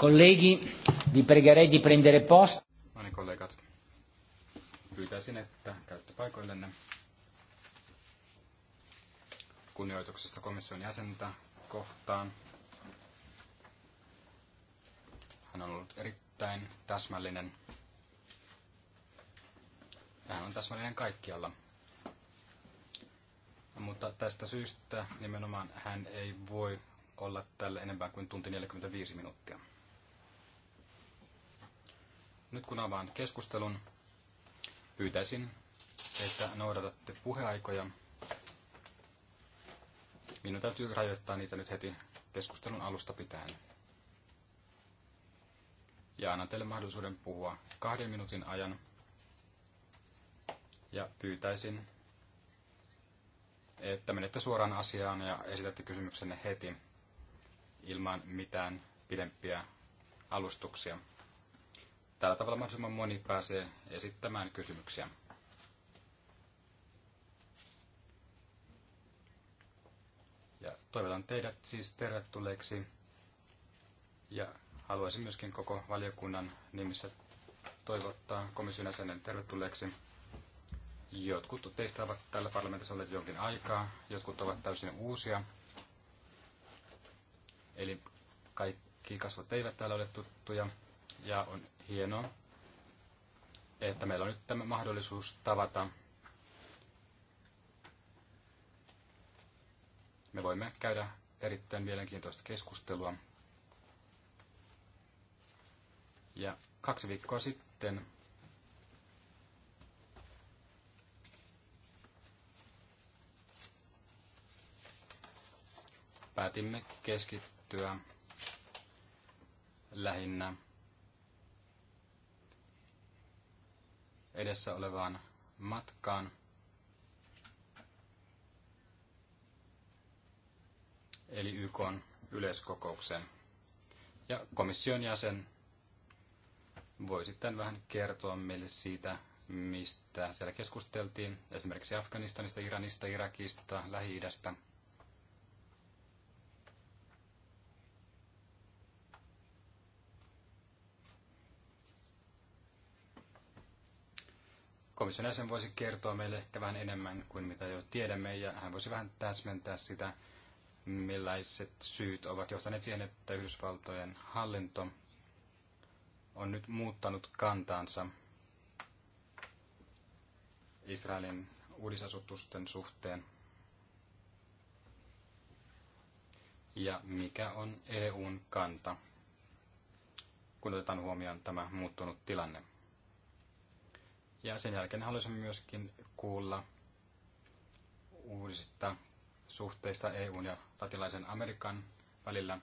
Kollegi, vi pregherei di prendere posto. No niin, kollegat. Pyytäisin, että käytte paikoillenne kunnioituksesta komission jäsentä kohtaan. Hän on ollut erittäin täsmällinen. hän on täsmällinen kaikkialla. Mutta tästä syystä nimenomaan hän ei voi olla tälle enempää kuin tunti 45 minuuttia. Nyt kun avaan keskustelun, pyytäisin, että noudatatte puheaikoja. Minun täytyy rajoittaa niitä nyt heti keskustelun alusta pitäen. Ja annan teille mahdollisuuden puhua kahden minuutin ajan. Ja pyytäisin, että menette suoraan asiaan ja esitätte kysymyksenne heti ilman mitään pidempiä alustuksia. Tällä tavalla mahdollisimman moni pääsee esittämään kysymyksiä. Ja toivotan teidät siis tervetulleeksi ja haluaisin myöskin koko valiokunnan nimissä toivottaa komission jäsenen tervetulleeksi. Jotkut teistä ovat tällä parlamentissa olleet jonkin aikaa, jotkut ovat täysin uusia. Eli kaikki kasvot eivät täällä ole tuttuja ja on hienoa, että meillä on nyt tämä mahdollisuus tavata. Me voimme käydä erittäin mielenkiintoista keskustelua. Ja kaksi viikkoa sitten päätimme keskittyä lähinnä edessä olevaan matkaan. eli YK yleiskokoukseen. Ja komission jäsen voi sitten vähän kertoa meille siitä, mistä siellä keskusteltiin, esimerkiksi Afganistanista, Iranista, Irakista, Lähi-idästä – komission jäsen voisi kertoa meille ehkä vähän enemmän kuin mitä jo tiedämme, ja hän voisi vähän täsmentää sitä, millaiset syyt ovat johtaneet siihen, että Yhdysvaltojen hallinto on nyt muuttanut kantaansa Israelin uudisasutusten suhteen. Ja mikä on EUn kanta, kun otetaan huomioon tämä muuttunut tilanne? Ja sen jälkeen haluaisin myöskin kuulla uusista suhteista EUn ja latinalaisen Amerikan välillä.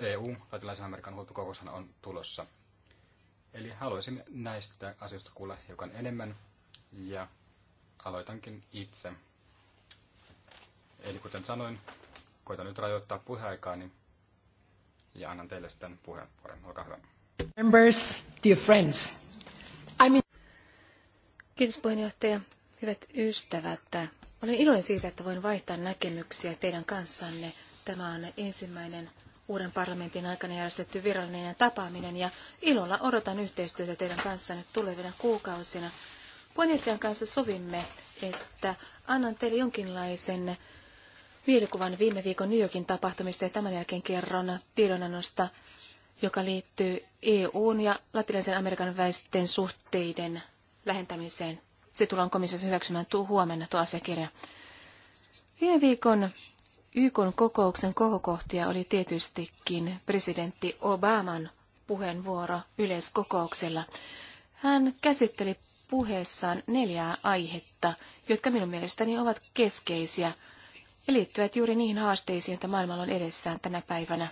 EU, latinalaisen Amerikan huippukokoushan on tulossa. Eli haluaisin näistä asioista kuulla hiukan enemmän ja aloitankin itse. Eli kuten sanoin, koitan nyt rajoittaa puheaikaani ja annan teille sitten puheenvuoron. Olkaa hyvä. Members, dear friends. Kiitos puheenjohtaja. Hyvät ystävät, olen iloinen siitä, että voin vaihtaa näkemyksiä teidän kanssanne. Tämä on ensimmäinen uuden parlamentin aikana järjestetty virallinen tapaaminen ja ilolla odotan yhteistyötä teidän kanssanne tulevina kuukausina. Puheenjohtajan kanssa sovimme, että annan teille jonkinlaisen mielikuvan viime viikon New Yorkin tapahtumista ja tämän jälkeen kerron tiedonannosta, joka liittyy EUn ja latinalaisen Amerikan väisten suhteiden lähentämiseen. Se tullaan komissiossa hyväksymään tuu huomenna tuo asiakirja. Viime viikon YK kokouksen kohokohtia oli tietystikin presidentti Obaman puheenvuoro yleiskokouksella. Hän käsitteli puheessaan neljää aihetta, jotka minun mielestäni ovat keskeisiä ja liittyvät juuri niihin haasteisiin, joita maailmalla on edessään tänä päivänä.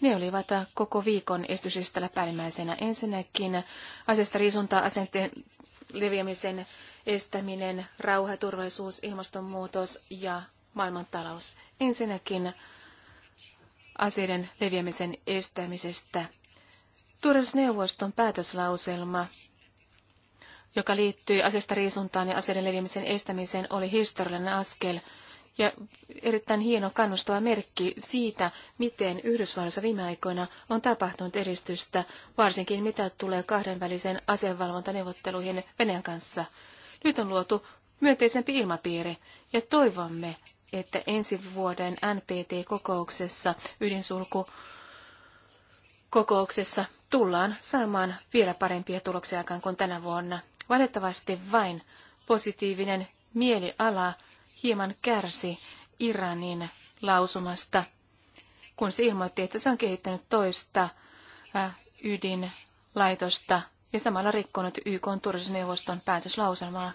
Ne olivat koko viikon estysiställä päällimmäisenä. Ensinnäkin asiasta riisuntaa asenteen leviämisen estäminen, rauha, turvallisuus, ilmastonmuutos ja maailmantalous. Ensinnäkin aseiden leviämisen estämisestä. Turvallisuusneuvoston päätöslauselma, joka liittyy asiasta riisuntaan ja aseiden leviämisen estämiseen, oli historiallinen askel – ja erittäin hieno kannustava merkki siitä, miten Yhdysvalloissa viime aikoina on tapahtunut edistystä, varsinkin mitä tulee kahdenväliseen asevalvontaneuvotteluihin Venäjän kanssa. Nyt on luotu myönteisempi ilmapiiri ja toivomme, että ensi vuoden NPT-kokouksessa ydinsulku kokouksessa tullaan saamaan vielä parempia tuloksia aikaan kuin tänä vuonna. Valitettavasti vain positiivinen mieliala hieman kärsi Iranin lausumasta, kun se ilmoitti, että se on kehittänyt toista äh, ydinlaitosta ja samalla rikkonut YK turvallisuusneuvoston päätöslauselmaa.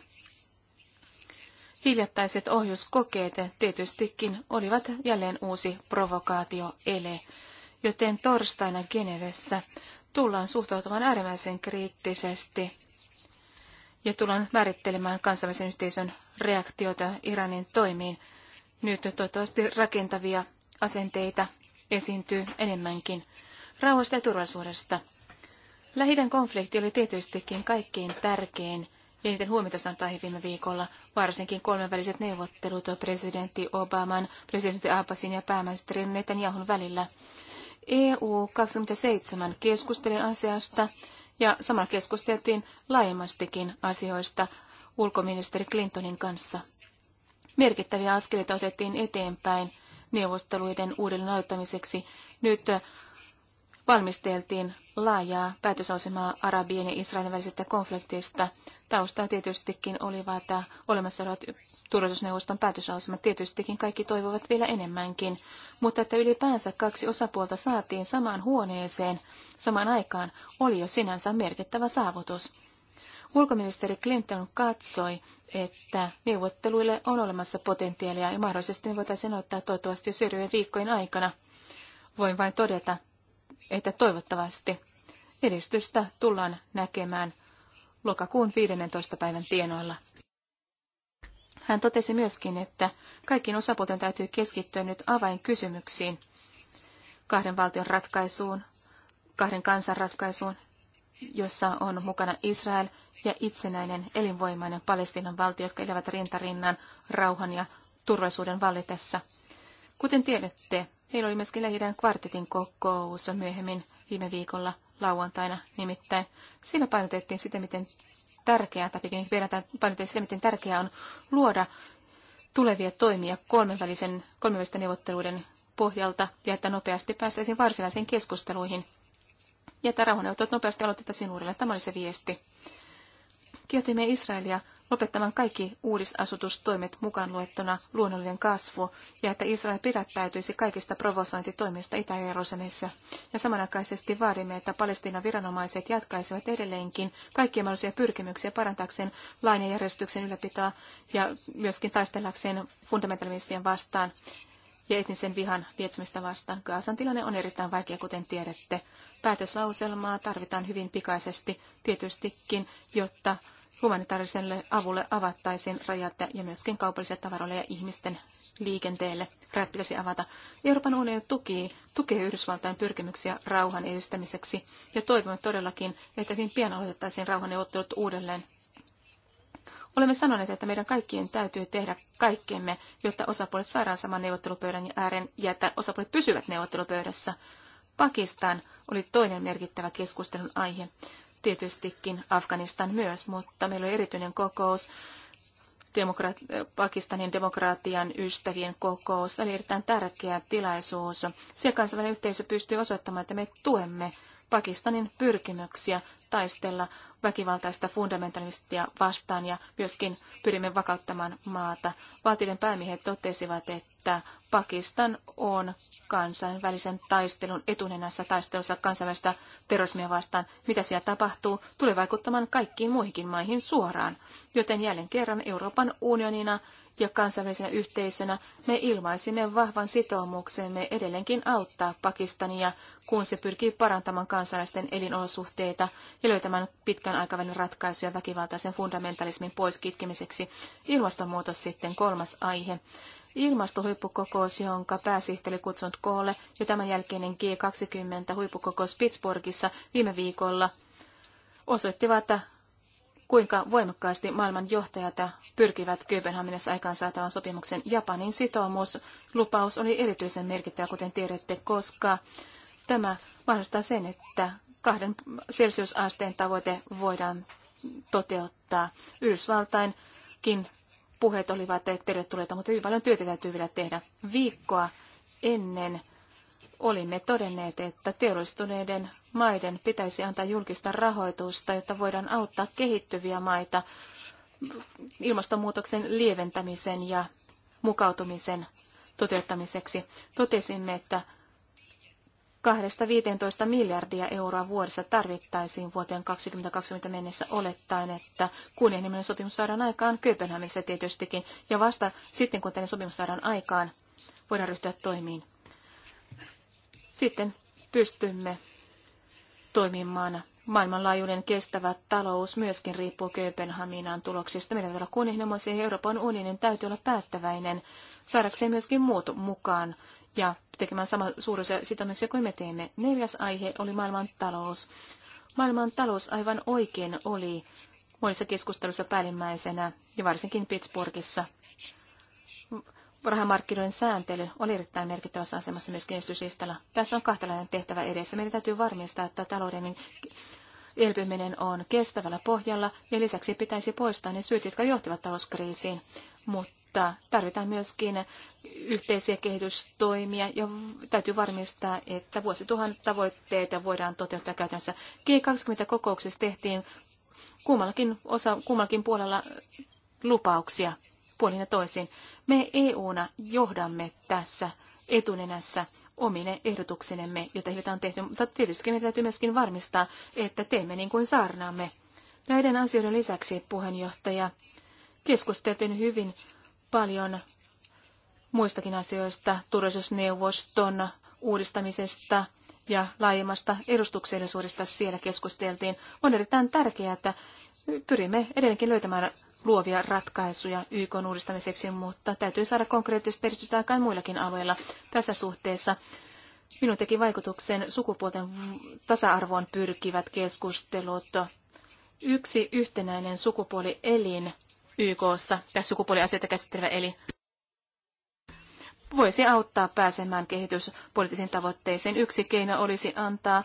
Hiljattaiset ohjuskokeet tietystikin olivat jälleen uusi provokaatioele, joten torstaina Genevessä tullaan suhtautumaan äärimmäisen kriittisesti ja tullaan määrittelemään kansainvälisen yhteisön reaktioita Iranin toimiin. Nyt toivottavasti rakentavia asenteita esiintyy enemmänkin. Rauhasta ja turvallisuudesta. Lähiden konflikti oli tietystikin kaikkein tärkein ja niiden huomiota saanut viime viikolla, varsinkin kolmenväliset neuvottelut presidentti Obaman, presidentti Abbasin ja pääministeri Netanjahun välillä. EU 27 keskusteli asiasta ja samalla keskusteltiin laajemmastikin asioista ulkoministeri Clintonin kanssa. Merkittäviä askeleita otettiin eteenpäin neuvosteluiden uudelleen aloittamiseksi. Nyt valmisteltiin laajaa päätösasemaa Arabien ja Israelin välisestä konfliktista. Taustaa tietystikin oli että äh, olemassa olevat turvallisuusneuvoston päätösasemat. Tietystikin kaikki toivovat vielä enemmänkin, mutta että ylipäänsä kaksi osapuolta saatiin samaan huoneeseen samaan aikaan oli jo sinänsä merkittävä saavutus. Ulkoministeri Clinton katsoi, että neuvotteluille on olemassa potentiaalia ja mahdollisesti voitaisiin ottaa toivottavasti jo seuraavien viikkojen aikana. Voin vain todeta, että toivottavasti edistystä tullaan näkemään lokakuun 15. päivän tienoilla. Hän totesi myöskin, että kaikkien osapuolten täytyy keskittyä nyt avainkysymyksiin, kahden valtion ratkaisuun, kahden kansan ratkaisuun, jossa on mukana Israel ja itsenäinen elinvoimainen Palestiinan valtio, jotka elävät rintarinnan rauhan ja turvallisuuden vallitessa. Kuten tiedätte, Heillä oli myöskin lähidän kvartetin kokous myöhemmin viime viikolla lauantaina nimittäin. Siinä painotettiin sitä, miten tärkeää, tai pikemminkin painotettiin sitä, miten tärkeää on luoda tulevia toimia kolmenvälisen, kolmenvälisten neuvotteluiden pohjalta ja että nopeasti päästäisiin varsinaisiin keskusteluihin ja että rauhanneuvottelut nopeasti aloitettaisiin uudelleen. Tämä oli se viesti. Kiotimme Israelia lopettamaan kaikki uudisasutustoimet mukaan luettuna luonnollinen kasvu ja että Israel pidättäytyisi kaikista provosointitoimista Itä-Jerusalemissa. Ja samanaikaisesti vaadimme, että Palestiinan viranomaiset jatkaisivat edelleenkin kaikkia mahdollisia pyrkimyksiä parantaakseen lain ja järjestyksen ylläpitoa ja myöskin taistellakseen fundamentalistien vastaan ja etnisen vihan lietsomista vastaan. Gaasan tilanne on erittäin vaikea, kuten tiedätte. Päätöslauselmaa tarvitaan hyvin pikaisesti tietystikin, jotta humanitaariselle avulle avattaisiin rajat ja myöskin kaupallisille tavaroille ja ihmisten liikenteelle. Rajat pitäisi avata. Euroopan unioni tuki, tukee Yhdysvaltain pyrkimyksiä rauhan edistämiseksi ja toivomme todellakin, että hyvin pian aloitettaisiin rauhanneuvottelut uudelleen. Olemme sanoneet, että meidän kaikkien täytyy tehdä kaikkemme, jotta osapuolet saadaan saman neuvottelupöydän ääreen ja että osapuolet pysyvät neuvottelupöydässä. Pakistan oli toinen merkittävä keskustelun aihe tietystikin Afganistan myös, mutta meillä oli erityinen kokous, demokra- Pakistanin demokraatian ystävien kokous, eli erittäin tärkeä tilaisuus. Siellä kansainvälinen yhteisö pystyy osoittamaan, että me tuemme Pakistanin pyrkimyksiä taistella väkivaltaista fundamentalistia vastaan ja myöskin pyrimme vakauttamaan maata. Valtioiden päämiehet totesivat, että Pakistan on kansainvälisen taistelun etunenässä taistelussa kansainvälistä terrorismia vastaan. Mitä siellä tapahtuu, tulee vaikuttamaan kaikkiin muihinkin maihin suoraan. Joten jälleen kerran Euroopan unionina ja kansainvälisenä yhteisönä me ilmaisimme vahvan sitoumuksemme edelleenkin auttaa Pakistania, kun se pyrkii parantamaan kansalaisten elinolosuhteita ja löytämään pitkän aikavälin ratkaisuja väkivaltaisen fundamentalismin poiskitkemiseksi. Ilmastonmuutos sitten kolmas aihe. Ilmastohuippukokous, jonka pääsihteeri kutsunut koolle ja tämän jälkeinen G20-huippukokous Pittsburghissa viime viikolla osoittivat kuinka voimakkaasti maailman johtajat pyrkivät Kööpenhaminassa aikaansaatavan sopimuksen. Japanin sitoumus, lupaus oli erityisen merkittävä, kuten tiedätte, koska tämä mahdollistaa sen, että kahden celsiusasteen tavoite voidaan toteuttaa. Yhdysvaltainkin puheet olivat tervetulleita, mutta hyvin paljon työtä täytyy vielä tehdä. Viikkoa ennen olimme todenneet, että teollistuneiden maiden pitäisi antaa julkista rahoitusta, jotta voidaan auttaa kehittyviä maita ilmastonmuutoksen lieventämisen ja mukautumisen toteuttamiseksi. Totesimme, että 2-15 miljardia euroa vuodessa tarvittaisiin vuoteen 2020 mennessä olettaen, että kunnianhimoinen sopimus saadaan aikaan Kööpenhaminassa tietystikin, ja vasta sitten, kun tällainen sopimus saadaan aikaan, voidaan ryhtyä toimiin. Sitten pystymme toimimaan. Maailmanlaajuinen kestävä talous myöskin riippuu Kööpenhaminan tuloksista. Meidän täytyy olla kunnianhimoisia ja Euroopan unionin täytyy olla päättäväinen saadakseen myöskin muut mukaan ja tekemään sama suuruisia sitoumuksia kuin me teemme. Neljäs aihe oli maailman talous. Maailman talous aivan oikein oli monissa keskustelussa päällimmäisenä ja varsinkin Pittsburghissa rahamarkkinoiden sääntely on erittäin merkittävässä asemassa myös kehityslistalla. Tässä on kahtalainen tehtävä edessä. Meidän täytyy varmistaa, että talouden elpyminen on kestävällä pohjalla ja lisäksi pitäisi poistaa ne syyt, jotka johtivat talouskriisiin. Mutta tarvitaan myöskin yhteisiä kehitystoimia ja täytyy varmistaa, että vuosituhan tavoitteita voidaan toteuttaa käytännössä. G20-kokouksessa tehtiin kummallakin, osa, kummallakin puolella lupauksia puolin ja toisin. Me EUna johdamme tässä etunenässä omine ehdotuksinemme, joita heiltä on tehty, mutta tietysti meidän täytyy myöskin varmistaa, että teemme niin kuin saarnaamme. Näiden asioiden lisäksi, puheenjohtaja, keskusteltiin hyvin paljon muistakin asioista, turvallisuusneuvoston uudistamisesta ja laajemmasta edustuksellisuudesta siellä keskusteltiin. On erittäin tärkeää, että pyrimme edelleenkin löytämään luovia ratkaisuja YK uudistamiseksi, mutta täytyy saada konkreettista edistystä aikaan muillakin alueilla. Tässä suhteessa minun teki vaikutuksen sukupuolten tasa-arvoon pyrkivät keskustelut. Yksi yhtenäinen sukupuolielin YKssa, tai sukupuoliasioita käsittelevä elin, voisi auttaa pääsemään kehityspoliittisiin tavoitteisiin. Yksi keino olisi antaa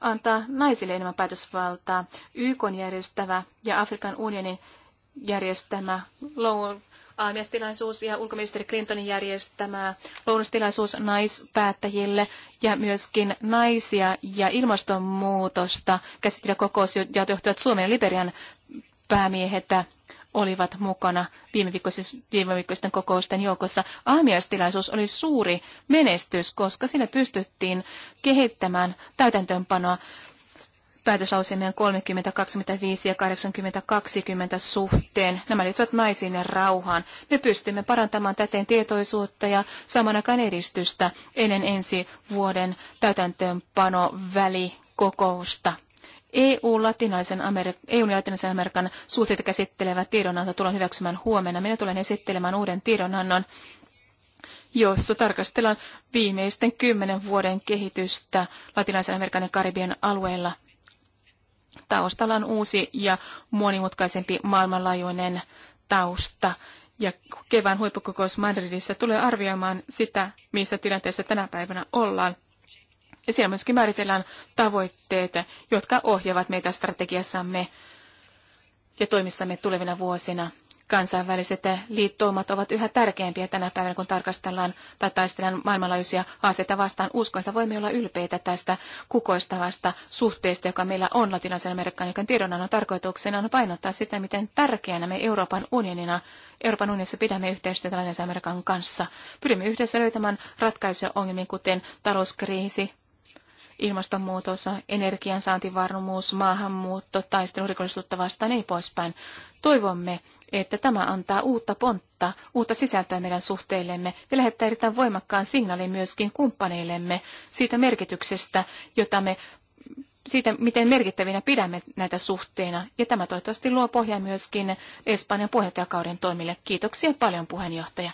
antaa naisille enemmän päätösvaltaa. YK järjestävä ja Afrikan unionin järjestämä aamiastilaisuus ja ulkoministeri Clintonin järjestämä lounastilaisuus naispäättäjille ja myöskin naisia ja ilmastonmuutosta käsittelevä kokous, ja johtuvat Suomen ja Liberian päämiehet olivat mukana viimeviikkoisten kokousten joukossa. Aamiaistilaisuus oli suuri menestys, koska sinne pystyttiin kehittämään täytäntöönpanoa päätöslauselmien 30, 25 ja 80, 20 suhteen. Nämä liittyvät naisiin ja rauhaan. Me pystymme parantamaan täten tietoisuutta ja saman aikaan edistystä ennen ensi vuoden täytäntöönpano välikokousta. EU-latinalaisen Amerikan, EU latinalaisen Amerikan suhteita käsittelevä tiedonanto tulen hyväksymään huomenna. Minä tulen esittelemään uuden tiedonannon, jossa tarkastellaan viimeisten kymmenen vuoden kehitystä latinalaisen Amerikan ja Karibian alueella. Taustalla on uusi ja monimutkaisempi maailmanlaajuinen tausta. Ja kevään huippukokous Madridissa tulee arvioimaan sitä, missä tilanteessa tänä päivänä ollaan. Ja siellä myöskin määritellään tavoitteet, jotka ohjaavat meitä strategiassamme ja toimissamme tulevina vuosina. Kansainväliset liittoumat ovat yhä tärkeämpiä tänä päivänä, kun tarkastellaan tai taistellaan maailmanlaajuisia haasteita vastaan. Uskon, että voimme olla ylpeitä tästä kukoistavasta suhteesta, joka meillä on latinalaisen Amerikan, joka tiedonannon tarkoituksena on painottaa sitä, miten tärkeänä me Euroopan unionina Euroopan unionissa pidämme yhteistyötä Latinalaisen Amerikan kanssa. Pyrimme yhdessä löytämään ratkaisuja ongelmiin, kuten talouskriisi, ilmastonmuutos, energiansaantivarmuus, maahanmuutto, taistelu rikollisuutta vastaan ja niin poispäin. Toivomme, että tämä antaa uutta pontta, uutta sisältöä meidän suhteillemme ja lähettää erittäin voimakkaan signaalin myöskin kumppaneillemme siitä merkityksestä, jota me siitä, miten merkittävinä pidämme näitä suhteina. Ja tämä toivottavasti luo pohjaa myöskin Espanjan puheenjohtajakauden toimille. Kiitoksia paljon puheenjohtaja.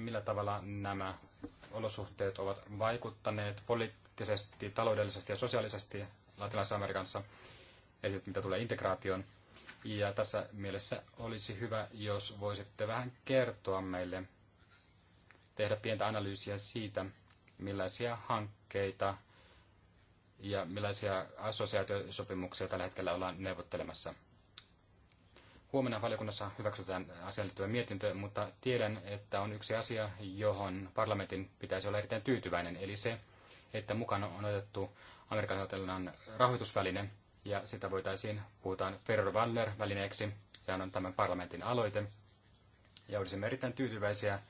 millä tavalla nämä olosuhteet ovat vaikuttaneet poliittisesti, taloudellisesti ja sosiaalisesti Latinalaisessa Amerikassa, eli mitä tulee integraatioon. Ja tässä mielessä olisi hyvä, jos voisitte vähän kertoa meille, tehdä pientä analyysiä siitä, millaisia hankkeita ja millaisia assosiaatiosopimuksia tällä hetkellä ollaan neuvottelemassa. Huomenna valiokunnassa hyväksytään asiaan liittyvä mietintö, mutta tiedän, että on yksi asia, johon parlamentin pitäisi olla erittäin tyytyväinen, eli se, että mukana on otettu amerikkalaisen rahoitusväline, ja sitä voitaisiin, puhutaan Ferro-Waller-välineeksi, sehän on tämän parlamentin aloite, ja olisimme erittäin tyytyväisiä,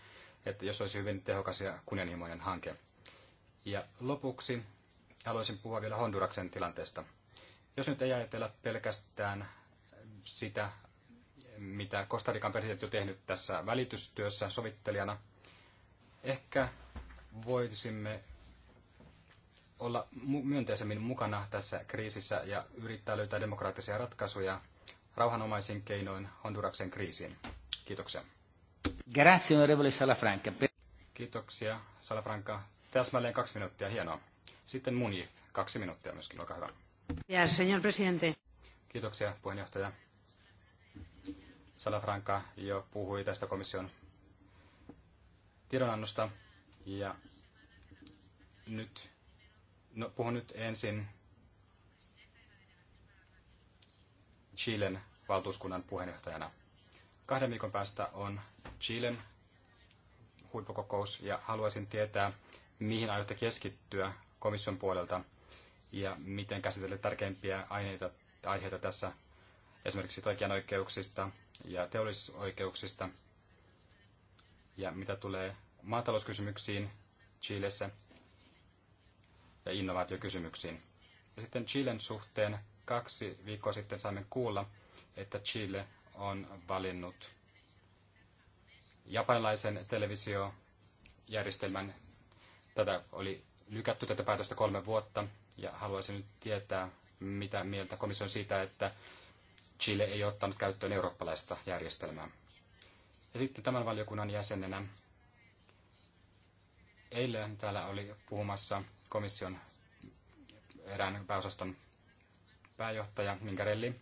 että jos olisi hyvin tehokas ja kunnianhimoinen hanke. Ja lopuksi haluaisin puhua vielä Honduraksen tilanteesta. Jos nyt ei ajatella pelkästään sitä mitä Kostarikan presidentti on tehnyt tässä välitystyössä sovittelijana. Ehkä voisimme olla myönteisemmin mukana tässä kriisissä ja yrittää löytää demokraattisia ratkaisuja rauhanomaisin keinoin Honduraksen kriisiin. Kiitoksia. Grazie, onorevole Salafranca. Kiitoksia, Salafranca. Täsmälleen kaksi minuuttia, hienoa. Sitten Munjith, kaksi minuuttia myöskin, olkaa hyvä. Ja, señor presidente. Kiitoksia, puheenjohtaja. Salafranca jo puhui tästä komission tiedonannosta. Ja nyt, no, puhun nyt ensin Chilen valtuuskunnan puheenjohtajana. Kahden viikon päästä on Chilen huippukokous ja haluaisin tietää, mihin aiotte keskittyä komission puolelta ja miten käsitellä tärkeimpiä aineita, aiheita tässä esimerkiksi oikeuksista ja teollisoikeuksista. Ja mitä tulee maatalouskysymyksiin Chilessä ja innovaatiokysymyksiin. Ja sitten Chilen suhteen kaksi viikkoa sitten saimme kuulla, että Chile on valinnut japanilaisen televisiojärjestelmän. Tätä oli lykätty tätä päätöstä kolme vuotta ja haluaisin nyt tietää, mitä mieltä komissio on siitä, että Chile ei ottanut käyttöön eurooppalaista järjestelmää. Ja sitten tämän valiokunnan jäsenenä eilen täällä oli puhumassa komission erään pääosaston pääjohtaja Minkarelli.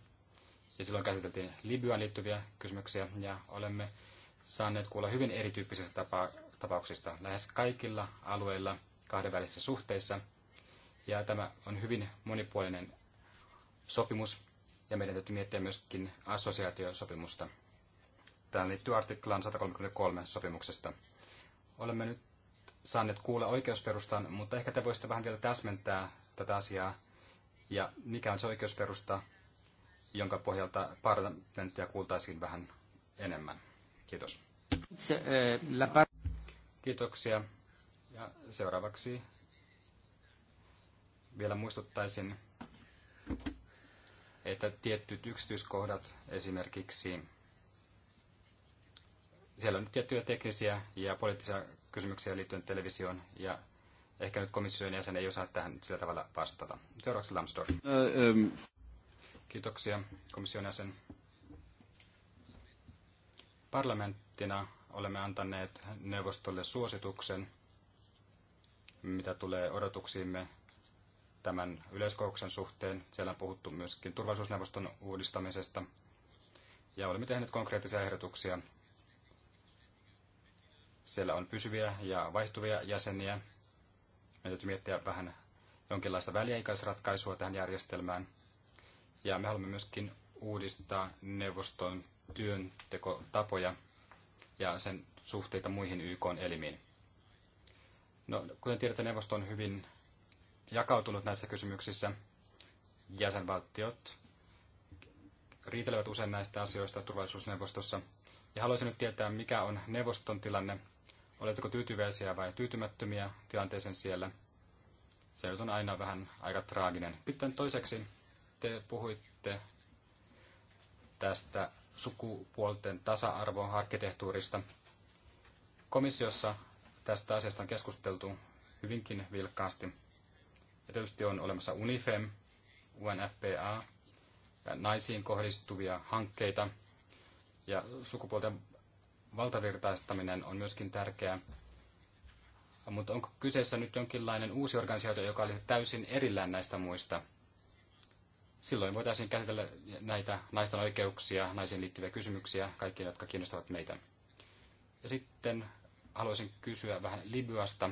Ja silloin käsiteltiin Libyaan liittyviä kysymyksiä ja olemme saaneet kuulla hyvin erityyppisistä tapa- tapauksista lähes kaikilla alueilla kahdenvälisissä suhteissa. Ja tämä on hyvin monipuolinen sopimus, ja meidän täytyy miettiä myöskin assosiaatiosopimusta. Tämä liittyy artiklaan 133 sopimuksesta. Olemme nyt saaneet kuulla oikeusperustan, mutta ehkä te voisitte vähän vielä täsmentää tätä asiaa ja mikä on se oikeusperusta, jonka pohjalta parlamenttia kuultaisiin vähän enemmän. Kiitos. Eh, Kiitoksia. Ja seuraavaksi vielä muistuttaisin että tiettyt yksityiskohdat esimerkiksi, siellä on nyt tiettyjä teknisiä ja poliittisia kysymyksiä liittyen televisioon ja ehkä nyt komission jäsen ei osaa tähän sillä tavalla vastata. Seuraavaksi Lambsdorff. Uh, um. Kiitoksia komission jäsen. Parlamenttina olemme antaneet neuvostolle suosituksen, mitä tulee odotuksiimme tämän yleiskokouksen suhteen. Siellä on puhuttu myöskin turvallisuusneuvoston uudistamisesta. Ja olemme tehneet konkreettisia ehdotuksia. Siellä on pysyviä ja vaihtuvia jäseniä. Meidän täytyy miettiä vähän jonkinlaista väliaikaisratkaisua tähän järjestelmään. Ja me haluamme myöskin uudistaa neuvoston työntekotapoja ja sen suhteita muihin YK-elimiin. No, kuten tiedätte, neuvosto on hyvin jakautunut näissä kysymyksissä. Jäsenvaltiot riitelevät usein näistä asioista turvallisuusneuvostossa. Ja haluaisin nyt tietää, mikä on neuvoston tilanne. Oletteko tyytyväisiä vai tyytymättömiä tilanteeseen siellä? Se nyt on aina vähän aika traaginen. Sitten toiseksi te puhuitte tästä sukupuolten tasa-arvon arkkitehtuurista. Komissiossa tästä asiasta on keskusteltu hyvinkin vilkkaasti. Ja tietysti on olemassa UNIFEM, UNFPA ja naisiin kohdistuvia hankkeita. Ja sukupuolten valtavirtaistaminen on myöskin tärkeää. Mutta onko kyseessä nyt jonkinlainen uusi organisaatio, joka olisi täysin erillään näistä muista? Silloin voitaisiin käsitellä näitä naisten oikeuksia, naisiin liittyviä kysymyksiä, kaikki, jotka kiinnostavat meitä. Ja sitten haluaisin kysyä vähän Libyasta.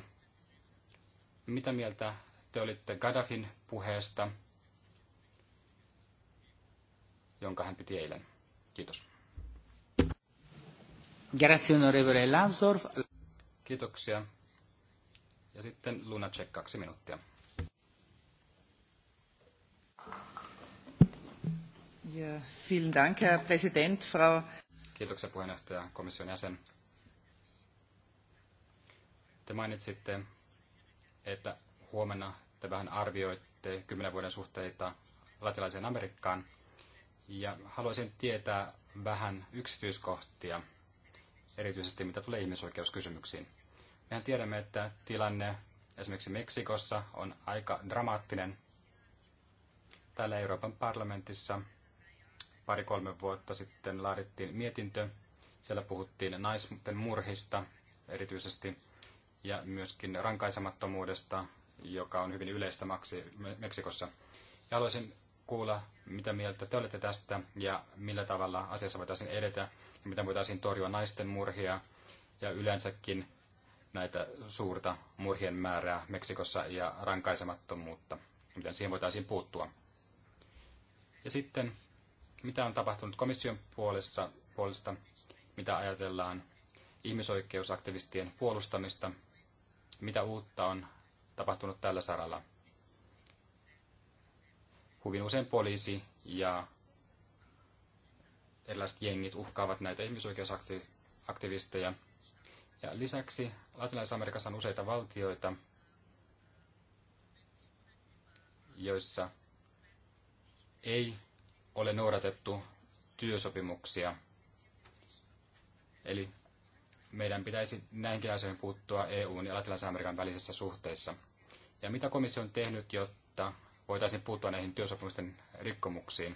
Mitä mieltä te olitte Gaddafin puheesta, jonka hän piti eilen. Kiitos. Kiitoksia. Ja sitten Lunacek, kaksi minuuttia. Ja, vielen Dank, Herr Frau... Kiitoksia puheenjohtaja, komission jäsen. Te mainitsitte, että huomenna te vähän arvioitte kymmenen vuoden suhteita latinalaiseen Amerikkaan. Ja haluaisin tietää vähän yksityiskohtia, erityisesti mitä tulee ihmisoikeuskysymyksiin. Mehän tiedämme, että tilanne esimerkiksi Meksikossa on aika dramaattinen. Täällä Euroopan parlamentissa pari-kolme vuotta sitten laadittiin mietintö. Siellä puhuttiin naisten murhista erityisesti ja myöskin rankaisemattomuudesta joka on hyvin yleistä maksi Meksikossa. Ja haluaisin kuulla, mitä mieltä te olette tästä ja millä tavalla asiassa voitaisiin edetä ja miten voitaisiin torjua naisten murhia ja yleensäkin näitä suurta murhien määrää Meksikossa ja rankaisemattomuutta. Miten siihen voitaisiin puuttua? Ja sitten, mitä on tapahtunut komission puolesta, puolesta mitä ajatellaan ihmisoikeusaktivistien puolustamista, mitä uutta on tapahtunut tällä saralla. Hyvin usein poliisi ja erilaiset jengit uhkaavat näitä ihmisoikeusaktivisteja. Ja lisäksi Latinalaisessa Amerikassa on useita valtioita, joissa ei ole noudatettu työsopimuksia. Eli meidän pitäisi näinkin asioihin puuttua EUn ja Latinalaisen Amerikan välisissä suhteissa. Ja mitä komissio on tehnyt, jotta voitaisiin puuttua näihin työsopimusten rikkomuksiin?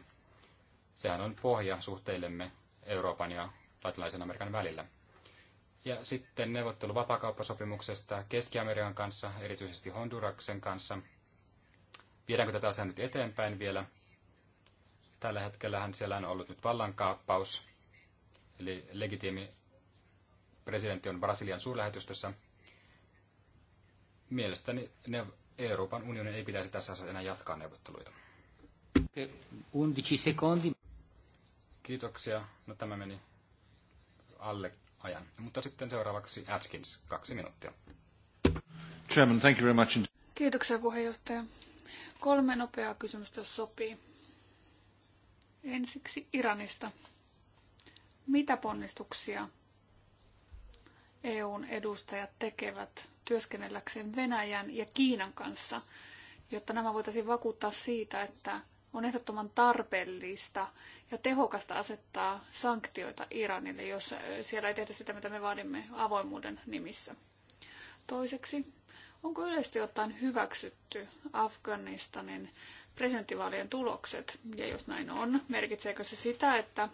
Sehän on pohja suhteillemme Euroopan ja Latinalaisen Amerikan välillä. Ja sitten neuvottelu vapakauppasopimuksesta Keski-Amerikan kanssa, erityisesti Honduraksen kanssa. Viedäänkö tätä asiaa nyt eteenpäin vielä? Tällä hetkellähän siellä on ollut nyt vallankaappaus, eli legitiimi presidentti on Brasilian suurlähetystössä. Mielestäni ne, Euroopan unionin ei pitäisi tässä asiassa enää jatkaa neuvotteluita. 11 sekundi. Kiitoksia. No tämä meni alle ajan. Mutta sitten seuraavaksi Atkins, kaksi minuuttia. Chairman, thank you very much. Kiitoksia puheenjohtaja. Kolme nopeaa kysymystä, jos sopii. Ensiksi Iranista. Mitä ponnistuksia EUn edustajat tekevät työskennelläkseen Venäjän ja Kiinan kanssa, jotta nämä voitaisiin vakuuttaa siitä, että on ehdottoman tarpeellista ja tehokasta asettaa sanktioita Iranille, jos siellä ei tehdä sitä, mitä me vaadimme avoimuuden nimissä. Toiseksi, onko yleisesti ottaen hyväksytty Afganistanin presidentinvaalien tulokset? Ja jos näin on, merkitseekö se sitä, että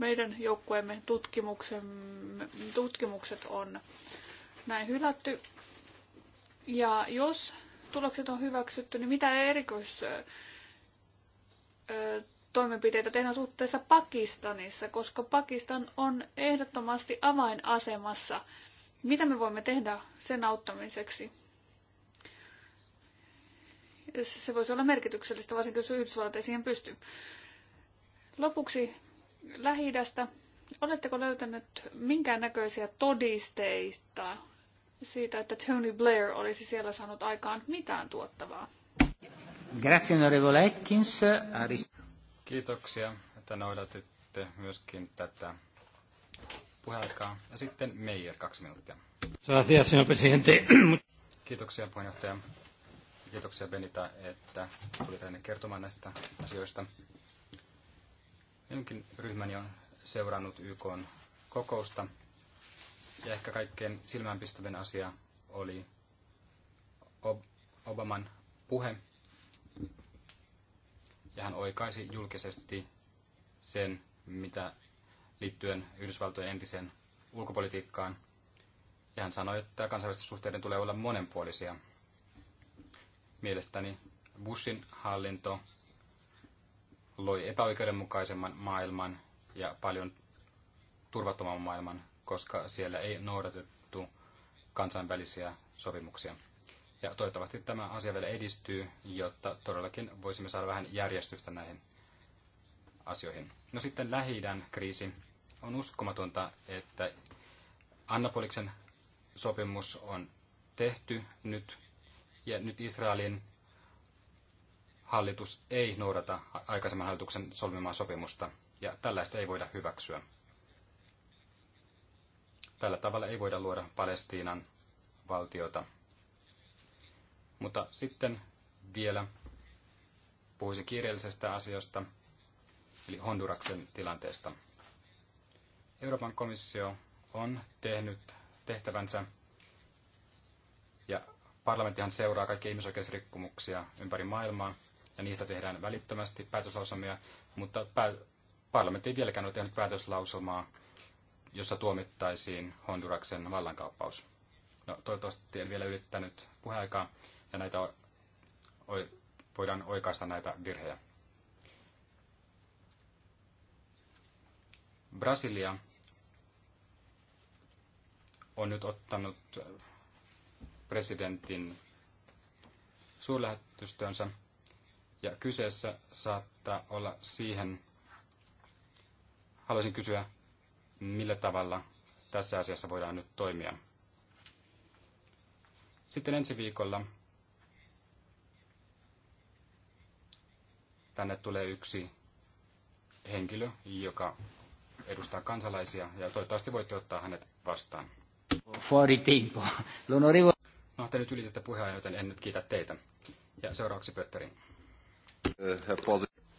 meidän joukkueemme tutkimukset on näin hylätty. Ja jos tulokset on hyväksytty, niin mitä erikois toimenpiteitä tehdään suhteessa Pakistanissa, koska Pakistan on ehdottomasti avainasemassa. Mitä me voimme tehdä sen auttamiseksi? Se voisi olla merkityksellistä, varsinkin jos Yhdysvallat ei siihen pysty. Lopuksi lähi Oletteko löytänyt näköisiä todisteita siitä, että Tony Blair olisi siellä saanut aikaan mitään tuottavaa? Grazie, onorevole Atkins. Kiitoksia, että noudatitte myöskin tätä puheaikaa. Ja sitten Meijer, kaksi minuuttia. Gracias, señor presidente. Kiitoksia, puheenjohtaja. Kiitoksia Benita, että tuli tänne kertomaan näistä asioista. Minunkin ryhmäni on seurannut YK kokousta. Ja ehkä kaikkein silmäänpistävin asia oli Obaman puhe. Ja hän oikaisi julkisesti sen, mitä liittyen Yhdysvaltojen entiseen ulkopolitiikkaan. Ja hän sanoi, että kansainvälisten suhteiden tulee olla monenpuolisia. Mielestäni Bushin hallinto loi epäoikeudenmukaisemman maailman ja paljon turvattoman maailman, koska siellä ei noudatettu kansainvälisiä sopimuksia. Ja toivottavasti tämä asia vielä edistyy, jotta todellakin voisimme saada vähän järjestystä näihin asioihin. No sitten lähi kriisi. On uskomatonta, että Annapoliksen sopimus on tehty nyt, ja nyt Israelin hallitus ei noudata aikaisemman hallituksen solmimaa sopimusta, ja tällaista ei voida hyväksyä. Tällä tavalla ei voida luoda Palestiinan valtiota. Mutta sitten vielä puhuisin kiireellisestä asiasta, eli Honduraksen tilanteesta. Euroopan komissio on tehnyt tehtävänsä, ja parlamenttihan seuraa kaikkia ihmisoikeusrikkomuksia ympäri maailmaa, ja niistä tehdään välittömästi päätöslausumia, mutta pää- parlamentti ei vieläkään ole tehnyt päätöslausumaa, jossa tuomittaisiin Honduraksen vallankaappaus. No, toivottavasti en vielä ylittänyt puheaikaa ja näitä voidaan oikaista näitä virhejä. Brasilia on nyt ottanut presidentin suurlähetystönsä ja kyseessä saattaa olla siihen, haluaisin kysyä, millä tavalla tässä asiassa voidaan nyt toimia. Sitten ensi viikolla tänne tulee yksi henkilö, joka edustaa kansalaisia, ja toivottavasti voitte ottaa hänet vastaan. Fuori tempo. No te nyt ylitätte puheen, joten en nyt kiitä teitä. Ja seuraavaksi Pötterin.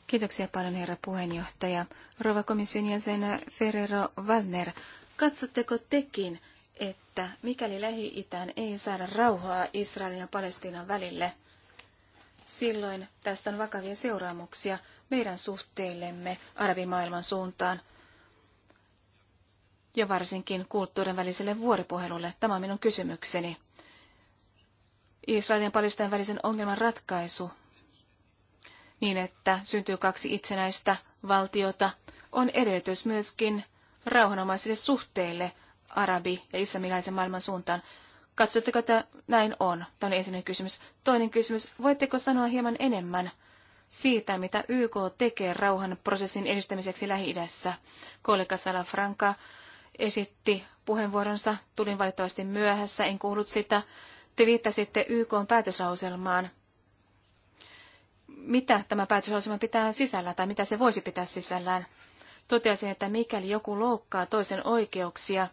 Kiitoksia paljon herra puheenjohtaja. Rova komission jäsen Ferrero Wallner, katsotteko tekin, että mikäli Lähi-Itään ei saada rauhaa Israelin ja Palestiinan välille, silloin tästä on vakavia seuraamuksia meidän suhteillemme arabimaailman suuntaan ja varsinkin kulttuurin väliselle vuoripuhelulle. Tämä on minun kysymykseni. Israelin ja Palestiinan välisen ongelman ratkaisu niin, että syntyy kaksi itsenäistä valtiota, on edellytys myöskin rauhanomaisille suhteille arabi- ja islamilaisen maailman suuntaan. Katsotteko, että näin on? Tämä on ensimmäinen kysymys. Toinen kysymys, voitteko sanoa hieman enemmän siitä, mitä YK tekee rauhan prosessin edistämiseksi Lähi-idässä? Kollega Franka esitti puheenvuoronsa, tulin valitettavasti myöhässä, en kuullut sitä. Te viittasitte YK päätöslauselmaan mitä tämä päätöslauselma pitää sisällään tai mitä se voisi pitää sisällään. Totesin, että mikäli joku loukkaa toisen oikeuksia,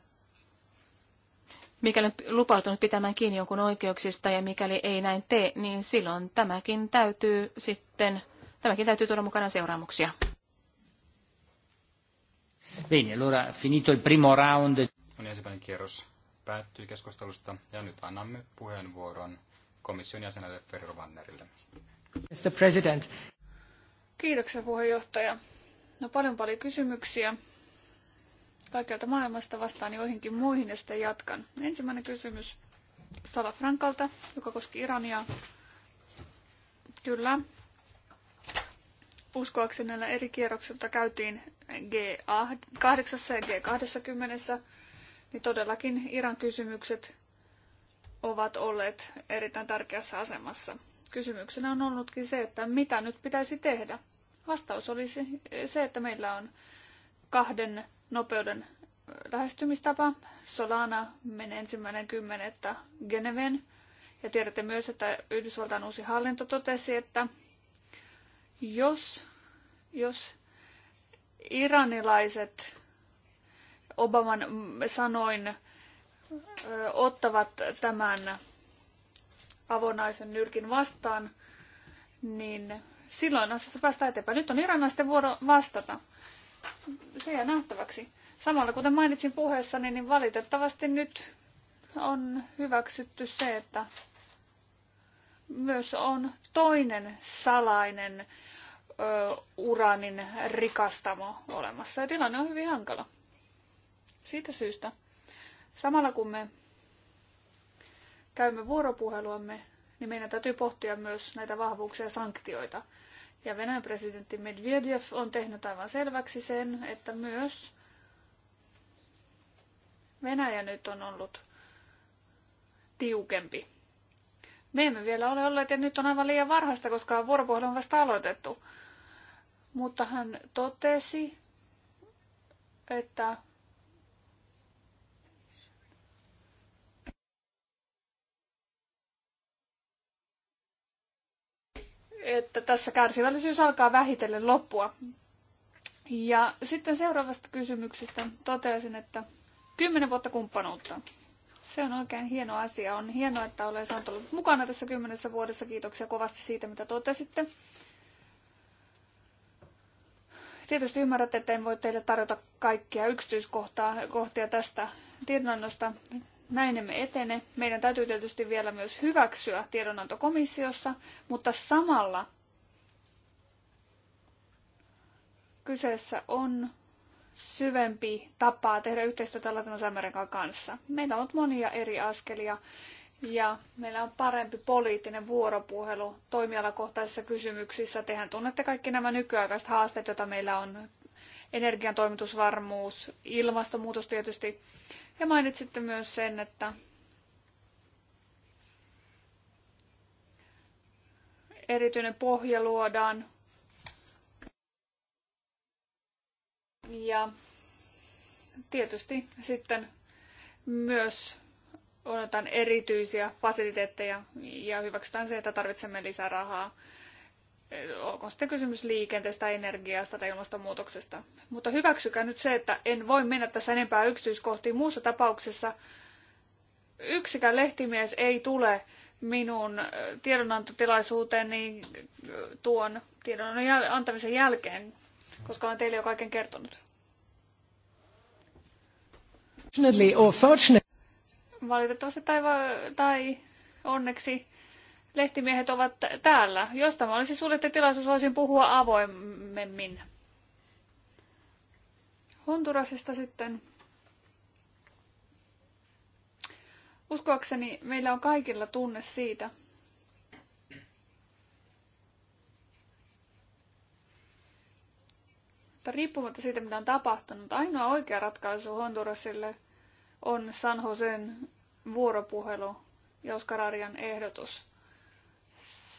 mikäli on lupautunut pitämään kiinni jonkun oikeuksista ja mikäli ei näin tee, niin silloin tämäkin täytyy sitten, tämäkin täytyy tuoda mukana seuraamuksia. Bene, allora finito il primo round. On no niin, ensimmäinen kierros päättyy keskustelusta ja nyt annamme puheenvuoron komission jäsenelle Ferro Vannerille. Mr. President. Kiitoksia puheenjohtaja. No paljon paljon kysymyksiä kaikkialta maailmasta vastaan joihinkin muihin ja sitten jatkan. Ensimmäinen kysymys Salafrankalta, joka koski Irania. Kyllä. Uskoakseni näillä eri kierroksilta käytiin G8 ja G20, niin todellakin Iran kysymykset ovat olleet erittäin tärkeässä asemassa. Kysymyksenä on ollutkin se, että mitä nyt pitäisi tehdä. Vastaus olisi se, että meillä on kahden nopeuden lähestymistapa. Solana menee ensimmäinen kymmenettä Geneven. Ja tiedätte myös, että Yhdysvaltain uusi hallinto totesi, että jos, jos iranilaiset Obaman sanoin ottavat tämän avonaisen nyrkin vastaan, niin silloin asiassa päästään eteenpäin. Nyt on iranaisten vuoro vastata. Se jää nähtäväksi. Samalla kuten mainitsin puheessani, niin valitettavasti nyt on hyväksytty se, että myös on toinen salainen ö, uranin rikastamo olemassa. Ja tilanne on hyvin hankala. Siitä syystä, samalla kun me käymme vuoropuheluamme, niin meidän täytyy pohtia myös näitä vahvuuksia ja sanktioita. Ja Venäjän presidentti Medvedev on tehnyt aivan selväksi sen, että myös Venäjä nyt on ollut tiukempi. Me emme vielä ole olleet ja nyt on aivan liian varhaista, koska vuoropuhelu on vasta aloitettu. Mutta hän totesi, että että tässä kärsivällisyys alkaa vähitellen loppua. Ja sitten seuraavasta kysymyksestä toteaisin, että kymmenen vuotta kumppanuutta. Se on oikein hieno asia. On hienoa, että olen saanut olla mukana tässä kymmenessä vuodessa. Kiitoksia kovasti siitä, mitä totesitte. Tietysti ymmärrätte, että en voi teille tarjota kaikkia yksityiskohtia tästä tiedonannosta näin emme etene. Meidän täytyy tietysti vielä myös hyväksyä tiedonantokomissiossa, mutta samalla kyseessä on syvempi tapa tehdä yhteistyötä Latinalaisen kanssa. Meillä on monia eri askelia ja meillä on parempi poliittinen vuoropuhelu toimialakohtaisissa kysymyksissä. Tehän tunnette kaikki nämä nykyaikaiset haasteet, joita meillä on energiantoimitusvarmuus, ilmastonmuutos tietysti. Ja mainitsitte myös sen, että erityinen pohja luodaan. Ja tietysti sitten myös odotan erityisiä fasiliteetteja ja hyväksytään se, että tarvitsemme lisää rahaa onko sitten kysymys liikenteestä, energiasta tai ilmastonmuutoksesta. Mutta hyväksykää nyt se, että en voi mennä tässä enempää yksityiskohtiin. Muussa tapauksessa yksikään lehtimies ei tule minun äh, tiedonantotilaisuuteeni äh, tuon tiedon antamisen jälkeen, koska olen teille jo kaiken kertonut. Valitettavasti tai, tai onneksi lehtimiehet ovat täällä. Jos tämä olisi suljettu tilaisuus, voisin puhua avoimemmin. Hondurasista sitten. Uskoakseni meillä on kaikilla tunne siitä, mutta riippumatta siitä, mitä on tapahtunut, ainoa oikea ratkaisu Hondurasille on San Josen vuoropuhelu ja Oscar ehdotus.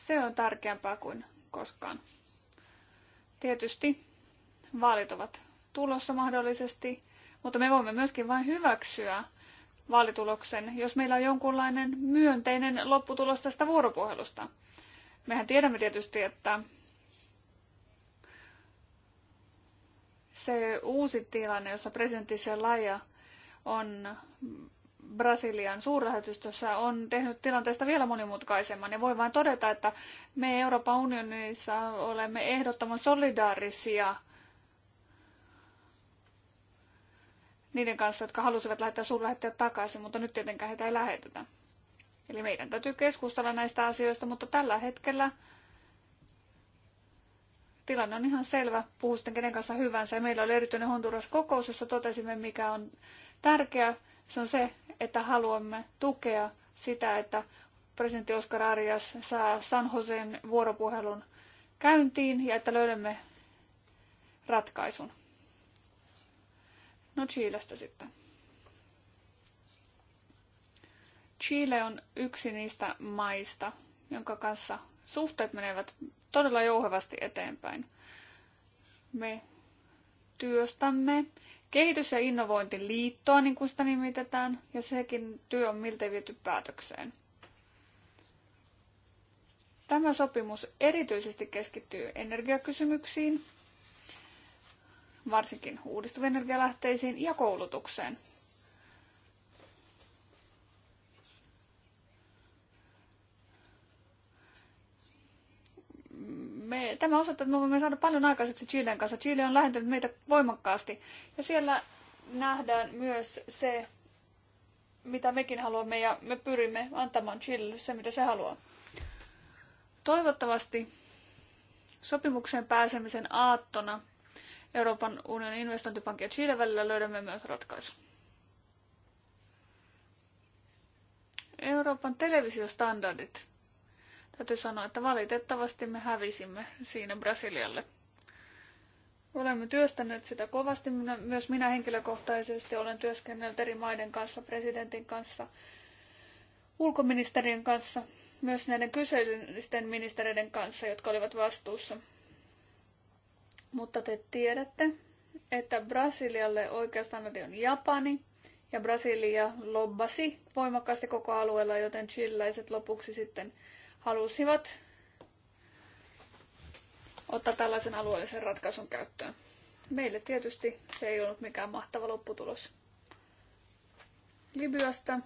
Se on tärkeämpää kuin koskaan. Tietysti vaalit ovat tulossa mahdollisesti, mutta me voimme myöskin vain hyväksyä vaalituloksen, jos meillä on jonkunlainen myönteinen lopputulos tästä vuoropuhelusta. Mehän tiedämme tietysti, että se uusi tilanne, jossa presidentti Zelaya on Brasilian suurlähetystössä on tehnyt tilanteesta vielä monimutkaisemman. Ja voi vain todeta, että me Euroopan unionissa olemme ehdottoman solidaarisia niiden kanssa, jotka halusivat lähettää suurlähettiä takaisin, mutta nyt tietenkään heitä ei lähetetä. Eli meidän täytyy keskustella näistä asioista, mutta tällä hetkellä tilanne on ihan selvä. Puhu sitten kenen kanssa hyvänsä. Ja meillä oli erityinen Honduras-kokous, jossa totesimme, mikä on tärkeää se on se, että haluamme tukea sitä, että presidentti Oskar Arias saa San Joseen vuoropuhelun käyntiin ja että löydämme ratkaisun. No Chilestä sitten. Chile on yksi niistä maista, jonka kanssa suhteet menevät todella jouhevasti eteenpäin. Me työstämme kehitys- ja innovointiliittoa, niin kuin sitä nimitetään, ja sekin työ on miltä viety päätökseen. Tämä sopimus erityisesti keskittyy energiakysymyksiin, varsinkin uudistuvien energialähteisiin ja koulutukseen. me, tämä osoittaa, että me voimme saada paljon aikaiseksi Chilen kanssa. Chile on lähentynyt meitä voimakkaasti. Ja siellä nähdään myös se, mitä mekin haluamme ja me pyrimme antamaan Chilelle se, mitä se haluaa. Toivottavasti sopimukseen pääsemisen aattona Euroopan unionin investointipankin ja Chile välillä löydämme myös ratkaisun. Euroopan televisiostandardit Täytyy sanoa, että valitettavasti me hävisimme siinä Brasilialle. Olemme työstäneet sitä kovasti. Minä, myös minä henkilökohtaisesti olen työskennellyt eri maiden kanssa, presidentin kanssa, ulkoministerien kanssa, myös näiden kyseisten ministereiden kanssa, jotka olivat vastuussa. Mutta te tiedätte, että Brasilialle oikeastaan on Japani, ja Brasilia lobbasi voimakkaasti koko alueella, joten chilläiset lopuksi sitten halusivat ottaa tällaisen alueellisen ratkaisun käyttöön. Meille tietysti se ei ollut mikään mahtava lopputulos. Libyasta.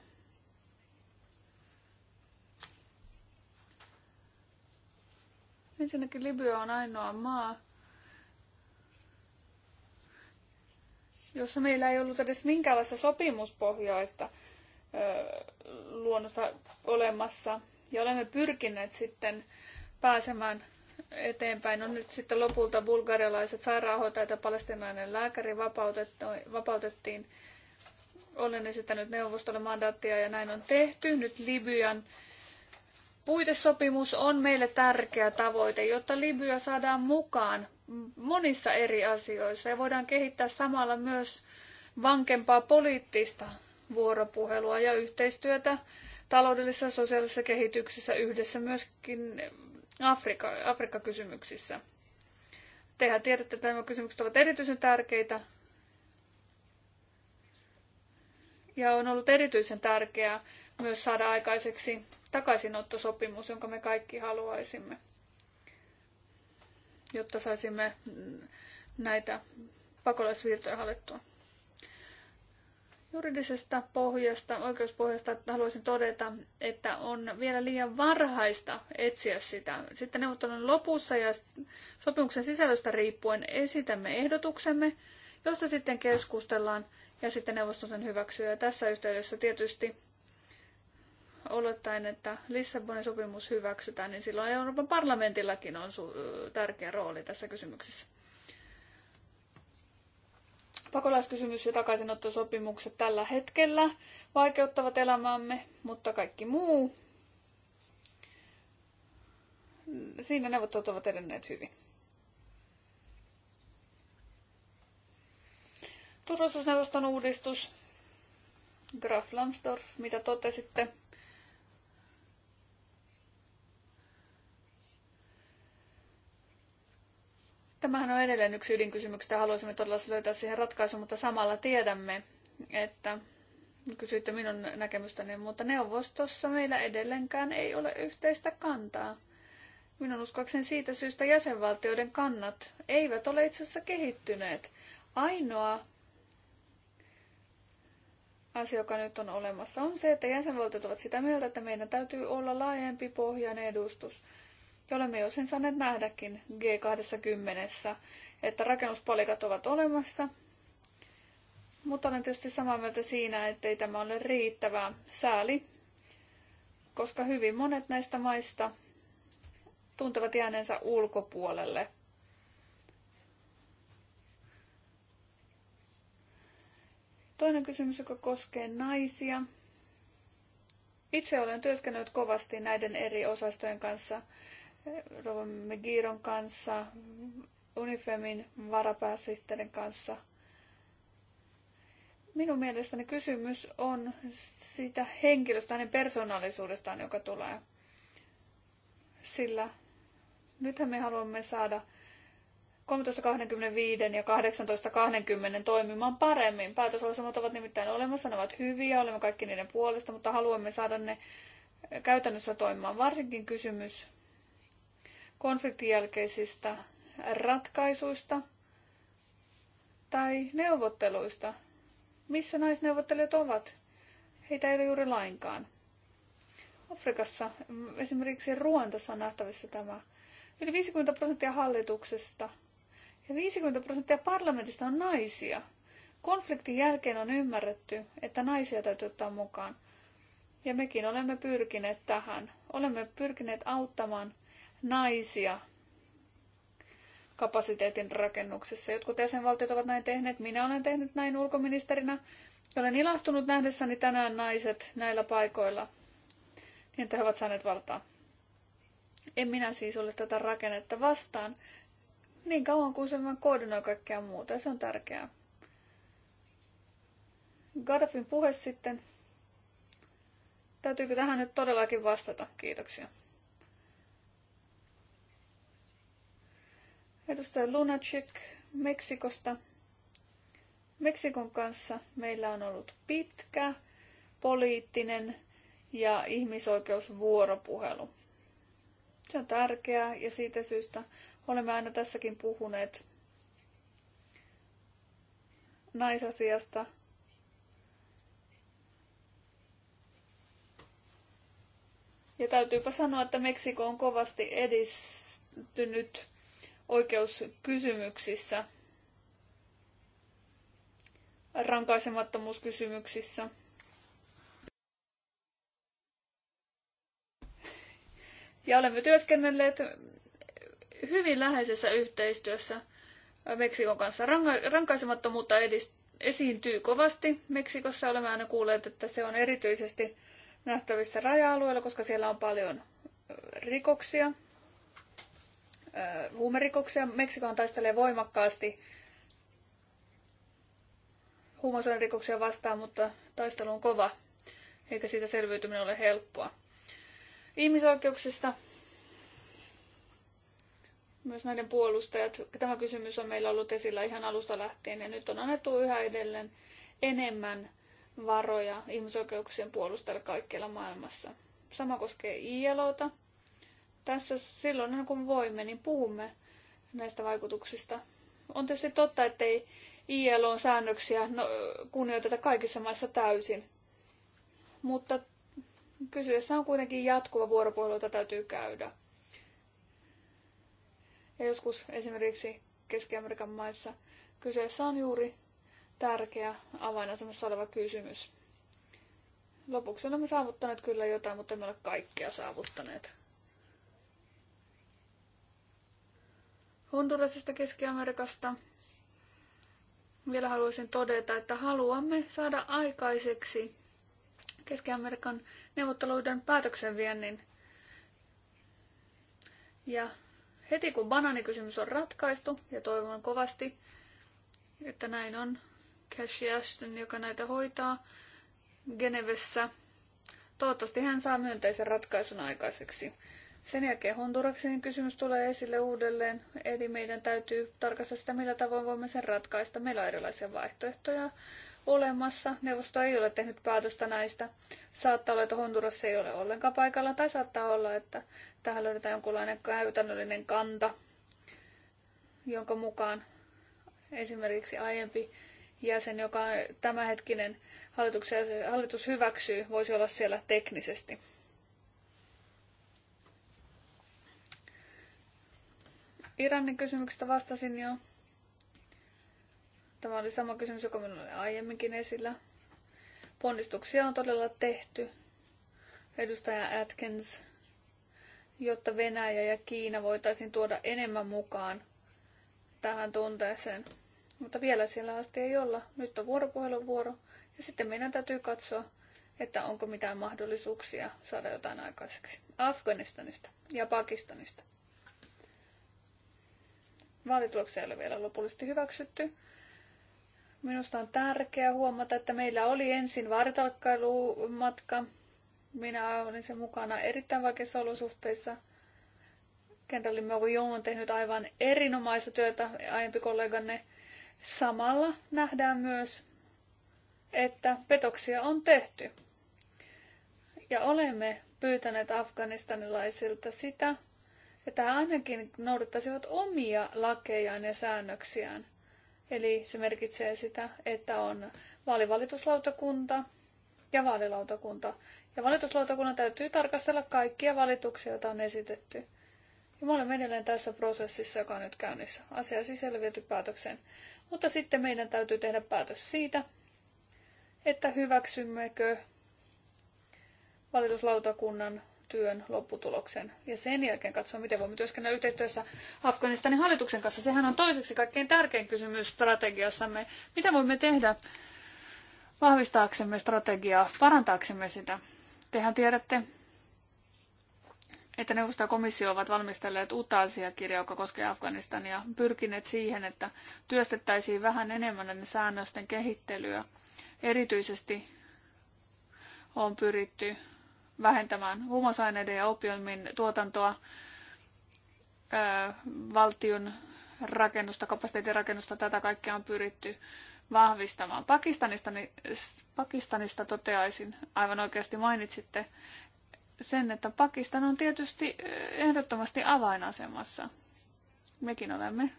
Ensinnäkin Libya on ainoa maa, jossa meillä ei ollut edes minkäänlaista sopimuspohjaista luonnosta olemassa – ja olemme pyrkineet sitten pääsemään eteenpäin. On no nyt sitten lopulta bulgarialaiset sairaanhoitajat ja palestinainen lääkäri vapautettiin. Olen esittänyt neuvostolle mandaattia ja näin on tehty. Nyt Libyan puitesopimus on meille tärkeä tavoite, jotta Libya saadaan mukaan monissa eri asioissa ja voidaan kehittää samalla myös vankempaa poliittista vuoropuhelua ja yhteistyötä taloudellisessa ja sosiaalisessa kehityksessä yhdessä myöskin Afrika, Afrikka-kysymyksissä. Tehän tiedätte, että nämä kysymykset ovat erityisen tärkeitä. Ja on ollut erityisen tärkeää myös saada aikaiseksi takaisinottosopimus, jonka me kaikki haluaisimme, jotta saisimme näitä pakolaisvirtoja hallittua juridisesta pohjasta, oikeuspohjasta haluaisin todeta, että on vielä liian varhaista etsiä sitä. Sitten neuvottelun lopussa ja sopimuksen sisällöstä riippuen esitämme ehdotuksemme, josta sitten keskustellaan ja sitten neuvoston sen hyväksyy. Ja tässä yhteydessä tietysti olettaen, että Lissabonin sopimus hyväksytään, niin silloin Euroopan parlamentillakin on tärkeä rooli tässä kysymyksessä. Pakolaiskysymys ja takaisinottosopimukset tällä hetkellä vaikeuttavat elämäämme, mutta kaikki muu, siinä neuvottelut ovat edenneet hyvin. Turvallisuusneuvoston uudistus. Graf Lambsdorff, mitä totesitte? Tämähän on edelleen yksi ydinkysymyksistä. Haluaisimme todella löytää siihen ratkaisun, mutta samalla tiedämme, että kysyitte minun näkemystäni, mutta neuvostossa meillä edelleenkään ei ole yhteistä kantaa. Minun uskoakseni siitä syystä jäsenvaltioiden kannat eivät ole itse asiassa kehittyneet. Ainoa asia, joka nyt on olemassa, on se, että jäsenvaltiot ovat sitä mieltä, että meidän täytyy olla laajempi pohjan edustus ja olemme jo sen saaneet nähdäkin G20, että rakennuspalikat ovat olemassa, mutta olen tietysti samaa mieltä siinä, ettei tämä ole riittävää sääli, koska hyvin monet näistä maista tuntevat jääneensä ulkopuolelle. Toinen kysymys, joka koskee naisia. Itse olen työskennellyt kovasti näiden eri osastojen kanssa Rova Megiron kanssa, Unifemin varapääsihteiden kanssa. Minun mielestäni kysymys on siitä henkilöstä, hänen persoonallisuudestaan, joka tulee. Sillä nythän me haluamme saada 13.25 ja 18.20 toimimaan paremmin. Päätösolosuhteet ovat nimittäin olemassa, ne ovat hyviä, olemme kaikki niiden puolesta, mutta haluamme saada ne käytännössä toimimaan. Varsinkin kysymys konfliktin jälkeisistä ratkaisuista tai neuvotteluista. Missä naisneuvottelijat ovat? Heitä ei ole juuri lainkaan. Afrikassa, esimerkiksi Ruontassa on nähtävissä tämä. Yli 50 prosenttia hallituksesta ja 50 prosenttia parlamentista on naisia. Konfliktin jälkeen on ymmärretty, että naisia täytyy ottaa mukaan. Ja mekin olemme pyrkineet tähän. Olemme pyrkineet auttamaan naisia kapasiteetin rakennuksessa. Jotkut jäsenvaltiot ovat näin tehneet. Minä olen tehnyt näin ulkoministerinä. Olen ilahtunut nähdessäni tänään naiset näillä paikoilla, niin että he ovat saaneet valtaa. En minä siis ole tätä rakennetta vastaan, niin kauan kuin se vaan koordinoi kaikkea muuta, ja se on tärkeää. Gaddafin puhe sitten. Täytyykö tähän nyt todellakin vastata? Kiitoksia. Edustaja Lunacek Meksikosta. Meksikon kanssa meillä on ollut pitkä poliittinen ja ihmisoikeusvuoropuhelu. Se on tärkeää ja siitä syystä olemme aina tässäkin puhuneet naisasiasta. Ja täytyypä sanoa, että Meksiko on kovasti edistynyt oikeuskysymyksissä, rankaisemattomuuskysymyksissä. Ja olemme työskennelleet hyvin läheisessä yhteistyössä Meksikon kanssa. Rankaisemattomuutta esiintyy kovasti. Meksikossa olemme aina kuulleet, että se on erityisesti nähtävissä raja-alueella, koska siellä on paljon rikoksia, huumerikoksia. Meksikohan taistelee voimakkaasti rikoksia vastaan, mutta taistelu on kova, eikä siitä selviytyminen ole helppoa. Ihmisoikeuksista myös näiden puolustajat. Tämä kysymys on meillä ollut esillä ihan alusta lähtien ja nyt on annettu yhä edelleen enemmän varoja ihmisoikeuksien puolustajille kaikkialla maailmassa. Sama koskee ILOta. Tässä silloinhan kun voimme, niin puhumme näistä vaikutuksista. On tietysti totta, ettei ILOn säännöksiä no, kunnioiteta kaikissa maissa täysin, mutta kyseessä on kuitenkin jatkuva vuoropuhelu, jota täytyy käydä. Ja joskus esimerkiksi Keski-Amerikan maissa kyseessä on juuri tärkeä avainasemassa oleva kysymys. Lopuksi olemme saavuttaneet kyllä jotain, mutta emme ole kaikkea saavuttaneet. Hondurasista Keski-Amerikasta. Vielä haluaisin todeta, että haluamme saada aikaiseksi Keski-Amerikan neuvotteluiden päätöksenviennin. Ja heti kun banaanikysymys on ratkaistu, ja toivon kovasti, että näin on, Cash Ashton, joka näitä hoitaa Genevessä, toivottavasti hän saa myönteisen ratkaisun aikaiseksi. Sen jälkeen Honduraksen kysymys tulee esille uudelleen, eli meidän täytyy tarkastaa sitä, millä tavoin voimme sen ratkaista. Meillä on erilaisia vaihtoehtoja olemassa. Neuvosto ei ole tehnyt päätöstä näistä. Saattaa olla, että Honduras ei ole ollenkaan paikalla, tai saattaa olla, että tähän löydetään jonkunlainen käytännöllinen kanta, jonka mukaan esimerkiksi aiempi jäsen, joka on tämänhetkinen hallitus hyväksyy, voisi olla siellä teknisesti. Iranin kysymyksestä vastasin jo. Tämä oli sama kysymys, joka minulla oli aiemminkin esillä. Ponnistuksia on todella tehty, edustaja Atkins, jotta Venäjä ja Kiina voitaisiin tuoda enemmän mukaan tähän tunteeseen. Mutta vielä siellä asti ei olla. Nyt on vuoropuhelun vuoro. Ja sitten meidän täytyy katsoa, että onko mitään mahdollisuuksia saada jotain aikaiseksi. Afganistanista ja Pakistanista. Vaalituloksia ei ole vielä lopullisesti hyväksytty. Minusta on tärkeää huomata, että meillä oli ensin vaaritarkkailumatka. Minä olin sen mukana erittäin vaikeissa olosuhteissa. Kendall Morion on tehnyt aivan erinomaista työtä, aiempi kolleganne. Samalla nähdään myös, että petoksia on tehty. Ja olemme pyytäneet afganistanilaisilta sitä, että ainakin noudattaisivat omia lakejaan ja säännöksiään. Eli se merkitsee sitä, että on vaalivalituslautakunta ja vaalilautakunta. Ja valituslautakunnan täytyy tarkastella kaikkia valituksia, joita on esitetty. Ja me olemme edelleen tässä prosessissa, joka on nyt käynnissä. Asia siis selviyty päätökseen. Mutta sitten meidän täytyy tehdä päätös siitä, että hyväksymmekö valituslautakunnan työn lopputuloksen. Ja sen jälkeen katsoa, miten voimme työskennellä yhteistyössä Afganistanin hallituksen kanssa. Sehän on toiseksi kaikkein tärkein kysymys strategiassamme. Mitä voimme tehdä vahvistaaksemme strategiaa, parantaaksemme sitä? Tehän tiedätte, että neuvosto ja komissio ovat valmistelleet uutta asiakirjaa, joka koskee Afganistania, pyrkineet siihen, että työstettäisiin vähän enemmän näiden säännösten kehittelyä. Erityisesti on pyritty vähentämään huumausaineiden ja opiumin tuotantoa, valtion rakennusta, kapasiteetin rakennusta, tätä kaikkea on pyritty vahvistamaan. Pakistanista, niin Pakistanista toteaisin, aivan oikeasti mainitsitte sen, että Pakistan on tietysti ehdottomasti avainasemassa. Mekin olemme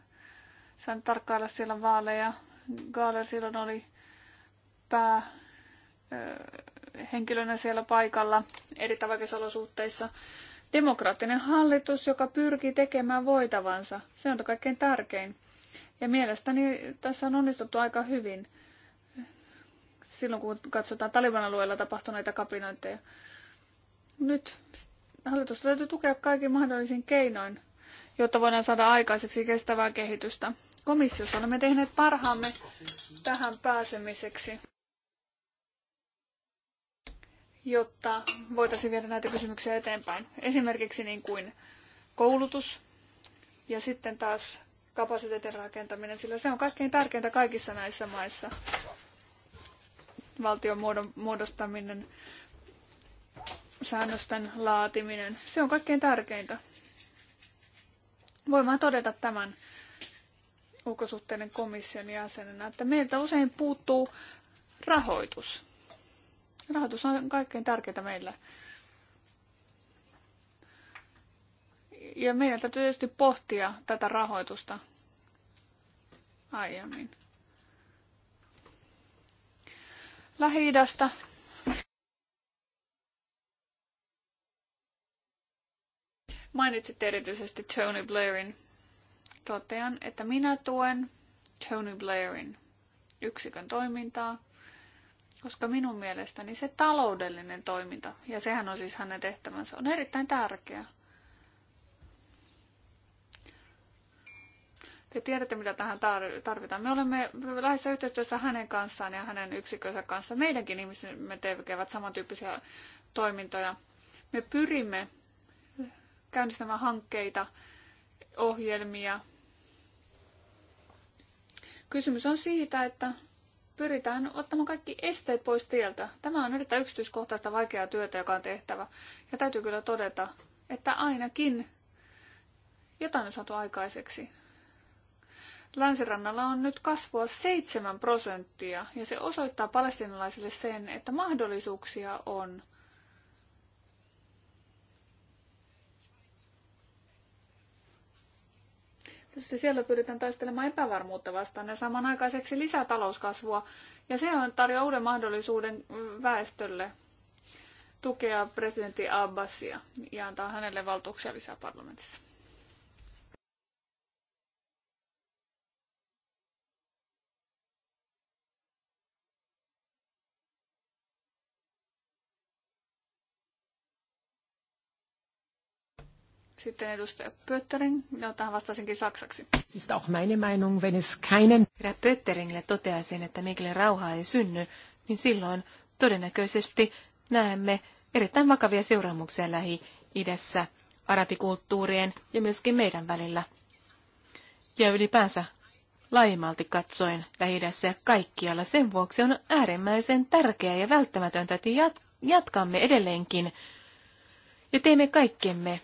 saaneet tarkkailla siellä vaaleja. Gaaler silloin oli pää henkilönä siellä paikalla eri olosuhteissa. Demokraattinen hallitus, joka pyrkii tekemään voitavansa, se on kaikkein tärkein. Ja mielestäni tässä on onnistuttu aika hyvin silloin, kun katsotaan Taliban alueella tapahtuneita kapinointeja. Nyt hallitus täytyy tukea kaikin mahdollisin keinoin, jotta voidaan saada aikaiseksi kestävää kehitystä. Komissiossa olemme tehneet parhaamme tähän pääsemiseksi jotta voitaisiin viedä näitä kysymyksiä eteenpäin. Esimerkiksi niin kuin koulutus ja sitten taas kapasiteetin rakentaminen, sillä se on kaikkein tärkeintä kaikissa näissä maissa. Valtion muodostaminen, säännösten laatiminen, se on kaikkein tärkeintä. Voin vaan todeta tämän ulkosuhteiden komission jäsenenä, että meiltä usein puuttuu rahoitus Rahoitus on kaikkein tärkeintä meillä. Ja meidän täytyy tietysti pohtia tätä rahoitusta aiemmin. Lähi-idästä. Mainitsit erityisesti Tony Blairin. Totean, että minä tuen Tony Blairin yksikön toimintaa koska minun mielestäni se taloudellinen toiminta, ja sehän on siis hänen tehtävänsä, on erittäin tärkeää. Te tiedätte, mitä tähän tarvitaan. Me olemme lähes yhteistyössä hänen kanssaan ja hänen yksikönsä kanssa. Meidänkin ihmisemme tekevät samantyyppisiä toimintoja. Me pyrimme käynnistämään hankkeita, ohjelmia. Kysymys on siitä, että pyritään ottamaan kaikki esteet pois tieltä. Tämä on erittäin yksityiskohtaista vaikeaa työtä, joka on tehtävä. Ja täytyy kyllä todeta, että ainakin jotain on saatu aikaiseksi. Länsirannalla on nyt kasvua 7 prosenttia ja se osoittaa palestinalaisille sen, että mahdollisuuksia on Tietysti siellä pyritään taistelemaan epävarmuutta vastaan ja samanaikaiseksi lisää talouskasvua. Ja se on tarjoaa uuden mahdollisuuden väestölle tukea presidentti Abbasia ja antaa hänelle valtuuksia lisää parlamentissa. Sitten edustaja Pöttering, no tähän vastasinkin saksaksi. Siis auch meine Meinung, wenn es keinen... Herra Pötteringille toteaisin, että mikäli rauhaa ei synny, niin silloin todennäköisesti näemme erittäin vakavia seuraamuksia Lähi-idässä, arabikulttuurien ja myöskin meidän välillä. Ja ylipäänsä laajemmalti katsoen lähi ja kaikkialla. Sen vuoksi on äärimmäisen tärkeää ja välttämätöntä, että jatkamme edelleenkin ja teemme kaikkemme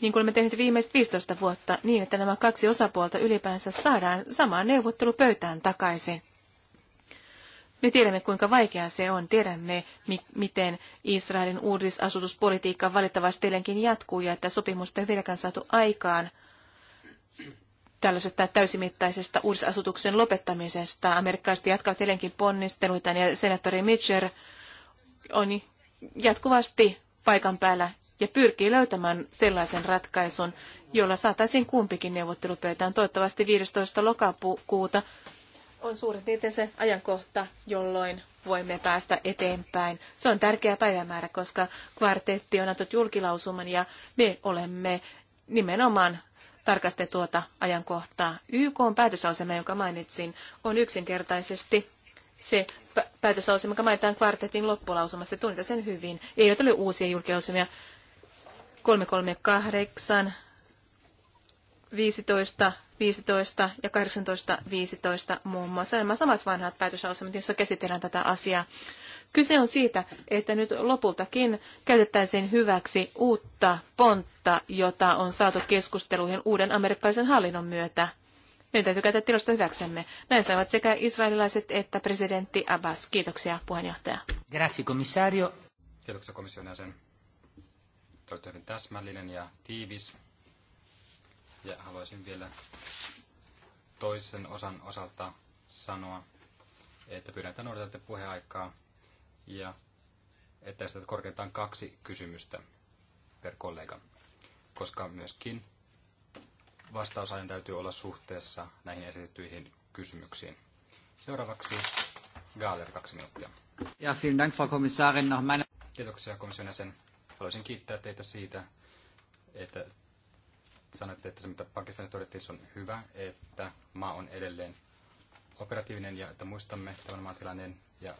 niin kuin olemme tehneet viimeiset 15 vuotta, niin että nämä kaksi osapuolta ylipäänsä saadaan samaan neuvottelupöytään takaisin. Me tiedämme, kuinka vaikeaa se on. Tiedämme, mi- miten Israelin uudisasutuspolitiikka valitettavasti edelleenkin jatkuu ja että sopimusta ei vieläkään saatu aikaan tällaisesta täysimittaisesta uudisasutuksen lopettamisesta. Amerikkalaiset jatkavat edelleenkin ponnisteluita ja senaattori Mitchell on jatkuvasti paikan päällä ja pyrkii löytämään sellaisen ratkaisun, jolla saataisiin kumpikin neuvottelupöytään. Toivottavasti 15. lokakuuta on suurin piirtein se ajankohta, jolloin voimme päästä eteenpäin. Se on tärkeä päivämäärä, koska kvartetti on antanut julkilausuman ja me olemme nimenomaan tarkaste tuota ajankohtaa. YK on päätösasema, jonka mainitsin, on yksinkertaisesti se päätösausema, joka mainitaan kvartetin loppulausumassa, tunnita sen hyvin. Ei ole uusia julkilausumia 338, 15, 15 ja 18, 15 muun muassa. Nämä samat vanhat päätösalaisemmat, joissa käsitellään tätä asiaa. Kyse on siitä, että nyt lopultakin käytettäisiin hyväksi uutta pontta, jota on saatu keskusteluihin uuden amerikkalaisen hallinnon myötä. Meidän täytyy käyttää tilasto hyväksemme. Näin saivat sekä israelilaiset että presidentti Abbas. Kiitoksia puheenjohtaja. Grazie, komissario. Kiitoksia komission jäsen. Te olette hyvin täsmällinen ja tiivis. Ja haluaisin vielä toisen osan osalta sanoa, että pyydän, että noudatatte puheaikaa ja että esität korkeintaan kaksi kysymystä per kollega, koska myöskin vastausajan täytyy olla suhteessa näihin esitettyihin kysymyksiin. Seuraavaksi Gaaler kaksi minuuttia. Ja, vielen Dank, Frau Kommissarin. Nach Kiitoksia komission jäsen. Haluaisin kiittää teitä siitä, että sanoitte, että se mitä Pakistanissa todettiin, on hyvä, että maa on edelleen operatiivinen ja että muistamme tämän maan ja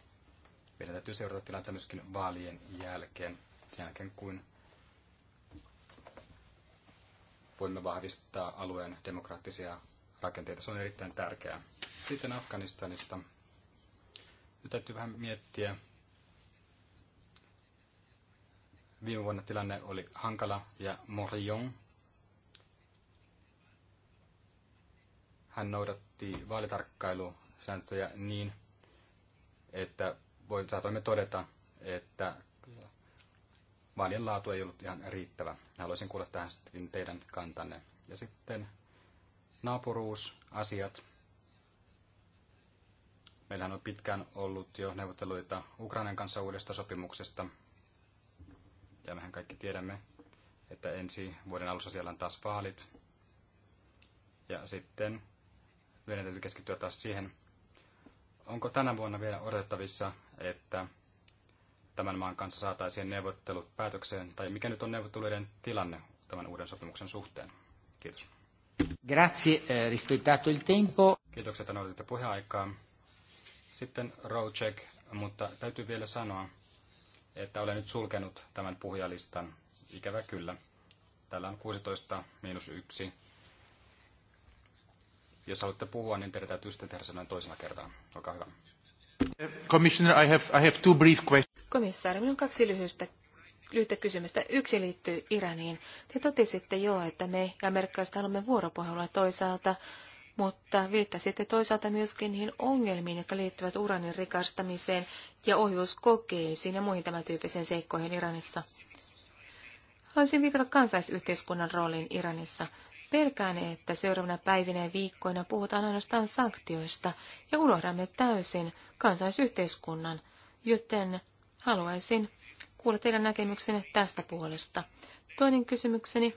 meidän täytyy seurata tilannetta myöskin vaalien jälkeen, sen jälkeen kuin voimme vahvistaa alueen demokraattisia rakenteita. Se on erittäin tärkeää. Sitten Afganistanista. Nyt täytyy vähän miettiä, Viime vuonna tilanne oli hankala ja Morion hän noudatti vaalitarkkailusääntöjä niin, että voi, saatoimme todeta, että vaalien laatu ei ollut ihan riittävä. Haluaisin kuulla tähän teidän kantanne. Ja sitten naapuruusasiat. Meillähän on pitkään ollut jo neuvotteluita Ukrainan kanssa uudesta sopimuksesta, ja mehän kaikki tiedämme, että ensi vuoden alussa siellä on taas vaalit. Ja sitten meidän täytyy keskittyä taas siihen, onko tänä vuonna vielä odotettavissa, että tämän maan kanssa saataisiin neuvottelut päätökseen, tai mikä nyt on neuvotteluiden tilanne tämän uuden sopimuksen suhteen. Kiitos. Grazie, eh, rispettato il tempo. Kiitokset, että noudatitte puheaikaa. Sitten Rocek, mutta täytyy vielä sanoa, että olen nyt sulkenut tämän puhujalistan. Ikävä kyllä. Täällä on 16 miinus 1. Jos haluatte puhua, niin teidän täytyy sitten tehdä sen toisella kertaa. Olkaa hyvä. Commissioner, I have, I have two brief questions. Komissaari, minun on kaksi lyhyistä lyhyttä kysymystä. Yksi liittyy Iraniin. Te totesitte jo, että me ja amerikkalaiset haluamme vuoropuhelua toisaalta mutta viittasitte toisaalta myöskin niihin ongelmiin, jotka liittyvät uranin rikastamiseen ja ohjuuskokeisiin ja muihin tämän tyyppisiin seikkoihin Iranissa. Haluaisin viitata kansaisyhteiskunnan rooliin Iranissa. Pelkään, että seuraavana päivinä ja viikkoina puhutaan ainoastaan sanktioista ja unohdamme täysin kansaisyhteiskunnan, joten haluaisin kuulla teidän näkemyksenne tästä puolesta. Toinen kysymykseni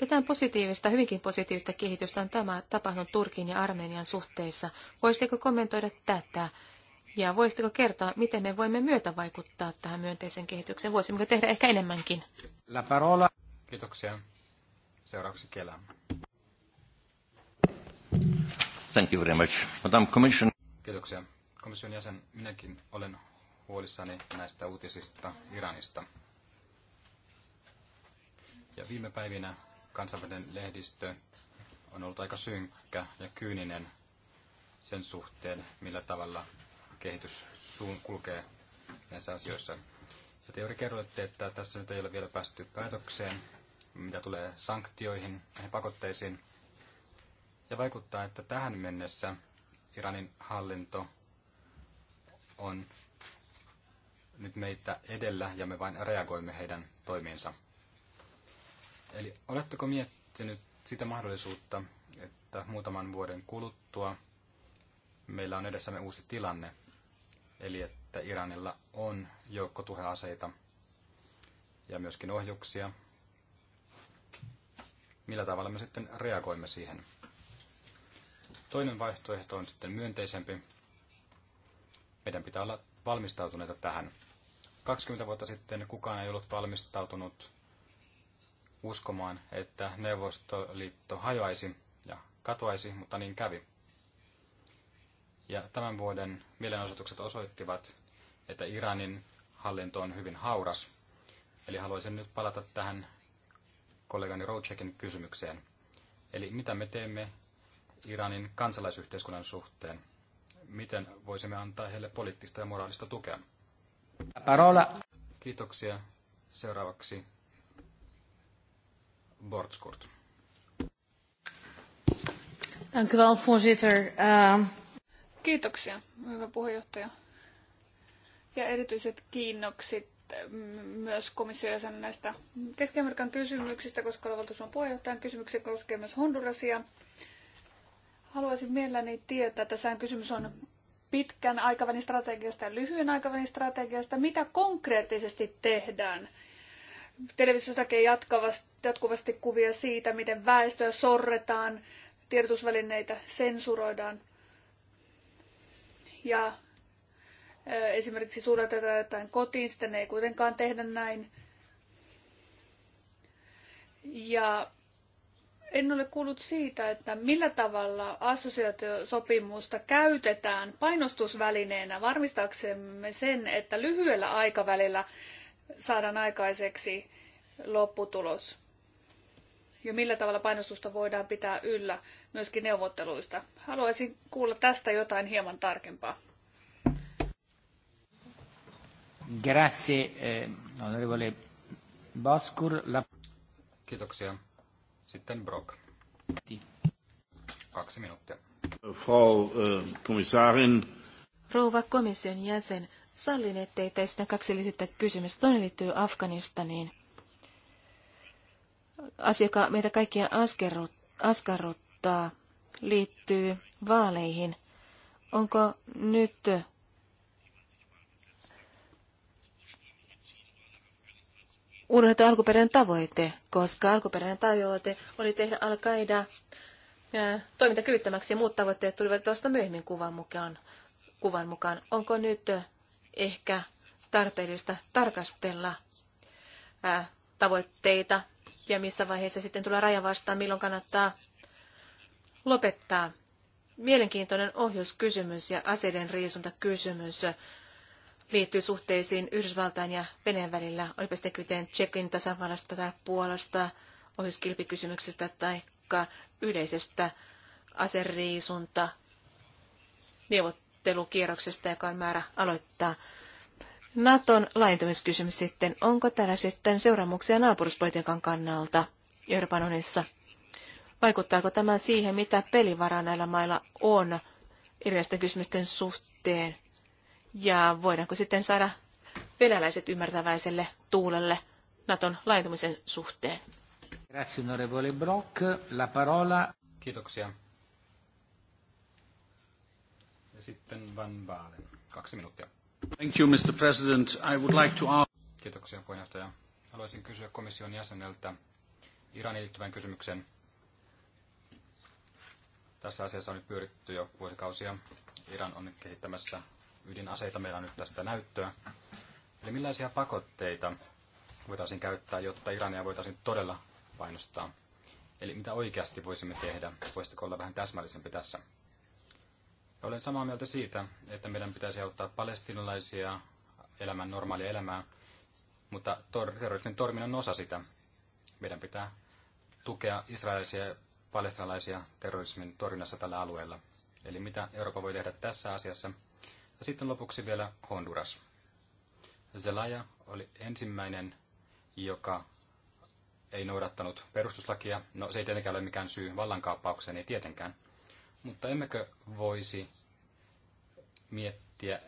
mitään positiivista, hyvinkin positiivista kehitystä on tämä tapahtunut Turkin ja Armenian suhteissa. Voisitteko kommentoida tätä? Ja voisitteko kertoa, miten me voimme myötä vaikuttaa tähän myönteiseen kehitykseen? Voisimmeko tehdä ehkä enemmänkin? La parola. Kiitoksia. Seuraavaksi kela. Thank you very much. Madam Commission. Kiitoksia. Komission jäsen, minäkin olen huolissani näistä uutisista Iranista. Ja viime päivinä kansainvälinen lehdistö on ollut aika synkkä ja kyyninen sen suhteen, millä tavalla kehitys suun kulkee näissä asioissa. Ja te juuri kerroitte, että tässä nyt ei ole vielä päästy päätökseen, mitä tulee sanktioihin, näihin pakotteisiin. Ja vaikuttaa, että tähän mennessä Iranin hallinto on nyt meitä edellä ja me vain reagoimme heidän toimiinsa. Eli oletteko miettinyt sitä mahdollisuutta, että muutaman vuoden kuluttua meillä on edessämme uusi tilanne, eli että Iranilla on joukkotuheaseita ja myöskin ohjuksia. Millä tavalla me sitten reagoimme siihen? Toinen vaihtoehto on sitten myönteisempi. Meidän pitää olla valmistautuneita tähän. 20 vuotta sitten kukaan ei ollut valmistautunut uskomaan, että Neuvostoliitto hajoaisi ja katoaisi, mutta niin kävi. Ja tämän vuoden mielenosoitukset osoittivat, että Iranin hallinto on hyvin hauras. Eli haluaisin nyt palata tähän kollegani Rochekin kysymykseen. Eli mitä me teemme Iranin kansalaisyhteiskunnan suhteen? Miten voisimme antaa heille poliittista ja moraalista tukea? Parola. Kiitoksia. Seuraavaksi Bortskort. Dank u wel, voorzitter. Ehm, Kiitoksia, hyvä puheenjohtaja. Ja erityiset kiinnokset mm, myös komission näistä Keski-Amerikan kysymyksistä, koska on puheenjohtajan kysymyksiä koskee myös Hondurasia. Haluaisin mielelläni tietää, että tässä kysymys on pitkän aikavälin strategiasta ja lyhyen aikavälin strategiasta. Mitä konkreettisesti tehdään Televisiossa näkee jatkuvasti kuvia siitä, miten väestöä sorretaan, tiedotusvälineitä sensuroidaan. Ja eh, esimerkiksi suunnitellaan jotain kotiin, sitten ei kuitenkaan tehdä näin. Ja en ole kuullut siitä, että millä tavalla assosiaatiosopimusta käytetään painostusvälineenä varmistaaksemme sen, että lyhyellä aikavälillä saadaan aikaiseksi lopputulos ja millä tavalla painostusta voidaan pitää yllä myöskin neuvotteluista. Haluaisin kuulla tästä jotain hieman tarkempaa. Grazie, eh, onorevole Boskur. La... Kiitoksia. Sitten Brock. Kaksi minuuttia. Frau eh, komissarin. Rouva komission jäsen, sallin, ettei teistä kaksi lyhyttä kysymystä. Toinen liittyy Afganistaniin. Asia, joka meitä kaikkia askarruttaa, liittyy vaaleihin. Onko nyt unohdettu alkuperäinen tavoite, koska alkuperäinen tavoite oli tehdä al toimintakyvyttömäksi ja muut tavoitteet tulivat vasta myöhemmin kuvan mukaan. Kuvan mukaan. Onko nyt ehkä tarpeellista tarkastella ää, tavoitteita ja missä vaiheessa sitten tulee raja vastaan, milloin kannattaa lopettaa. Mielenkiintoinen ohjuskysymys ja aseiden riisuntakysymys liittyy suhteisiin Yhdysvaltain ja Venäjän välillä, olipa sitten kyteen Tsekin tasavallasta tai Puolasta, ohjuskilpikysymyksestä tai yleisestä aseriisunta neuvottelusta neuvottelukierroksesta, joka on määrä aloittaa. Naton laajentumiskysymys sitten. Onko täällä sitten seuraamuksia naapuruspolitiikan kannalta Euroopan unionissa? Vaikuttaako tämä siihen, mitä pelivaraa näillä mailla on erilaisten kysymysten suhteen? Ja voidaanko sitten saada venäläiset ymmärtäväiselle tuulelle Naton laajentumisen suhteen? Grazie, Brock. La parola... Kiitoksia. Ja sitten Van Baalen. Kaksi minuuttia. Thank you, Mr. President. I would like to ask... Kiitoksia, puheenjohtaja. Haluaisin kysyä komission jäseneltä Iranin liittyvän kysymyksen. Tässä asiassa on nyt pyöritty jo vuosikausia. Iran on nyt kehittämässä ydinaseita. Meillä on nyt tästä näyttöä. Eli millaisia pakotteita voitaisiin käyttää, jotta Irania voitaisiin todella painostaa? Eli mitä oikeasti voisimme tehdä? Voisitko olla vähän täsmällisempi tässä? Olen samaa mieltä siitä, että meidän pitäisi auttaa palestinalaisia elämään normaalia elämää, mutta terrorismin on osa sitä. Meidän pitää tukea israelisia ja palestinalaisia terrorismin torjunnassa tällä alueella. Eli mitä Eurooppa voi tehdä tässä asiassa. Ja sitten lopuksi vielä Honduras. Zelaya oli ensimmäinen, joka ei noudattanut perustuslakia. No se ei tietenkään ole mikään syy vallankaappaukseen, ei tietenkään. Mutta emmekö voisi miettiä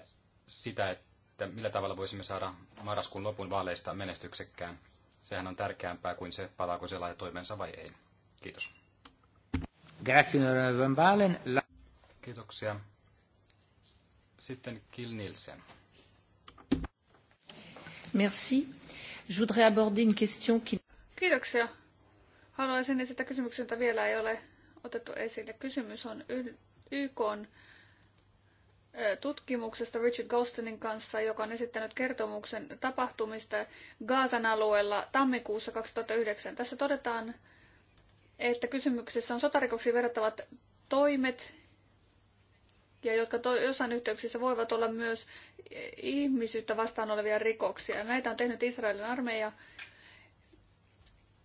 sitä, että millä tavalla voisimme saada marraskuun lopun vaaleista menestyksekkään? Sehän on tärkeämpää kuin se, palaako laaja toimensa vai ei. Kiitos. Kiitoksia. Sitten Kil Nielsen. Merci. Je voudrais aborder une question qui... Kiitoksia. Haluaisin esittää kysymyksen, jota vielä ei ole otettu esille. Kysymys on YK tutkimuksesta Richard Gostonin kanssa, joka on esittänyt kertomuksen tapahtumista Gaasan alueella tammikuussa 2009. Tässä todetaan, että kysymyksessä on sotarikoksiin verrattavat toimet, ja jotka to, jossain yhteyksissä voivat olla myös ihmisyyttä vastaan olevia rikoksia. Näitä on tehnyt Israelin armeija.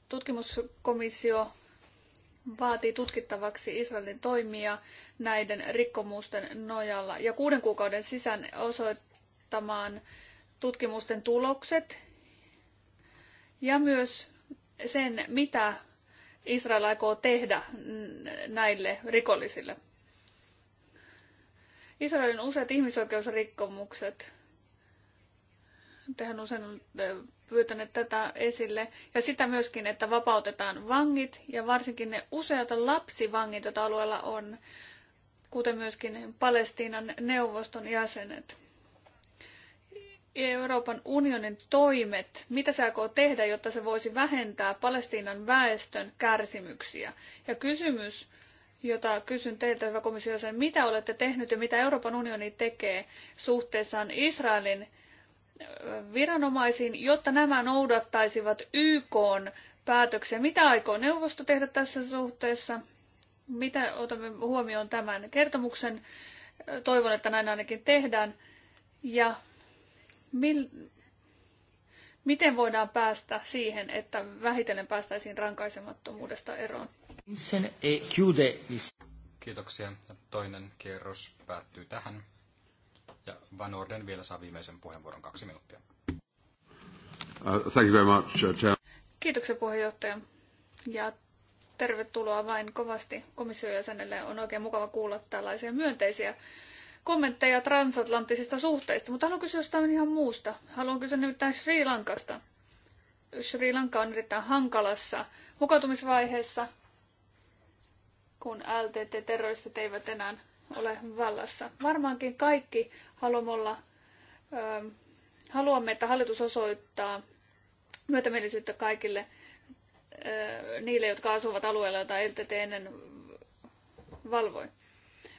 Tutkimuskomissio vaatii tutkittavaksi Israelin toimia näiden rikkomusten nojalla ja kuuden kuukauden sisään osoittamaan tutkimusten tulokset ja myös sen, mitä Israel aikoo tehdä näille rikollisille. Israelin useat ihmisoikeusrikkomukset, tehän usein pyytäneet tätä esille. Ja sitä myöskin, että vapautetaan vangit ja varsinkin ne useat lapsivangit, joita alueella on, kuten myöskin Palestiinan neuvoston jäsenet. Euroopan unionin toimet, mitä se aikoo tehdä, jotta se voisi vähentää Palestiinan väestön kärsimyksiä. Ja kysymys, jota kysyn teiltä, hyvä komissio, mitä olette tehnyt ja mitä Euroopan unioni tekee suhteessaan Israelin viranomaisiin, jotta nämä noudattaisivat YK päätöksiä. Mitä aikoo neuvosto tehdä tässä suhteessa? Mitä otamme huomioon tämän kertomuksen? Toivon, että näin ainakin tehdään. Ja mil, miten voidaan päästä siihen, että vähitellen päästäisiin rankaisemattomuudesta eroon? Eh, Kiitoksia. Toinen kierros päättyy tähän. Ja Van Orden vielä saa viimeisen puheenvuoron kaksi minuuttia. Uh, thank you very much, uh, Chair. Kiitoksia puheenjohtaja. Ja tervetuloa vain kovasti komission jäsenelle. On oikein mukava kuulla tällaisia myönteisiä kommentteja transatlanttisista suhteista, mutta haluan kysyä jostain ihan muusta. Haluan kysyä nimittäin Sri Lankasta. Sri Lanka on erittäin hankalassa mukautumisvaiheessa, kun LTT-terroristit eivät enää ole vallassa. Varmaankin kaikki haluamme olla, ö, ähm, haluamme, että hallitus osoittaa myötämielisyyttä kaikille ö, äh, niille, jotka asuvat alueella, jota LTT ennen valvoi.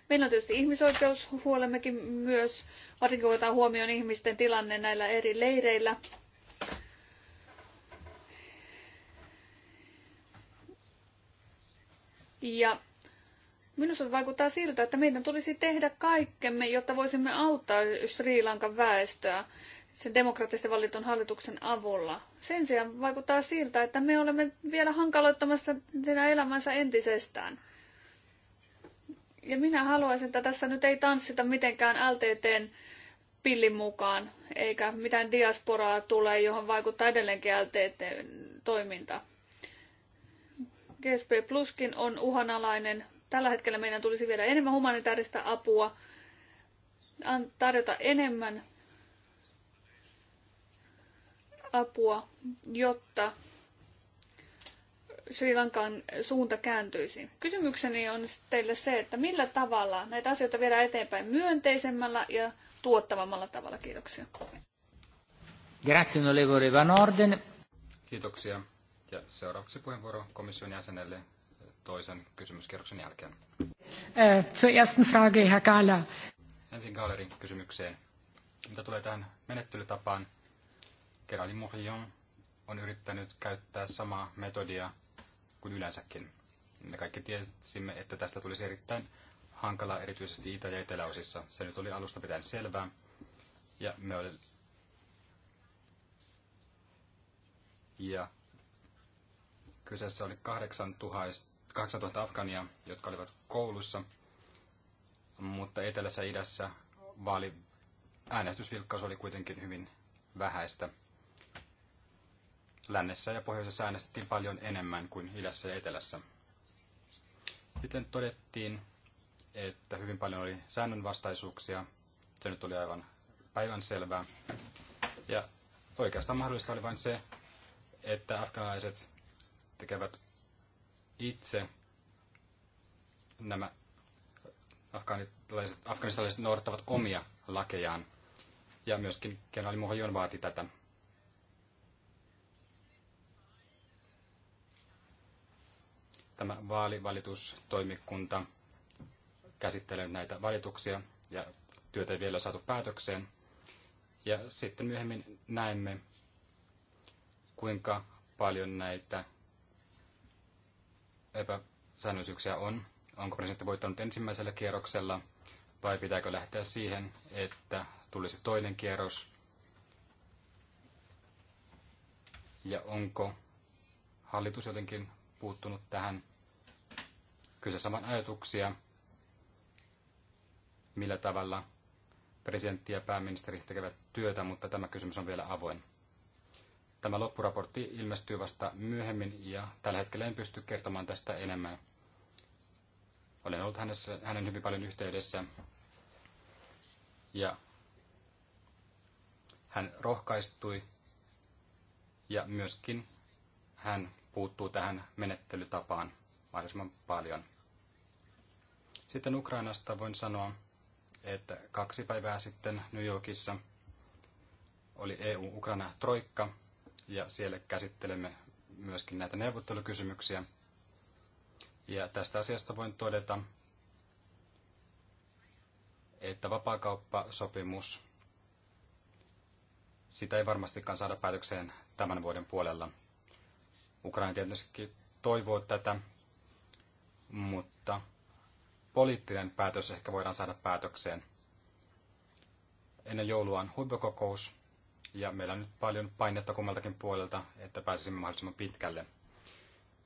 Meillä on tietysti ihmisoikeushuolemmekin myös, varsinkin kun otetaan huomioon ihmisten tilanne näillä eri leireillä. Ja Minusta vaikuttaa siltä, että meidän tulisi tehdä kaikkemme, jotta voisimme auttaa Sri Lankan väestöä sen demokraattisesti valitun hallituksen avulla. Sen sijaan vaikuttaa siltä, että me olemme vielä hankaloittamassa teidän elämänsä entisestään. Ja minä haluaisin, että tässä nyt ei tanssita mitenkään LTTn pillin mukaan, eikä mitään diasporaa tule, johon vaikuttaa edelleenkin LTTn toiminta. GSP Pluskin on uhanalainen Tällä hetkellä meidän tulisi viedä enemmän humanitaarista apua, tarjota enemmän apua, jotta Sri Lankan suunta kääntyisi. Kysymykseni on teille se, että millä tavalla näitä asioita viedään eteenpäin myönteisemmällä ja tuottavammalla tavalla. Kiitoksia. Grazie, onorevole Van Orden. Kiitoksia. Ja seuraavaksi puheenvuoro komission jäsenelle toisen kysymyskierroksen jälkeen. Äh, zur ersten Frage, Herr Gala. Ensin Galerin kysymykseen. Mitä tulee tähän menettelytapaan, Kerali Murion on yrittänyt käyttää samaa metodia kuin yleensäkin. Me kaikki tiesimme, että tästä tulisi erittäin hankala erityisesti Itä- ja Eteläosissa. Se nyt oli alusta pitäen selvää. Ja me oli... Ja kyseessä oli 8000 8000 afgania, jotka olivat koulussa, mutta etelässä ja idässä vaali äänestysvilkkaus oli kuitenkin hyvin vähäistä. Lännessä ja pohjoisessa äänestettiin paljon enemmän kuin idässä ja etelässä. Sitten todettiin, että hyvin paljon oli säännönvastaisuuksia. Se nyt oli aivan selvää. Ja oikeastaan mahdollista oli vain se, että afganalaiset tekevät itse nämä afganistalaiset, afganistalaiset noudattavat omia lakejaan. Ja myöskin kenraali Mohajon vaati tätä. Tämä vaalivalitustoimikunta käsittelee näitä valituksia ja työtä ei vielä saatu päätökseen. Ja sitten myöhemmin näemme, kuinka paljon näitä epäsäännöllisyyksiä on. Onko presidentti voittanut ensimmäisellä kierroksella vai pitääkö lähteä siihen, että tulisi toinen kierros? Ja onko hallitus jotenkin puuttunut tähän? kyse saman ajatuksia, millä tavalla presidentti ja pääministeri tekevät työtä, mutta tämä kysymys on vielä avoin. Tämä loppuraportti ilmestyy vasta myöhemmin ja tällä hetkellä en pysty kertomaan tästä enemmän. Olen ollut hänessä, hänen hyvin paljon yhteydessä ja hän rohkaistui ja myöskin hän puuttuu tähän menettelytapaan mahdollisimman paljon. Sitten Ukrainasta voin sanoa, että kaksi päivää sitten New Yorkissa oli EU-Ukraina Troikka – ja siellä käsittelemme myöskin näitä neuvottelukysymyksiä. Ja tästä asiasta voin todeta, että vapaakauppasopimus, sitä ei varmastikaan saada päätökseen tämän vuoden puolella. Ukraina tietysti toivoo tätä, mutta poliittinen päätös ehkä voidaan saada päätökseen. Ennen joulua on huippukokous, ja meillä on nyt paljon painetta kummaltakin puolelta, että pääsisimme mahdollisimman pitkälle.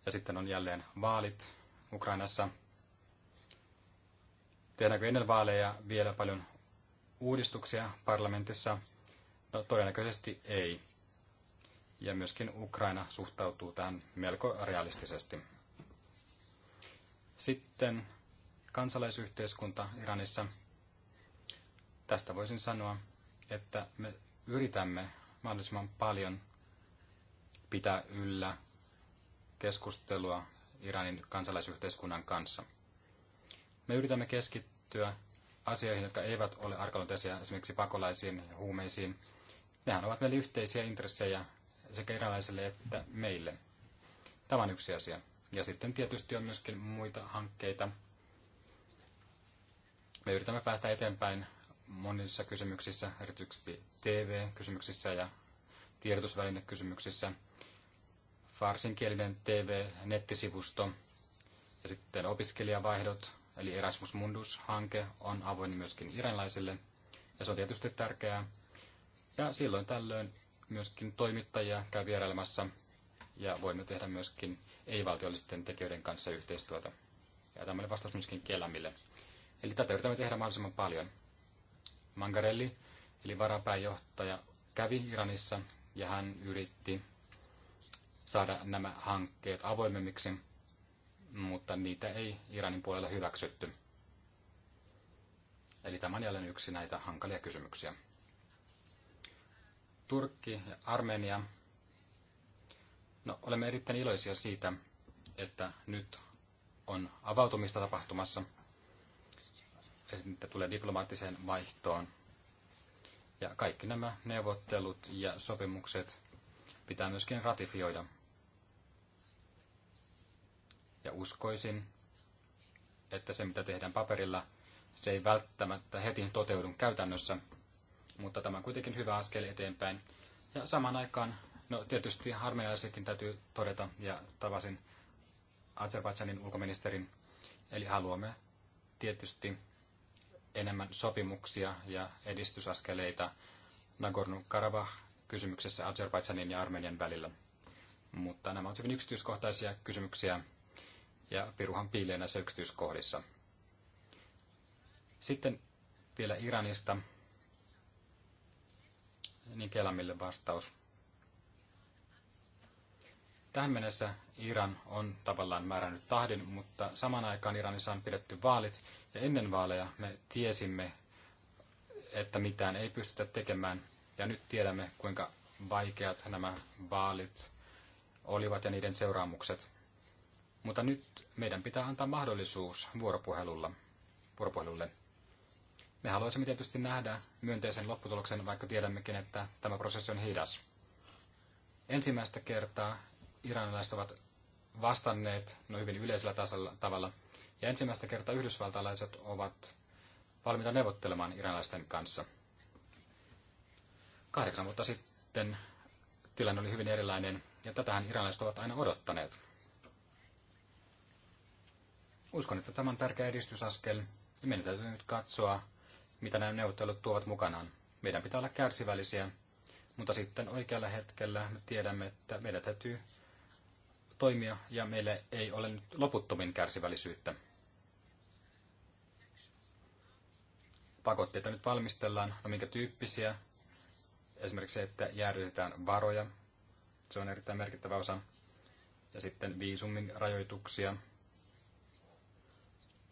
Ja sitten on jälleen vaalit Ukrainassa. Tehdäänkö ennen vaaleja vielä paljon uudistuksia parlamentissa? No todennäköisesti ei. Ja myöskin Ukraina suhtautuu tähän melko realistisesti. Sitten kansalaisyhteiskunta Iranissa. Tästä voisin sanoa, että me yritämme mahdollisimman paljon pitää yllä keskustelua Iranin kansalaisyhteiskunnan kanssa. Me yritämme keskittyä asioihin, jotka eivät ole arkaluonteisia, esimerkiksi pakolaisiin ja huumeisiin. Nehän ovat meille yhteisiä intressejä sekä iranilaisille että meille. Tämä on yksi asia. Ja sitten tietysti on myöskin muita hankkeita. Me yritämme päästä eteenpäin monissa kysymyksissä, erityisesti TV-kysymyksissä ja tiedotusvälinekysymyksissä. Farsinkielinen TV-nettisivusto ja sitten opiskelijavaihdot, eli Erasmus Mundus-hanke on avoin myöskin iranilaisille, ja se on tietysti tärkeää. Ja silloin tällöin myöskin toimittajia käy vierailemassa, ja voimme tehdä myöskin ei-valtiollisten tekijöiden kanssa yhteistyötä. Ja tämä oli vastaus myöskin kielämille. Eli tätä yritämme tehdä mahdollisimman paljon. Mangarelli, eli varapääjohtaja, kävi Iranissa ja hän yritti saada nämä hankkeet avoimemmiksi, mutta niitä ei Iranin puolella hyväksytty. Eli tämä on jälleen yksi näitä hankalia kysymyksiä. Turkki ja Armenia. No, olemme erittäin iloisia siitä, että nyt on avautumista tapahtumassa – mitä tulee diplomaattiseen vaihtoon. Ja kaikki nämä neuvottelut ja sopimukset pitää myöskin ratifioida. Ja uskoisin, että se mitä tehdään paperilla, se ei välttämättä heti toteudu käytännössä, mutta tämä on kuitenkin hyvä askel eteenpäin. Ja samaan aikaan, no tietysti armeijalaisetkin täytyy todeta, ja tavasin Azerbaidžanin ulkoministerin, eli haluamme tietysti enemmän sopimuksia ja edistysaskeleita Nagorno-Karabakh kysymyksessä Azerbaidsanin ja Armenian välillä. Mutta nämä ovat hyvin yksityiskohtaisia kysymyksiä ja piruhan piilee näissä yksityiskohdissa. Sitten vielä Iranista. Niin Kelamille vastaus. Tähän mennessä Iran on tavallaan määrännyt tahdin, mutta saman aikaan Iranissa on pidetty vaalit, ja ennen vaaleja me tiesimme, että mitään ei pystytä tekemään, ja nyt tiedämme, kuinka vaikeat nämä vaalit olivat ja niiden seuraamukset. Mutta nyt meidän pitää antaa mahdollisuus vuoropuhelulla, vuoropuhelulle. Me haluaisimme tietysti nähdä myönteisen lopputuloksen, vaikka tiedämmekin, että tämä prosessi on hidas. Ensimmäistä kertaa iranilaiset ovat vastanneet no hyvin yleisellä tasolla, tavalla. Ja ensimmäistä kertaa yhdysvaltalaiset ovat valmiita neuvottelemaan iranilaisten kanssa. Kahdeksan vuotta sitten tilanne oli hyvin erilainen, ja tätähän iranilaiset ovat aina odottaneet. Uskon, että tämä on tärkeä edistysaskel, ja meidän täytyy nyt katsoa, mitä nämä neuvottelut tuovat mukanaan. Meidän pitää olla kärsivällisiä, mutta sitten oikealla hetkellä me tiedämme, että meidän täytyy toimia ja meille ei ole nyt loputtomin kärsivällisyyttä. Pakotteita nyt valmistellaan, no minkä tyyppisiä. Esimerkiksi se, että jäädytetään varoja, se on erittäin merkittävä osa. Ja sitten viisummin rajoituksia.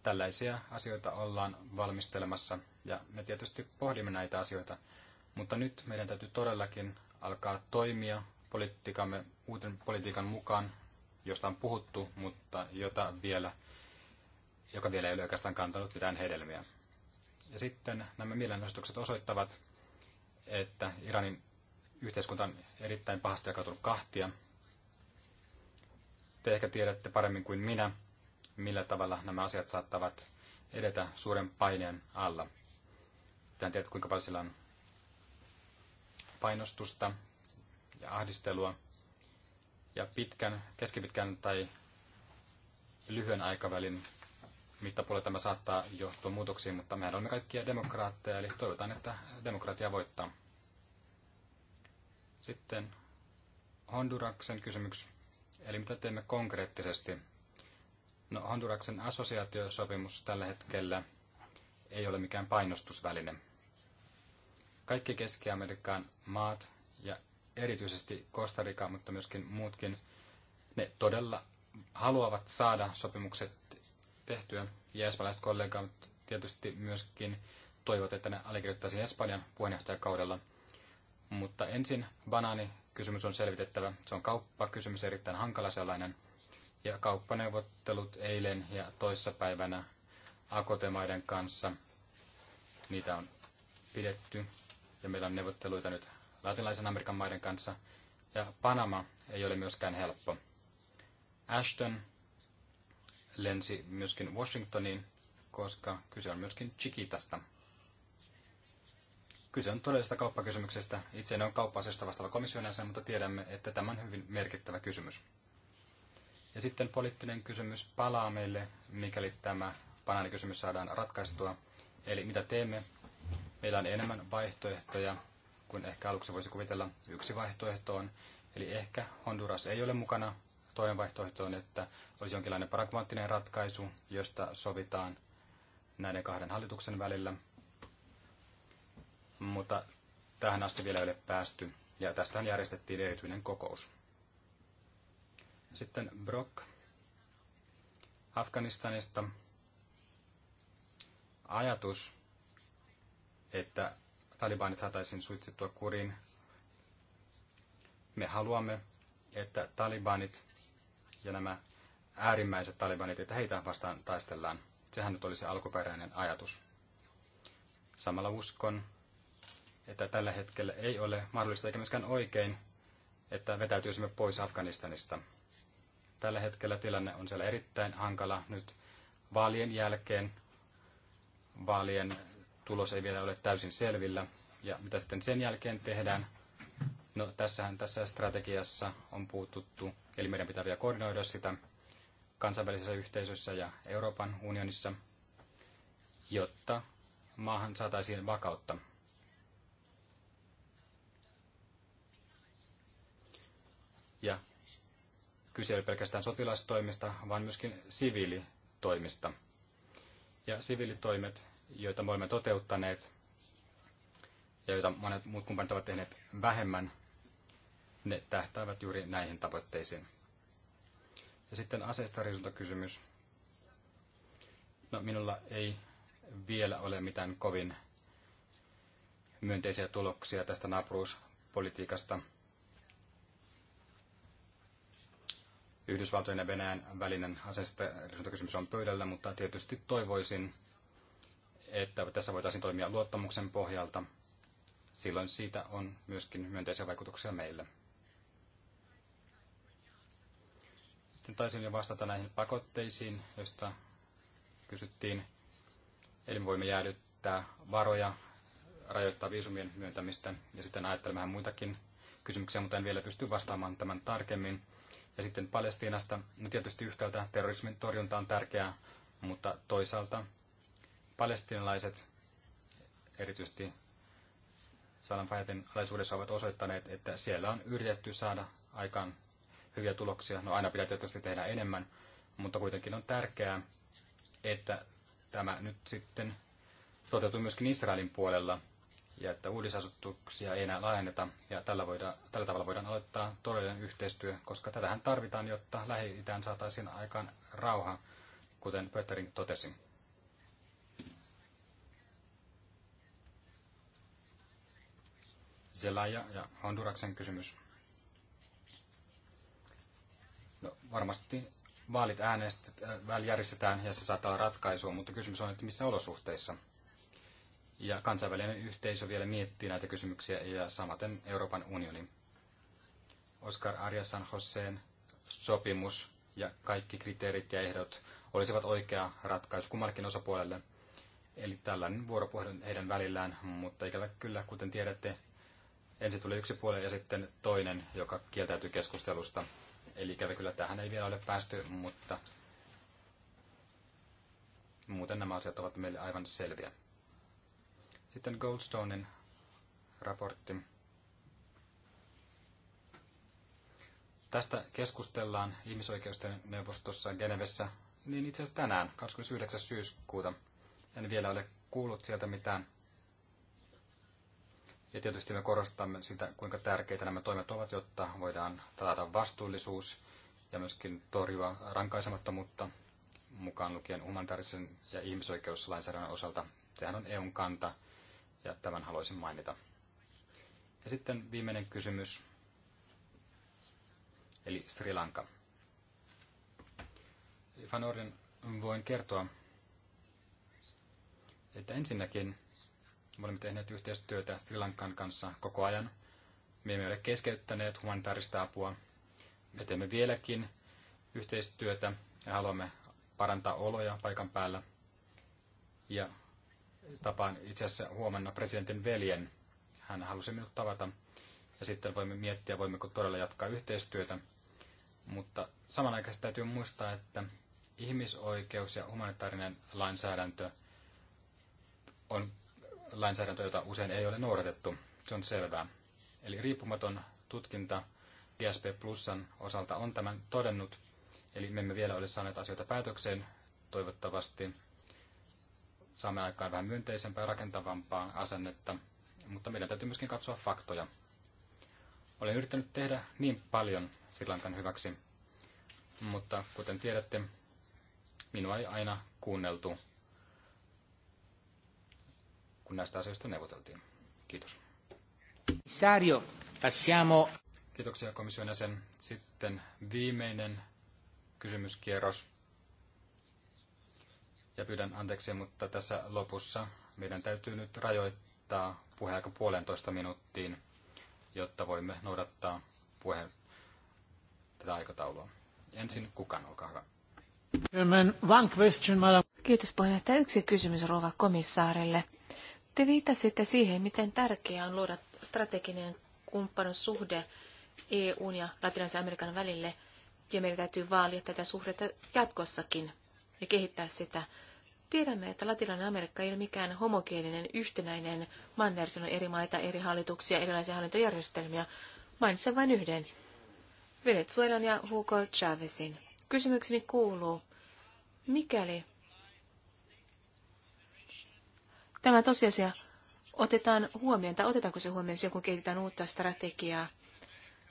Tällaisia asioita ollaan valmistelemassa ja me tietysti pohdimme näitä asioita, mutta nyt meidän täytyy todellakin alkaa toimia politiikamme, uuden politiikan mukaan josta on puhuttu, mutta jota vielä, joka vielä ei ole oikeastaan kantanut mitään hedelmiä. Ja sitten nämä mielenosoitukset osoittavat, että Iranin yhteiskunta on erittäin pahasti jakautunut kahtia. Te ehkä tiedätte paremmin kuin minä, millä tavalla nämä asiat saattavat edetä suuren paineen alla. tämä tiedät, kuinka paljon sillä on painostusta ja ahdistelua. Ja pitkän, keskipitkän tai lyhyen aikavälin mittapuolella tämä saattaa johtua muutoksiin, mutta mehän olemme kaikkia demokraatteja, eli toivotaan, että demokratia voittaa. Sitten Honduraksen kysymys, eli mitä teemme konkreettisesti. No, Honduraksen assosiaatiosopimus tällä hetkellä ei ole mikään painostusväline. Kaikki Keski-Amerikan maat ja erityisesti Costa Rica, mutta myöskin muutkin, ne todella haluavat saada sopimukset tehtyä. Ja espanjalaiset kollegat tietysti myöskin toivot, että ne allekirjoittaisiin Espanjan puheenjohtajakaudella. Mutta ensin banaani kysymys on selvitettävä. Se on kauppa kysymys erittäin hankala sellainen. Ja kauppaneuvottelut eilen ja toissapäivänä akotemaiden kanssa. Niitä on pidetty ja meillä on neuvotteluita nyt latinalaisen Amerikan maiden kanssa, ja Panama ei ole myöskään helppo. Ashton lensi myöskin Washingtoniin, koska kyse on myöskin Chiquitasta. Kyse on todellisesta kauppakysymyksestä. Itse en ole kauppa asiasta vastaava komission jäsen, mutta tiedämme, että tämä on hyvin merkittävä kysymys. Ja sitten poliittinen kysymys palaa meille, mikäli tämä banaanikysymys saadaan ratkaistua. Eli mitä teemme? Meillä on enemmän vaihtoehtoja kun ehkä aluksi voisi kuvitella yksi vaihtoehto on. Eli ehkä Honduras ei ole mukana. Toinen vaihtoehto on, että olisi jonkinlainen pragmaattinen ratkaisu, josta sovitaan näiden kahden hallituksen välillä. Mutta tähän asti vielä ei ole päästy, ja tästähän järjestettiin erityinen kokous. Sitten Brock Afganistanista. Ajatus, että talibanit saataisiin suitsittua kuriin. Me haluamme, että talibanit ja nämä äärimmäiset talibanit, että heitä vastaan taistellaan. Sehän nyt oli se alkuperäinen ajatus. Samalla uskon, että tällä hetkellä ei ole mahdollista eikä myöskään oikein, että vetäytyisimme pois Afganistanista. Tällä hetkellä tilanne on siellä erittäin hankala nyt vaalien jälkeen. Vaalien tulos ei vielä ole täysin selvillä. Ja mitä sitten sen jälkeen tehdään? No tässähän tässä strategiassa on puututtu, eli meidän pitää vielä koordinoida sitä kansainvälisessä yhteisössä ja Euroopan unionissa, jotta maahan saataisiin vakautta. Ja kyse ei ole pelkästään sotilastoimista, vaan myöskin siviilitoimista. Ja siviilitoimet joita me olemme toteuttaneet ja joita monet muut kumppanit ovat tehneet vähemmän, ne tähtäävät juuri näihin tavoitteisiin. Ja sitten aseistariisuntakysymys. No, minulla ei vielä ole mitään kovin myönteisiä tuloksia tästä naapuruuspolitiikasta. Yhdysvaltojen ja Venäjän välinen aseistariisuntakysymys on pöydällä, mutta tietysti toivoisin, että tässä voitaisiin toimia luottamuksen pohjalta. Silloin siitä on myöskin myönteisiä vaikutuksia meille. Sitten taisin jo vastata näihin pakotteisiin, joista kysyttiin. Eli voimme jäädyttää varoja, rajoittaa viisumien myöntämistä ja sitten ajattelemme vähän muitakin kysymyksiä, mutta en vielä pysty vastaamaan tämän tarkemmin. Ja sitten Palestiinasta, no tietysti yhtäältä terrorismin torjunta on tärkeää, mutta toisaalta Palestinalaiset, erityisesti Salam Fajatin alaisuudessa, ovat osoittaneet, että siellä on yritetty saada aikaan hyviä tuloksia. No aina pitää tietysti tehdä enemmän, mutta kuitenkin on tärkeää, että tämä nyt sitten toteutuu myöskin Israelin puolella ja että uudisasutuksia ei enää laajenneta ja tällä, voida, tällä tavalla voidaan aloittaa todellinen yhteistyö, koska tätähän tarvitaan, jotta Lähi-Itään saataisiin aikaan rauha, kuten Pötterin totesi. Zelaya ja Honduraksen kysymys. No, varmasti vaalit äänestetään, äh, järjestetään ja se saattaa olla mutta kysymys on, että missä olosuhteissa. Ja kansainvälinen yhteisö vielä miettii näitä kysymyksiä ja samaten Euroopan unioni. Oscar Arias San Joseen sopimus ja kaikki kriteerit ja ehdot olisivat oikea ratkaisu kummallekin osapuolelle. Eli tällainen vuoropuhelu heidän välillään, mutta ikävä kyllä, kuten tiedätte, ensin tuli yksi puoli ja sitten toinen, joka kieltäytyi keskustelusta. Eli ikävä kyllä tähän ei vielä ole päästy, mutta muuten nämä asiat ovat meille aivan selviä. Sitten Goldstonein raportti. Tästä keskustellaan ihmisoikeusten neuvostossa Genevessä, niin itse asiassa tänään, 29. syyskuuta. En vielä ole kuullut sieltä mitään, ja tietysti me korostamme sitä, kuinka tärkeitä nämä toimet ovat, jotta voidaan taata vastuullisuus ja myöskin torjua rankaisemattomuutta mukaan lukien humanitaarisen ja ihmisoikeuslainsäädännön osalta. Sehän on EUn kanta ja tämän haluaisin mainita. Ja sitten viimeinen kysymys, eli Sri Lanka. Van Orden voin kertoa, että ensinnäkin me olemme tehneet yhteistyötä Sri Lankan kanssa koko ajan. Me emme ole keskeyttäneet humanitaarista apua. Me teemme vieläkin yhteistyötä ja haluamme parantaa oloja paikan päällä. Ja tapaan itse asiassa huomenna presidentin veljen. Hän halusi minut tavata. Ja sitten voimme miettiä, voimmeko todella jatkaa yhteistyötä. Mutta samanaikaisesti täytyy muistaa, että ihmisoikeus ja humanitaarinen lainsäädäntö on lainsäädäntö, jota usein ei ole noudatettu. Se on selvää. Eli riippumaton tutkinta DSP Plusan osalta on tämän todennut. Eli me emme vielä ole saaneet asioita päätökseen. Toivottavasti saamme aikaan vähän myönteisempää, rakentavampaa asennetta, mutta meidän täytyy myöskin katsoa faktoja. Olen yrittänyt tehdä niin paljon Sillankan hyväksi, mutta kuten tiedätte, minua ei aina kuunneltu kun näistä asioista neuvoteltiin. Kiitos. Sario, passiamo. Kiitoksia komission jäsen. Sitten viimeinen kysymyskierros. Ja pyydän anteeksi, mutta tässä lopussa meidän täytyy nyt rajoittaa puheaika puolentoista minuuttiin, jotta voimme noudattaa puheen tätä aikataulua. Ensin kukaan, olkaa hyvä. Kiitos puheenjohtaja. Yksi kysymys rouva komissaarille. Te viitasitte siihen, miten tärkeää on luoda strateginen suhde EUn ja Latinalaisen Amerikan välille, ja meidän täytyy vaalia tätä suhdetta jatkossakin ja kehittää sitä. Tiedämme, että Latinalainen Amerikka ei ole mikään homogeeninen, yhtenäinen manner, on eri maita, eri hallituksia, erilaisia hallintojärjestelmiä. Mainitsen vain yhden. Venezuelan ja Hugo Chavezin. Kysymykseni kuuluu, mikäli Tämä tosiasia otetaan huomioon, tai otetaanko se huomioon silloin, kun kehitetään uutta strategiaa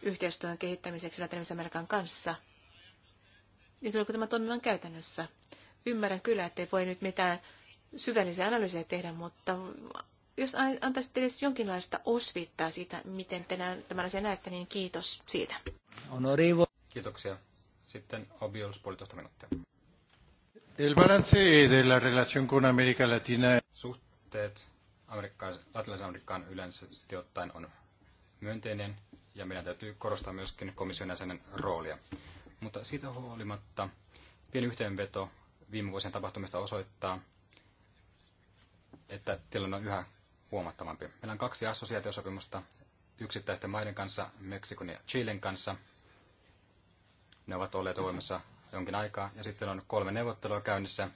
yhteistyön kehittämiseksi Latinalais-Amerikan kanssa? Niin tuleeko tämä toimimaan käytännössä? Ymmärrän kyllä, että ei voi nyt mitään syvällisiä analyysejä tehdä, mutta jos antaisitte edes jonkinlaista osvittaa siitä, miten te tämän asian näette, niin kiitos siitä. Onorivo. Kiitoksia. Sitten Obiolus puolitoista minuuttia. El balance de la relación con América Latina. Suht suhteet Latinalaisen Amerikkaan yleensä ottaen on myönteinen ja meidän täytyy korostaa myöskin komission jäsenen roolia. Mutta siitä huolimatta pieni yhteenveto viime vuosien tapahtumista osoittaa, että tilanne on yhä huomattavampi. Meillä on kaksi assosiaatiosopimusta yksittäisten maiden kanssa, Meksikon ja Chilen kanssa. Ne ovat olleet voimassa jonkin aikaa. Ja sitten on kolme neuvottelua käynnissä,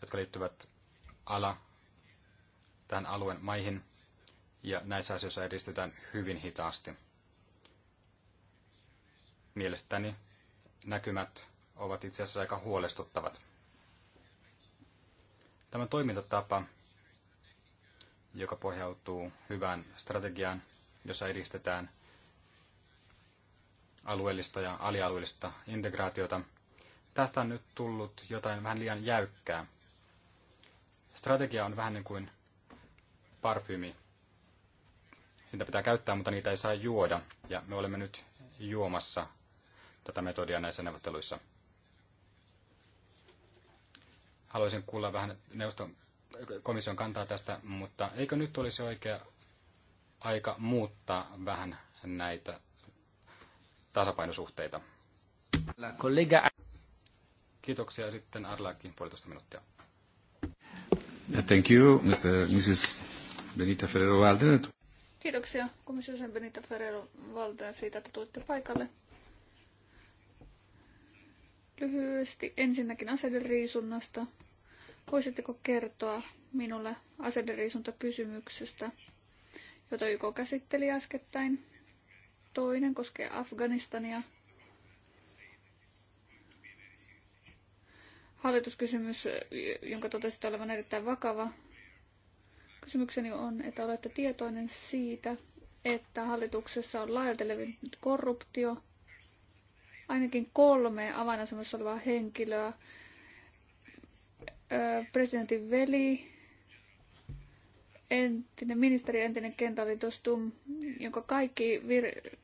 jotka liittyvät ala- tähän alueen maihin, ja näissä asioissa edistytään hyvin hitaasti. Mielestäni näkymät ovat itse asiassa aika huolestuttavat. Tämä toimintatapa, joka pohjautuu hyvään strategiaan, jossa edistetään alueellista ja alialueellista integraatiota, tästä on nyt tullut jotain vähän liian jäykkää. Strategia on vähän niin kuin parfyymi. Niitä pitää käyttää, mutta niitä ei saa juoda. Ja me olemme nyt juomassa tätä metodia näissä neuvotteluissa. Haluaisin kuulla vähän neuvoston komission kantaa tästä, mutta eikö nyt olisi oikea aika muuttaa vähän näitä tasapainosuhteita? Kollega. Kiitoksia sitten Arlaakin puolitoista minuuttia. Thank you, Mr. Mrs. Benita Ferrero Valtinen. Kiitoksia komission Benita Ferrero Valtinen siitä, että tulitte paikalle. Lyhyesti ensinnäkin aseiden riisunnasta. Voisitteko kertoa minulle aseiden riisuntakysymyksestä, jota YK käsitteli äskettäin? Toinen koskee Afganistania. Hallituskysymys, jonka totesitte olevan erittäin vakava, Kysymykseni on, että olette tietoinen siitä, että hallituksessa on laajalti levinnyt korruptio. Ainakin kolme avainasemassa olevaa henkilöä. Presidentin veli, entinen ministeri, entinen kenraali Dostum, jonka kaikki, vir-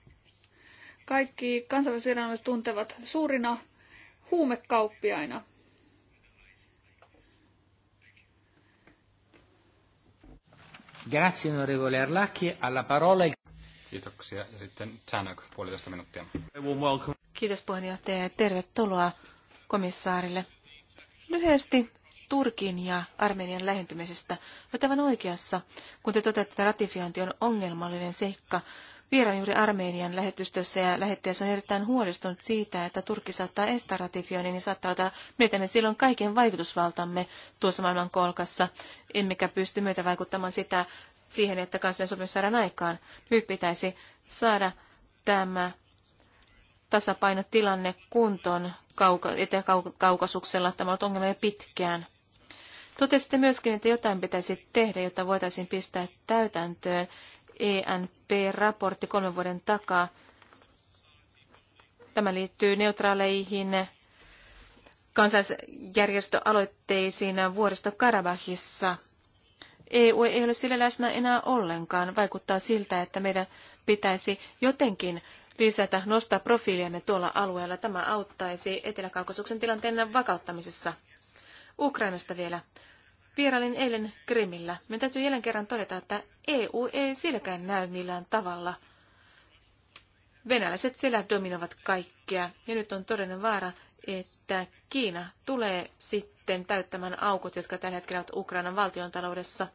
kaikki kansainväliset viranomaiset tuntevat suurina huumekauppiaina. Grazie, onorevole Arlacchi. Alla parola... Kiitoksia. Ja sitten Chanok, puolitoista minuuttia. Kiitos puheenjohtaja ja tervetuloa komissaarille. Lyhyesti Turkin ja Armenian lähentymisestä. Olet aivan oikeassa, kun te toteatte, että ratifiointi on ongelmallinen seikka Vieraan juuri Armenian lähetystössä ja lähettiäs on erittäin huolestunut siitä, että Turkki saattaa estää ratifioinnin niin saattaa olla, menetämme silloin kaiken vaikutusvaltamme tuossa maailman kolkassa, emmekä pysty myötä vaikuttamaan sitä siihen, että kansainvälinen sopimus saadaan aikaan. Nyt pitäisi saada tämä tasapainotilanne kuntoon kauka- Etelä-Kaukasuksella. Tämä on ongelma jo pitkään. Totesitte myöskin, että jotain pitäisi tehdä, jotta voitaisiin pistää täytäntöön ENP-raportti kolmen vuoden takaa. Tämä liittyy neutraaleihin kansalaisjärjestöaloitteisiin vuodesta Karabahissa. EU ei ole sillä läsnä enää ollenkaan. Vaikuttaa siltä, että meidän pitäisi jotenkin lisätä, nostaa profiiliamme tuolla alueella. Tämä auttaisi Etelä-Kaukasuksen tilanteen vakauttamisessa. Ukrainasta vielä. Vierailin eilen Krimillä. Minun täytyy jälleen kerran todeta, että EU ei silläkään näy millään tavalla. Venäläiset siellä dominovat kaikkea, ja nyt on todellinen vaara, että Kiina tulee sitten täyttämään aukot, jotka tällä hetkellä ovat Ukrainan valtion taloudessa,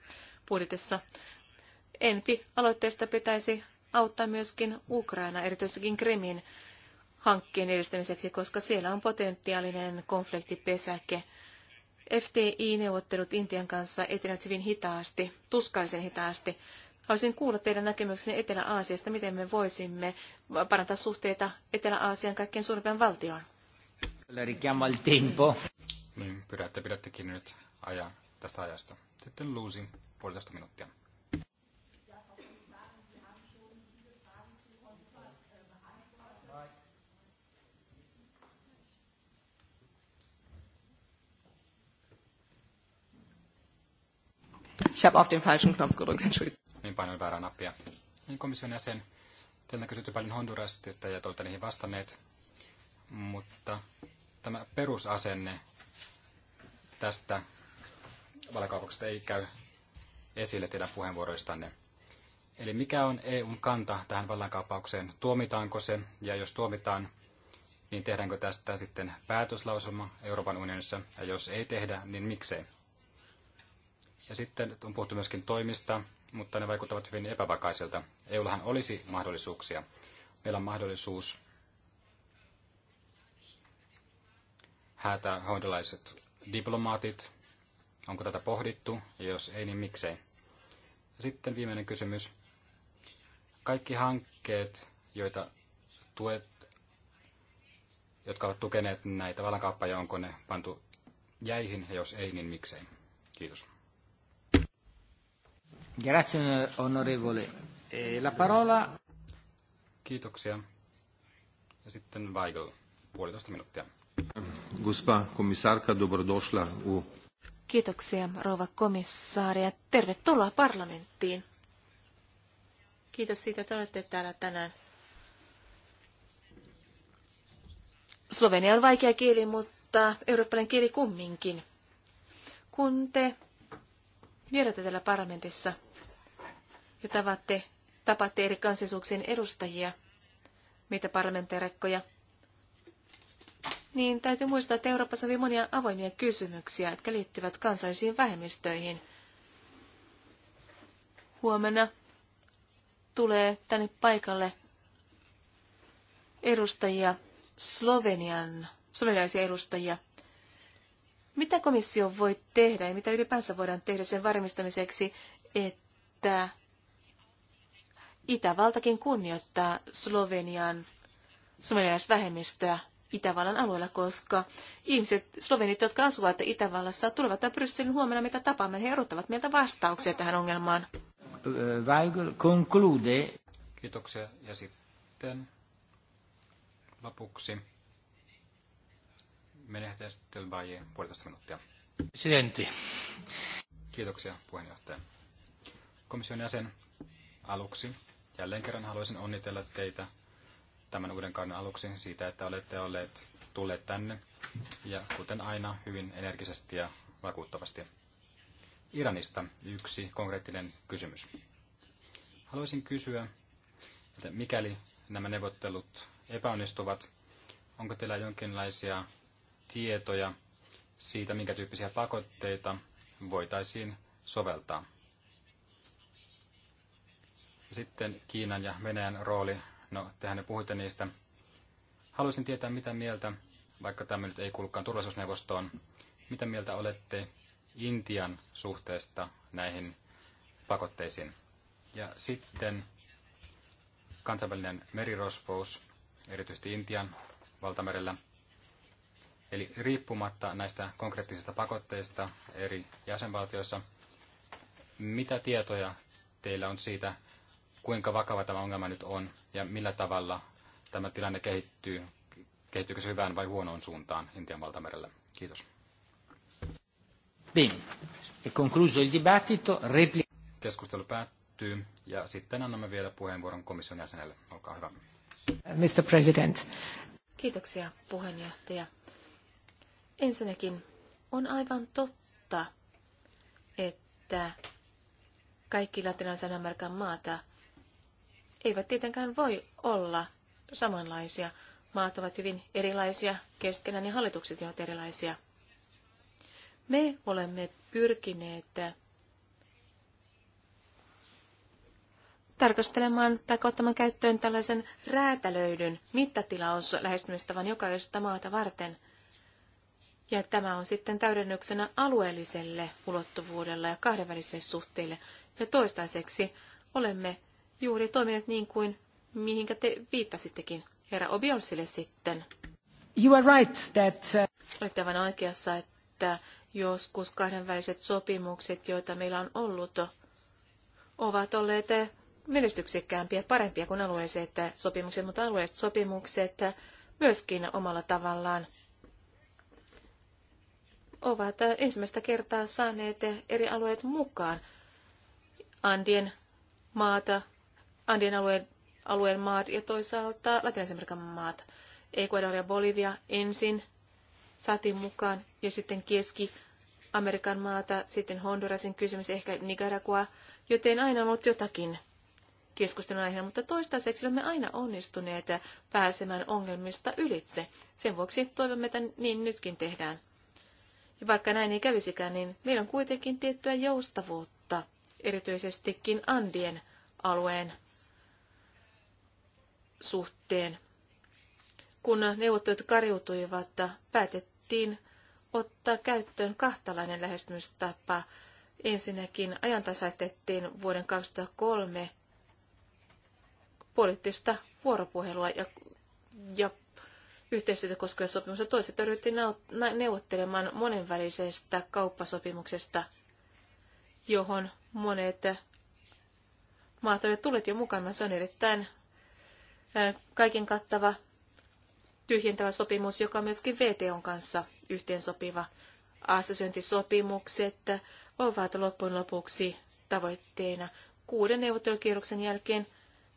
budjetissa. Enpi aloitteesta pitäisi auttaa myöskin Ukraina, erityisesti Krimin hankkeen edistämiseksi, koska siellä on potentiaalinen konfliktipesäke. FTI-neuvottelut Intian kanssa etenevät hyvin hitaasti, tuskaisen hitaasti. Haluaisin kuulla teidän näkemyksenne Etelä-Aasiasta, miten me voisimme parantaa suhteita Etelä-Aasian kaikkein suurimpaan valtioon. Niin, pyydätte, pidätte kiinni nyt ajan, tästä ajasta. Sitten Luusi, puolitoista minuuttia. Ich habe auf den falschen Knopf gedrückt, Entschuldigung. Niin painoin väärää nappia. Niin komission jäsen, teiltä kysytty paljon Hondurastista ja te niihin vastanneet, mutta tämä perusasenne tästä valokaupoksesta ei käy esille teidän puheenvuoroistanne. Eli mikä on EUn kanta tähän vallankaappaukseen? Tuomitaanko se? Ja jos tuomitaan, niin tehdäänkö tästä sitten päätöslausuma Euroopan unionissa? Ja jos ei tehdä, niin miksei? Ja sitten on puhuttu myöskin toimista, mutta ne vaikuttavat hyvin epävakaisilta. EUllahan olisi mahdollisuuksia. Meillä on mahdollisuus häätää hoidolaiset diplomaatit. Onko tätä pohdittu? Ja jos ei, niin miksei? Ja sitten viimeinen kysymys. Kaikki hankkeet, joita tuet, jotka ovat tukeneet näitä vallankaappajia, onko ne pantu jäihin? Ja jos ei, niin miksei? Kiitos. Grazie, onorevole. E la parola... Kiitoksia. Ja sitten Weigel, puolitoista minuuttia. Gospa komissarka, dobrodošla u... Kiitoksia, rouva komissaari, ja tervetuloa parlamenttiin. Kiitos siitä, että olette täällä tänään. Slovenia on vaikea kieli, mutta eurooppalainen kieli kumminkin. Kun te vierätte täällä parlamentissa, ja tavatte, tapatte eri kansallisuuksien edustajia, meitä parlamentaarikkoja, niin täytyy muistaa, että Euroopassa on monia avoimia kysymyksiä, jotka liittyvät kansallisiin vähemmistöihin. Huomenna tulee tänne paikalle edustajia, Slovenian, slovenialaisia edustajia. Mitä komissio voi tehdä ja mitä ylipäänsä voidaan tehdä sen varmistamiseksi, että Itävaltakin kunnioittaa Slovenian suomalaisvähemmistöä Itävallan alueella, koska ihmiset, slovenit, jotka asuvat Itävallassa, tulevat Brysselin huomenna, mitä tapaamme. He odottavat meiltä vastauksia tähän ongelmaan. conclude. Kiitoksia. Ja sitten lopuksi menehtäjä sitten puolitoista minuuttia. Presidentti. Kiitoksia puheenjohtaja. Komission jäsen aluksi Jälleen kerran haluaisin onnitella teitä tämän uuden kauden aluksi siitä, että olette olleet tulleet tänne ja kuten aina hyvin energisesti ja vakuuttavasti. Iranista yksi konkreettinen kysymys. Haluaisin kysyä, että mikäli nämä neuvottelut epäonnistuvat, onko teillä jonkinlaisia tietoja siitä, minkä tyyppisiä pakotteita voitaisiin soveltaa? Sitten Kiinan ja Venäjän rooli. No, tehän ne puhuitte niistä. Haluaisin tietää, mitä mieltä, vaikka tämä nyt ei kuulukaan turvallisuusneuvostoon, mitä mieltä olette Intian suhteesta näihin pakotteisiin? Ja sitten kansainvälinen merirosvous, erityisesti Intian valtamerellä. Eli riippumatta näistä konkreettisista pakotteista eri jäsenvaltioissa, mitä tietoja teillä on siitä, kuinka vakava tämä ongelma nyt on ja millä tavalla tämä tilanne kehittyy, kehittyykö se hyvään vai huonoon suuntaan Intian valtamerellä. Kiitos. Bene. E concluso il dibattito, repli... Keskustelu päättyy ja sitten annamme vielä puheenvuoron komission jäsenelle. Olkaa hyvä. Mr. President. Kiitoksia puheenjohtaja. Ensinnäkin on aivan totta, että kaikki latinalaisen Amerikan maata eivät tietenkään voi olla samanlaisia. Maat ovat hyvin erilaisia keskenään ja hallitukset ovat erilaisia. Me olemme pyrkineet tarkastelemaan tai ottamaan käyttöön tällaisen räätälöidyn mittatilaus lähestymistavan jokaisesta maata varten. Ja tämä on sitten täydennyksenä alueelliselle ulottuvuudelle ja kahdenväliselle suhteille. Ja toistaiseksi olemme juuri toimineet niin kuin mihinkä te viittasittekin. Herra Obiolsille sitten. You are right that... Uh, Olette aivan oikeassa, että joskus kahdenväliset sopimukset, joita meillä on ollut, ovat olleet menestyksekkäämpiä, parempia kuin alueelliset sopimukset, mutta alueelliset sopimukset myöskin omalla tavallaan ovat ensimmäistä kertaa saaneet eri alueet mukaan. Andien maata Andien alueen, alueen maat ja toisaalta Latinalaisen maat. Ecuador ja Bolivia ensin saatiin mukaan ja sitten Keski-Amerikan maata, sitten Hondurasin kysymys, ehkä Nicaragua, joten aina on ollut jotakin keskustelun aiheena, mutta toistaiseksi olemme aina onnistuneet pääsemään ongelmista ylitse. Sen vuoksi toivomme, että niin nytkin tehdään. Ja vaikka näin ei kävisikään, niin meillä on kuitenkin tiettyä joustavuutta, erityisestikin Andien alueen suhteen. Kun neuvottelut kariutuivat, päätettiin ottaa käyttöön kahtalainen lähestymistapa. Ensinnäkin ajantasaistettiin vuoden 2003 poliittista vuoropuhelua ja, ja yhteistyötä koskeva sopimusta. ja toiset ryhtyi neuvottelemaan monenvälisestä kauppasopimuksesta, johon monet maat olivat tulleet jo mukaan. Se on erittäin kaiken kattava tyhjentävä sopimus, joka on myöskin VTOn kanssa yhteensopiva. Assosiointisopimukset ovat loppujen lopuksi tavoitteena. Kuuden neuvottelukierroksen jälkeen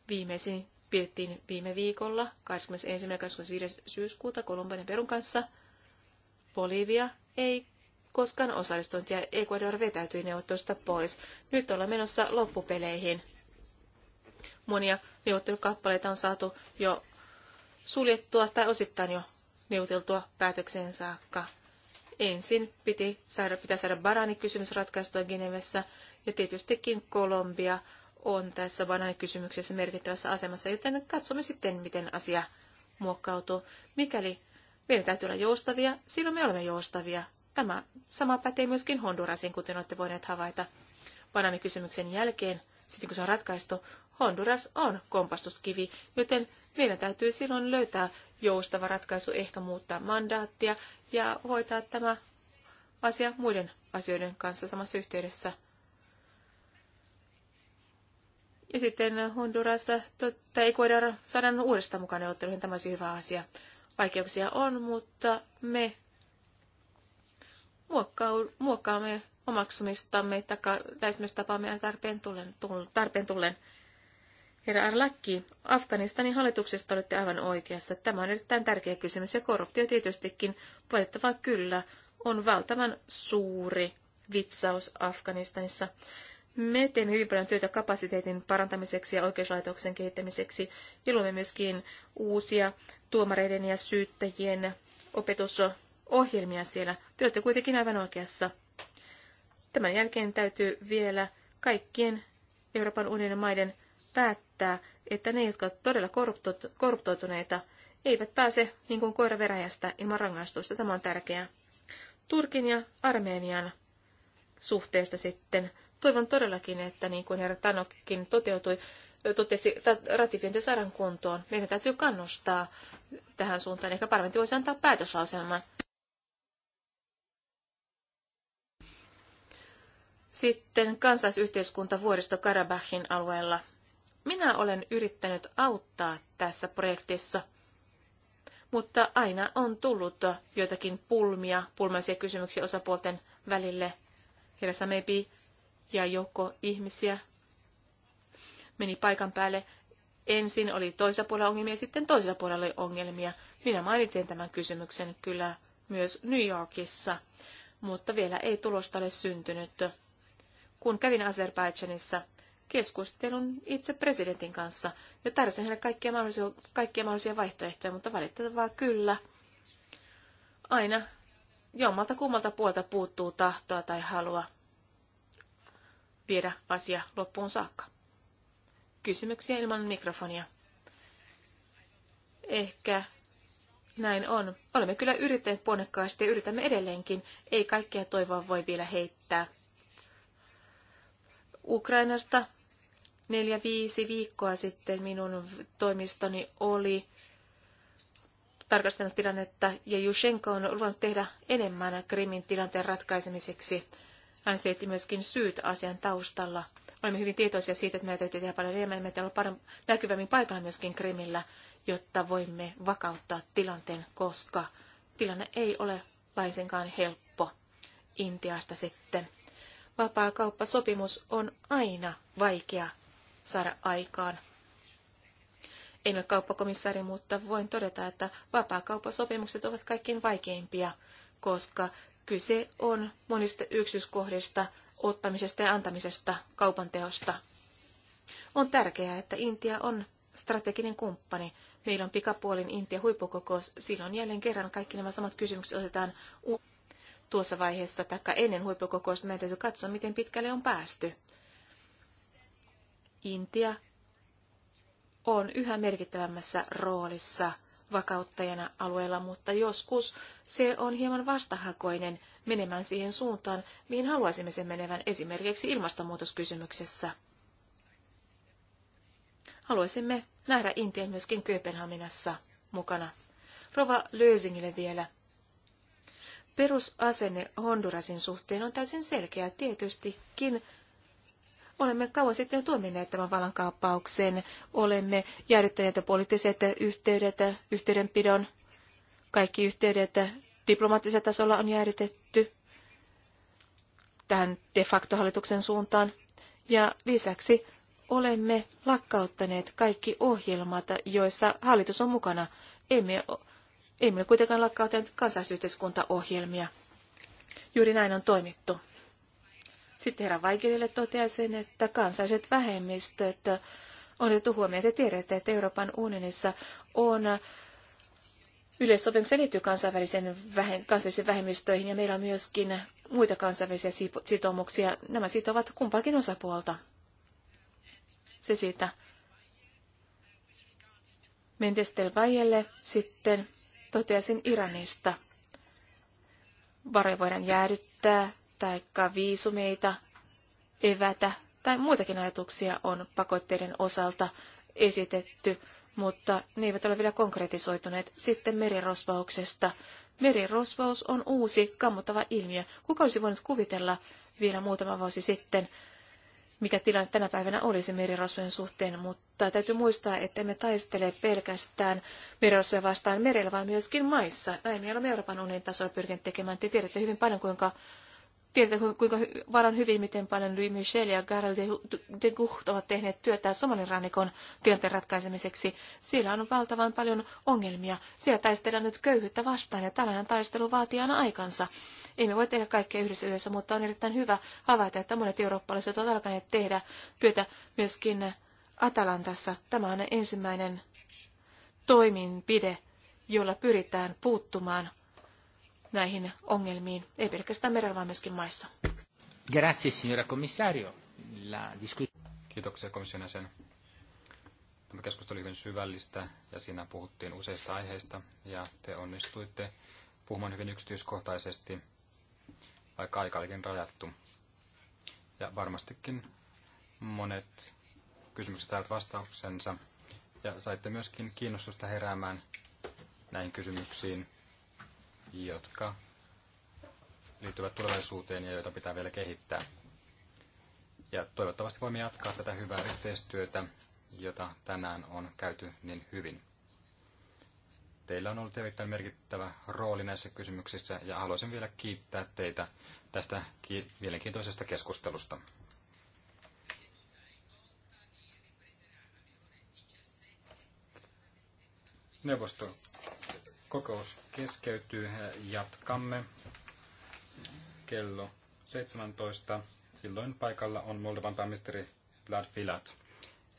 viimeisin pidettiin viime viikolla 21. ja 25. syyskuuta Kolumbian ja Perun kanssa. Bolivia ei koskaan osallistunut ja Ecuador vetäytyi neuvottelusta pois. Nyt ollaan menossa loppupeleihin. Monia neuvottelukappaleita on saatu jo suljettua tai osittain jo neuvoteltua päätökseen saakka. Ensin piti saada, pitää saada kysymys ratkaistua Genevessä ja tietystikin Kolombia on tässä kysymyksessä merkittävässä asemassa, joten katsomme sitten, miten asia muokkautuu. Mikäli meidän täytyy olla joustavia, silloin me olemme joustavia. Tämä sama pätee myöskin Hondurasin kuten olette voineet havaita. kysymyksen jälkeen, sitten kun se on ratkaistu, Honduras on kompastuskivi, joten meidän täytyy silloin löytää joustava ratkaisu, ehkä muuttaa mandaattia ja hoitaa tämä asia muiden asioiden kanssa samassa yhteydessä. Ja sitten Honduras tai Ecuador saadaan uudestaan mukaan neuvotteluihin. Tämä olisi hyvä asia. Vaikeuksia on, mutta me muokkaamme omaksumistamme tai lähestymistapaamme tarpeen tullen. Tarpeen tullen. Herra Arlakki, Afganistanin hallituksesta olette aivan oikeassa. Tämä on erittäin tärkeä kysymys ja korruptio tietystikin, valitettavaa kyllä, on valtavan suuri vitsaus Afganistanissa. Me teemme hyvin paljon työtä kapasiteetin parantamiseksi ja oikeuslaitoksen kehittämiseksi ja luomme myöskin uusia tuomareiden ja syyttäjien opetusohjelmia siellä. Te olette kuitenkin aivan oikeassa. Tämän jälkeen täytyy vielä kaikkien Euroopan unionin maiden päättää, että ne, jotka ovat todella korruptoituneita, eivät pääse niin kuin koira veräjästä ilman rangaistusta. Tämä on tärkeää. Turkin ja Armenian suhteesta sitten. Toivon todellakin, että niin kuin herra Tanokkin toteutui, totesi, ratifiointi saadaan kuntoon. Meidän täytyy kannustaa tähän suuntaan. Ehkä parlamentti voisi antaa päätöslauselman. Sitten kansaisyhteiskunta vuoristo Karabahin alueella – minä olen yrittänyt auttaa tässä projektissa, mutta aina on tullut joitakin pulmia, pulmaisia kysymyksiä osapuolten välille. Hirsa Mebi ja joukko ihmisiä meni paikan päälle. Ensin oli toisella puolella ongelmia, sitten toisella puolella oli ongelmia. Minä mainitsin tämän kysymyksen kyllä myös New Yorkissa, mutta vielä ei tulosta ole syntynyt. Kun kävin Azerbaidžanissa, keskustelun itse presidentin kanssa ja tarjosin hänelle kaikkia mahdollisia, kaikkia mahdollisia vaihtoehtoja, mutta valitettavaa kyllä. Aina jommalta kummalta puolta puuttuu tahtoa tai halua viedä asia loppuun saakka. Kysymyksiä ilman mikrofonia. Ehkä näin on. Olemme kyllä yrittäneet ponnekkaasti ja yritämme edelleenkin. Ei kaikkea toivoa voi vielä heittää. Ukrainasta Neljä, viisi viikkoa sitten minun toimistoni oli tarkastelemassa tilannetta, ja Jushenko on luvannut tehdä enemmän Krimin tilanteen ratkaisemiseksi. Hän selitti myöskin syyt asian taustalla. Olemme hyvin tietoisia siitä, että meidän täytyy tehdä paljon enemmän, meidän täytyy näkyvämmin paikalla myöskin Krimillä, jotta voimme vakauttaa tilanteen, koska tilanne ei ole laisinkaan helppo. Intiasta sitten. Vapaa kauppasopimus on aina vaikea saada aikaan. En ole kauppakomissaari, mutta voin todeta, että vapaakauppasopimukset ovat kaikkein vaikeimpia, koska kyse on monista yksityiskohdista, ottamisesta ja antamisesta, kaupan teosta. On tärkeää, että Intia on strateginen kumppani. Meillä on pikapuolin Intia huippukokous. Silloin jälleen kerran kaikki nämä samat kysymykset otetaan tuossa vaiheessa taikka ennen huippukokousta. Meidän täytyy katsoa, miten pitkälle on päästy. Intia on yhä merkittävämmässä roolissa vakauttajana alueella, mutta joskus se on hieman vastahakoinen menemään siihen suuntaan, mihin haluaisimme sen menevän esimerkiksi ilmastonmuutoskysymyksessä. Haluaisimme nähdä Intian myöskin Kööpenhaminassa mukana. Rova Lösingille vielä. Perusasenne Hondurasin suhteen on täysin selkeä tietystikin. Olemme kauan sitten jo tuomineet tämän vallankaappauksen. Olemme jäädyttäneet poliittiset yhteydet, yhteydenpidon. Kaikki yhteydet diplomaattisella tasolla on jäädytetty tähän de facto hallituksen suuntaan. Ja lisäksi olemme lakkauttaneet kaikki ohjelmat, joissa hallitus on mukana. Emme, emme kuitenkaan lakkauttaneet kansallisyhteiskuntaohjelmia. Juuri näin on toimittu. Sitten herra Vaikerille toteaisin, että kansalliset vähemmistöt on otettu huomioon. Te tiedätte, että Euroopan unionissa on yleissopimuksen liittyy kansainvälisen vähe- kansallisiin vähemmistöihin ja meillä on myöskin muita kansainvälisiä sitoumuksia. Nämä sitovat kumpaakin osapuolta. Se siitä. Vajelle sitten toteasin Iranista. Varoja voidaan jäädyttää tai viisumeita evätä tai muitakin ajatuksia on pakotteiden osalta esitetty, mutta ne eivät ole vielä konkretisoituneet. Sitten merirosvauksesta. Merirosvaus on uusi, kammottava ilmiö. Kuka olisi voinut kuvitella vielä muutama vuosi sitten, mikä tilanne tänä päivänä olisi merirosvojen suhteen, mutta täytyy muistaa, että me taistele pelkästään merirosvoja vastaan merellä, vaan myöskin maissa. Näin me olemme Euroopan unionin tasolla pyrkineet tekemään. Te tiedätte hyvin paljon, kuinka Tiedätkö, kuinka varan hyvin, miten paljon Louis Michel ja Karel de Gucht ovat tehneet työtä Somalin rannikon tilanteen ratkaisemiseksi. Siellä on valtavan paljon ongelmia. Siellä taistellaan nyt köyhyyttä vastaan ja tällainen taistelu vaatii aina aikansa. Emme voi tehdä kaikkea yhdessä yössä, mutta on erittäin hyvä havaita, että monet eurooppalaiset ovat alkaneet tehdä työtä myöskin Atalantassa. Tämä on ensimmäinen toimenpide, jolla pyritään puuttumaan – näihin ongelmiin, ei pelkästään merellä, vaan myöskin maissa. Grazie, signora commissario. La Kiitoksia komission jäsen. Tämä keskustelu oli hyvin syvällistä ja siinä puhuttiin useista aiheista ja te onnistuitte puhumaan hyvin yksityiskohtaisesti, vaikka aika olikin rajattu. Ja varmastikin monet kysymykset saivat vastauksensa ja saitte myöskin kiinnostusta heräämään näihin kysymyksiin jotka liittyvät tulevaisuuteen ja joita pitää vielä kehittää. Ja toivottavasti voimme jatkaa tätä hyvää yhteistyötä, jota tänään on käyty niin hyvin. Teillä on ollut erittäin merkittävä rooli näissä kysymyksissä ja haluaisin vielä kiittää teitä tästä ki- mielenkiintoisesta keskustelusta. Neuvosto Kokous keskeytyy ja jatkamme kello 17. Silloin paikalla on Moldovan pääministeri Vlad Filat.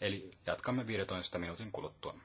Eli jatkamme 15 minuutin kuluttua.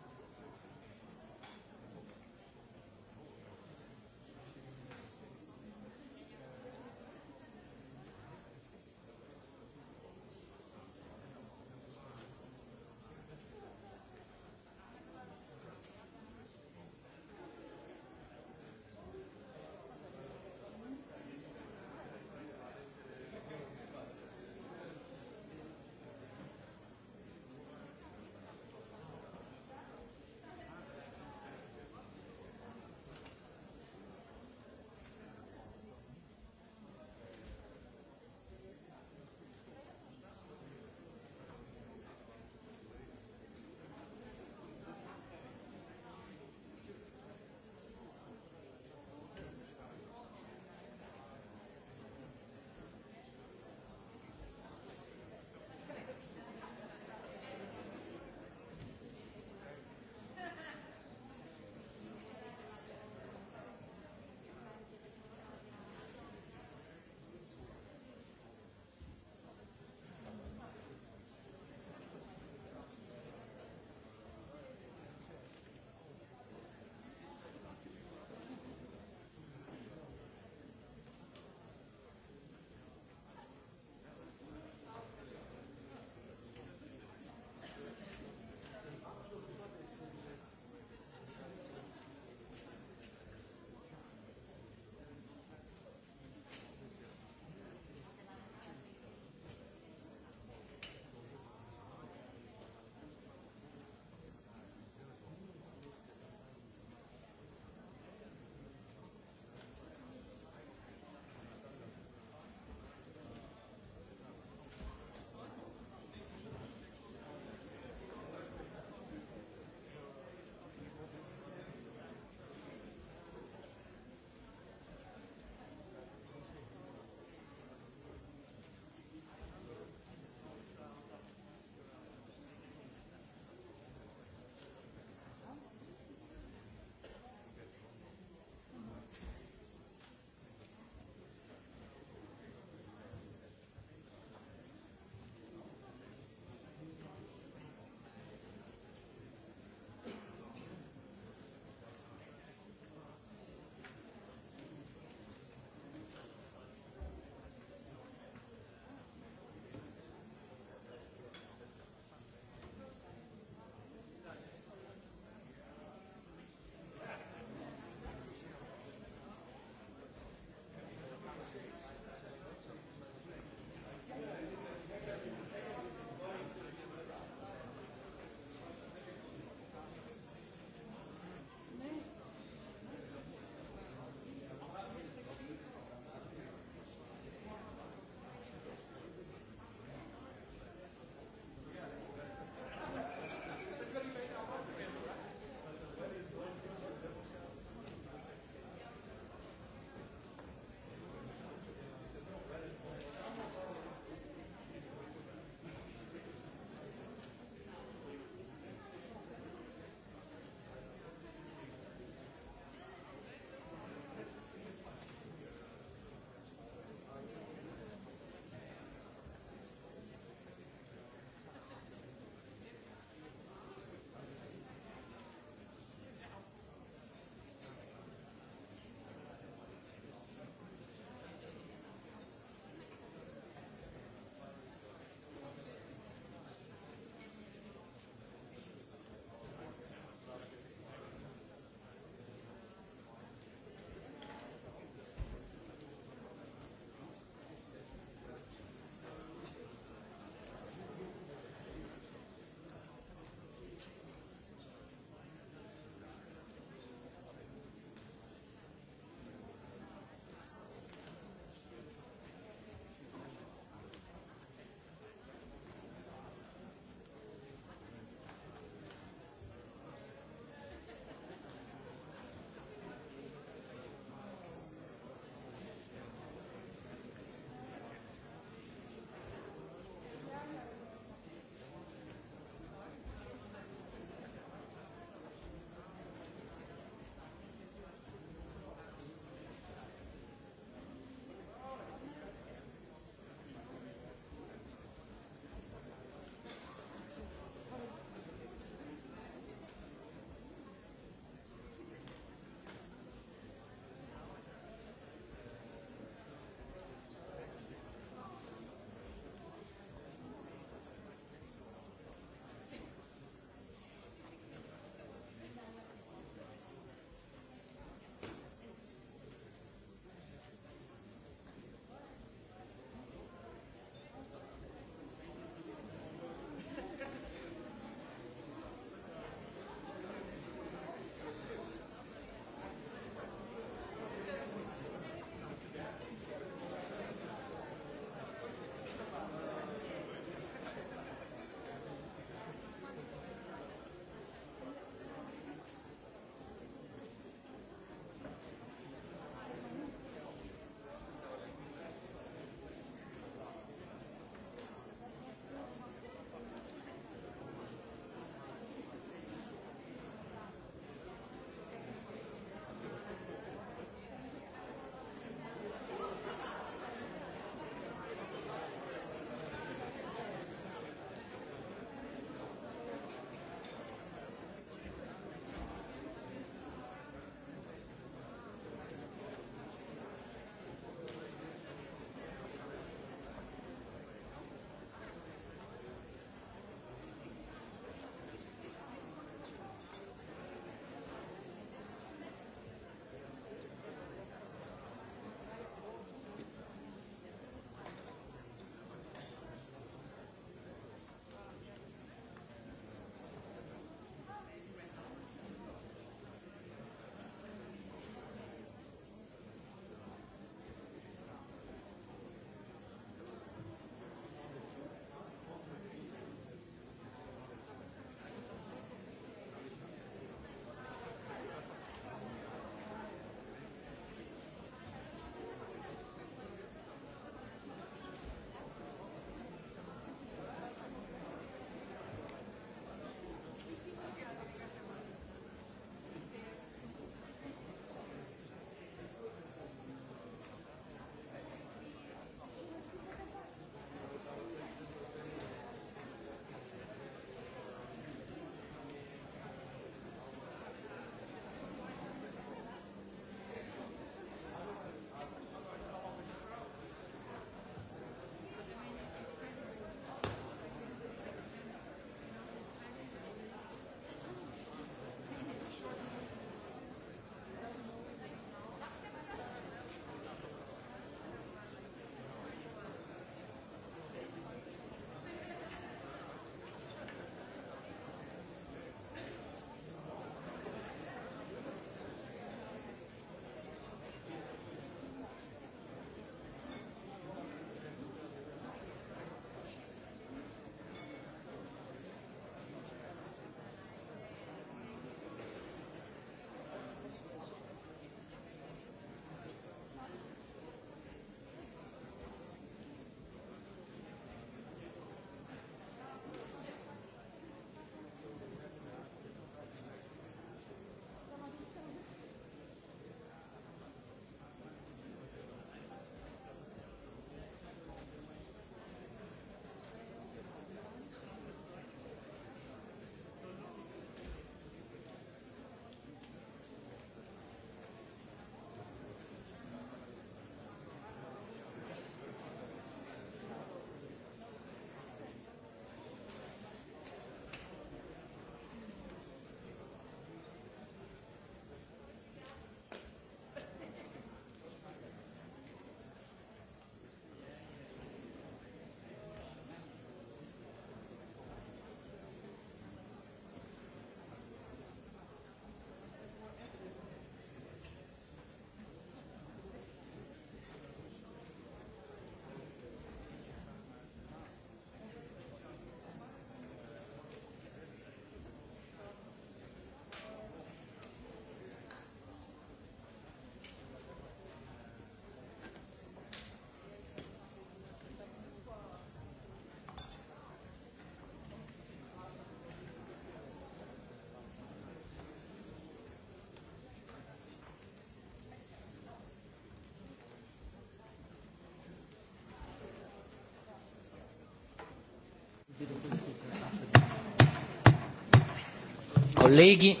Kollegi,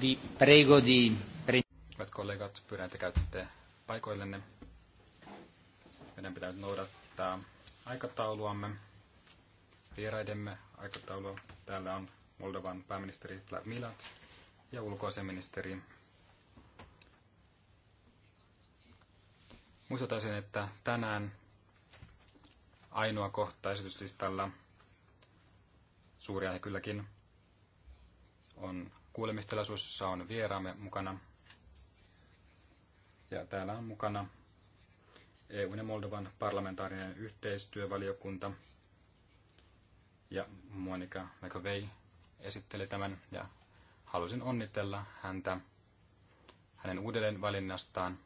vi prego di... Hyvät kollegat, pyydän, että käytätte paikoillenne. Meidän pitää nyt noudattaa aikatauluamme, vieraidemme aikataulua. Täällä on Moldovan pääministeri Vlad Milat ja ulkoasiaministeri. Muistutaisin, että tänään ainoa kohta esityslistalla suuri aihe kylläkin on kuulemistilaisuudessa on vieraamme mukana. Ja täällä on mukana EU ja Moldovan parlamentaarinen yhteistyövaliokunta. Ja Monika McAvey esitteli tämän ja halusin onnitella häntä hänen uudelleen valinnastaan.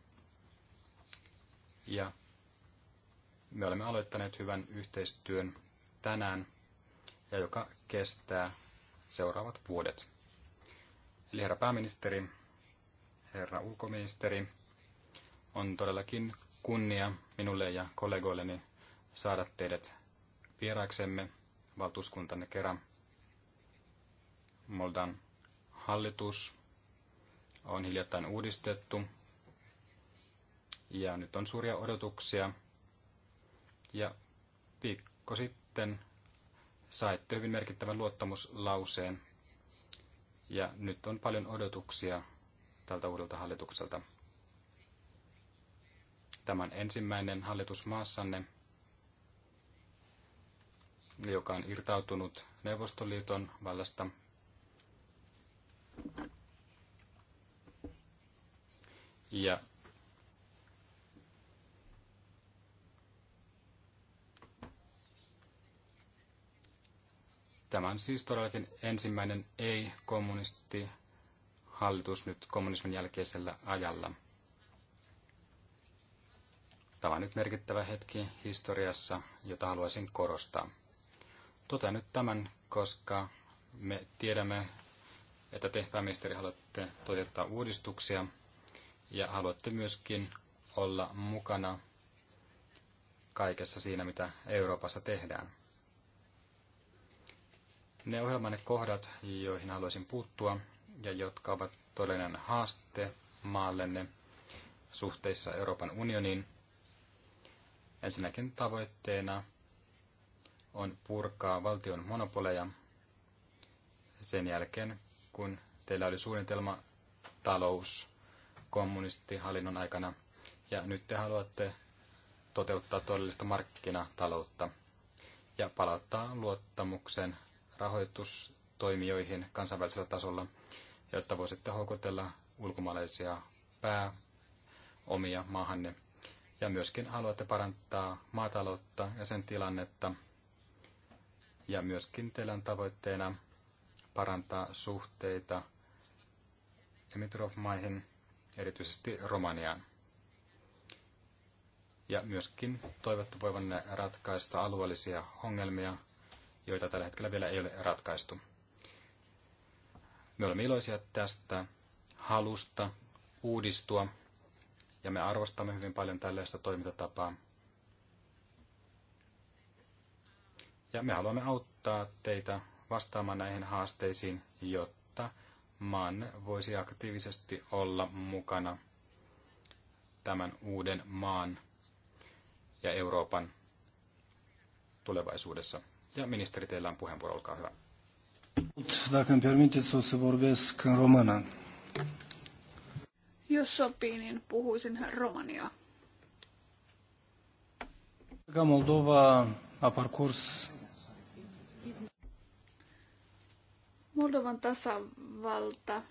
Ja me olemme aloittaneet hyvän yhteistyön tänään ja joka kestää seuraavat vuodet. Eli herra pääministeri, herra ulkoministeri, on todellakin kunnia minulle ja kollegoilleni saada teidät vieraaksemme valtuuskuntanne kerran. Moldan hallitus on hiljattain uudistettu ja nyt on suuria odotuksia. Ja viikko sitten saitte hyvin merkittävän luottamuslauseen. Ja nyt on paljon odotuksia tältä uudelta hallitukselta. Tämän ensimmäinen hallitus maassanne, joka on irtautunut Neuvostoliiton vallasta. Ja Tämä on siis todellakin ensimmäinen ei-kommunisti hallitus nyt kommunismin jälkeisellä ajalla. Tämä on nyt merkittävä hetki historiassa, jota haluaisin korostaa. Totean nyt tämän, koska me tiedämme, että te pääministeri haluatte toteuttaa uudistuksia ja haluatte myöskin olla mukana kaikessa siinä, mitä Euroopassa tehdään. Ne ohjelmanne kohdat, joihin haluaisin puuttua ja jotka ovat todellinen haaste maallenne suhteissa Euroopan unioniin, ensinnäkin tavoitteena on purkaa valtion monopoleja sen jälkeen, kun teillä oli suunnitelma talous kommunistihallinnon aikana, ja nyt te haluatte toteuttaa todellista markkinataloutta ja palauttaa luottamuksen rahoitustoimijoihin kansainvälisellä tasolla, jotta voisitte houkutella ulkomaalaisia pääomia maahanne. Ja myöskin haluatte parantaa maataloutta ja sen tilannetta. Ja myöskin teillä on tavoitteena parantaa suhteita Emitrov-maihin, erityisesti Romaniaan. Ja myöskin toivotte voivanne ratkaista alueellisia ongelmia, joita tällä hetkellä vielä ei ole ratkaistu. Me olemme iloisia tästä halusta uudistua ja me arvostamme hyvin paljon tällaista toimintatapaa. Ja me haluamme auttaa teitä vastaamaan näihin haasteisiin, jotta maan voisi aktiivisesti olla mukana tämän uuden maan ja Euroopan tulevaisuudessa. Ja ministeri, teillä on puheenvuoro, olkaa hyvä. Dacă îmi permiteți, o să vorbesc în română. Jos sopii, niin puhuisin romania. Moldova a parcurs... Moldovan tasavalta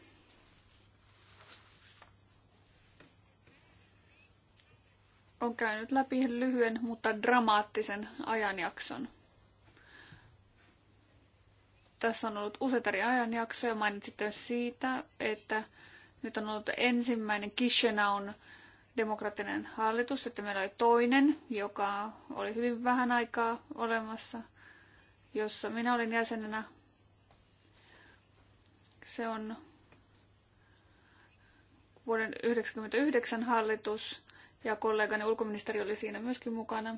on käynyt läpi lyhyen, mutta dramaattisen ajanjakson – tässä on ollut useita eri ajanjaksoja. myös siitä, että nyt on ollut ensimmäinen Kishenaun demokraattinen hallitus, että meillä oli toinen, joka oli hyvin vähän aikaa olemassa, jossa minä olin jäsenenä. Se on vuoden 1999 hallitus ja kollegani ulkoministeri oli siinä myöskin mukana.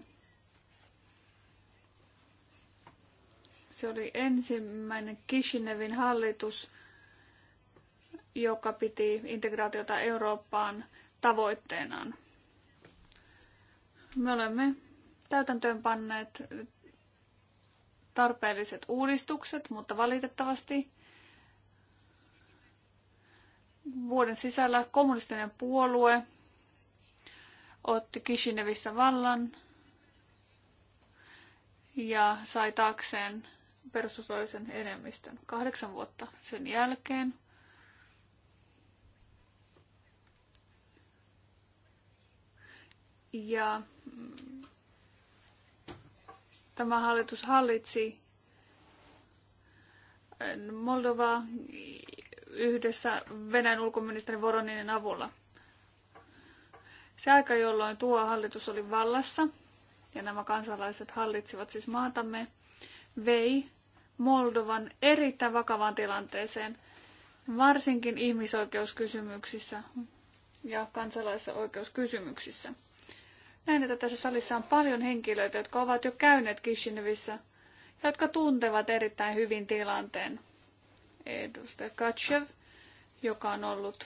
Se oli ensimmäinen Kishinevin hallitus, joka piti integraatiota Eurooppaan tavoitteenaan. Me olemme täytäntöön panneet tarpeelliset uudistukset, mutta valitettavasti vuoden sisällä kommunistinen puolue otti Kishinevissä vallan ja sai taakseen perustuslaisen enemmistön. Kahdeksan vuotta sen jälkeen Ja mm, tämä hallitus hallitsi mm, Moldovaa yhdessä Venäjän ulkoministeri Voroninen avulla. Se aika, jolloin tuo hallitus oli vallassa ja nämä kansalaiset hallitsivat siis maatamme, vei Moldovan erittäin vakavaan tilanteeseen, varsinkin ihmisoikeuskysymyksissä ja kansalaisoikeuskysymyksissä. Näin, että tässä salissa on paljon henkilöitä, jotka ovat jo käyneet Kishinevissä ja jotka tuntevat erittäin hyvin tilanteen. Edustaja Kachev, joka on ollut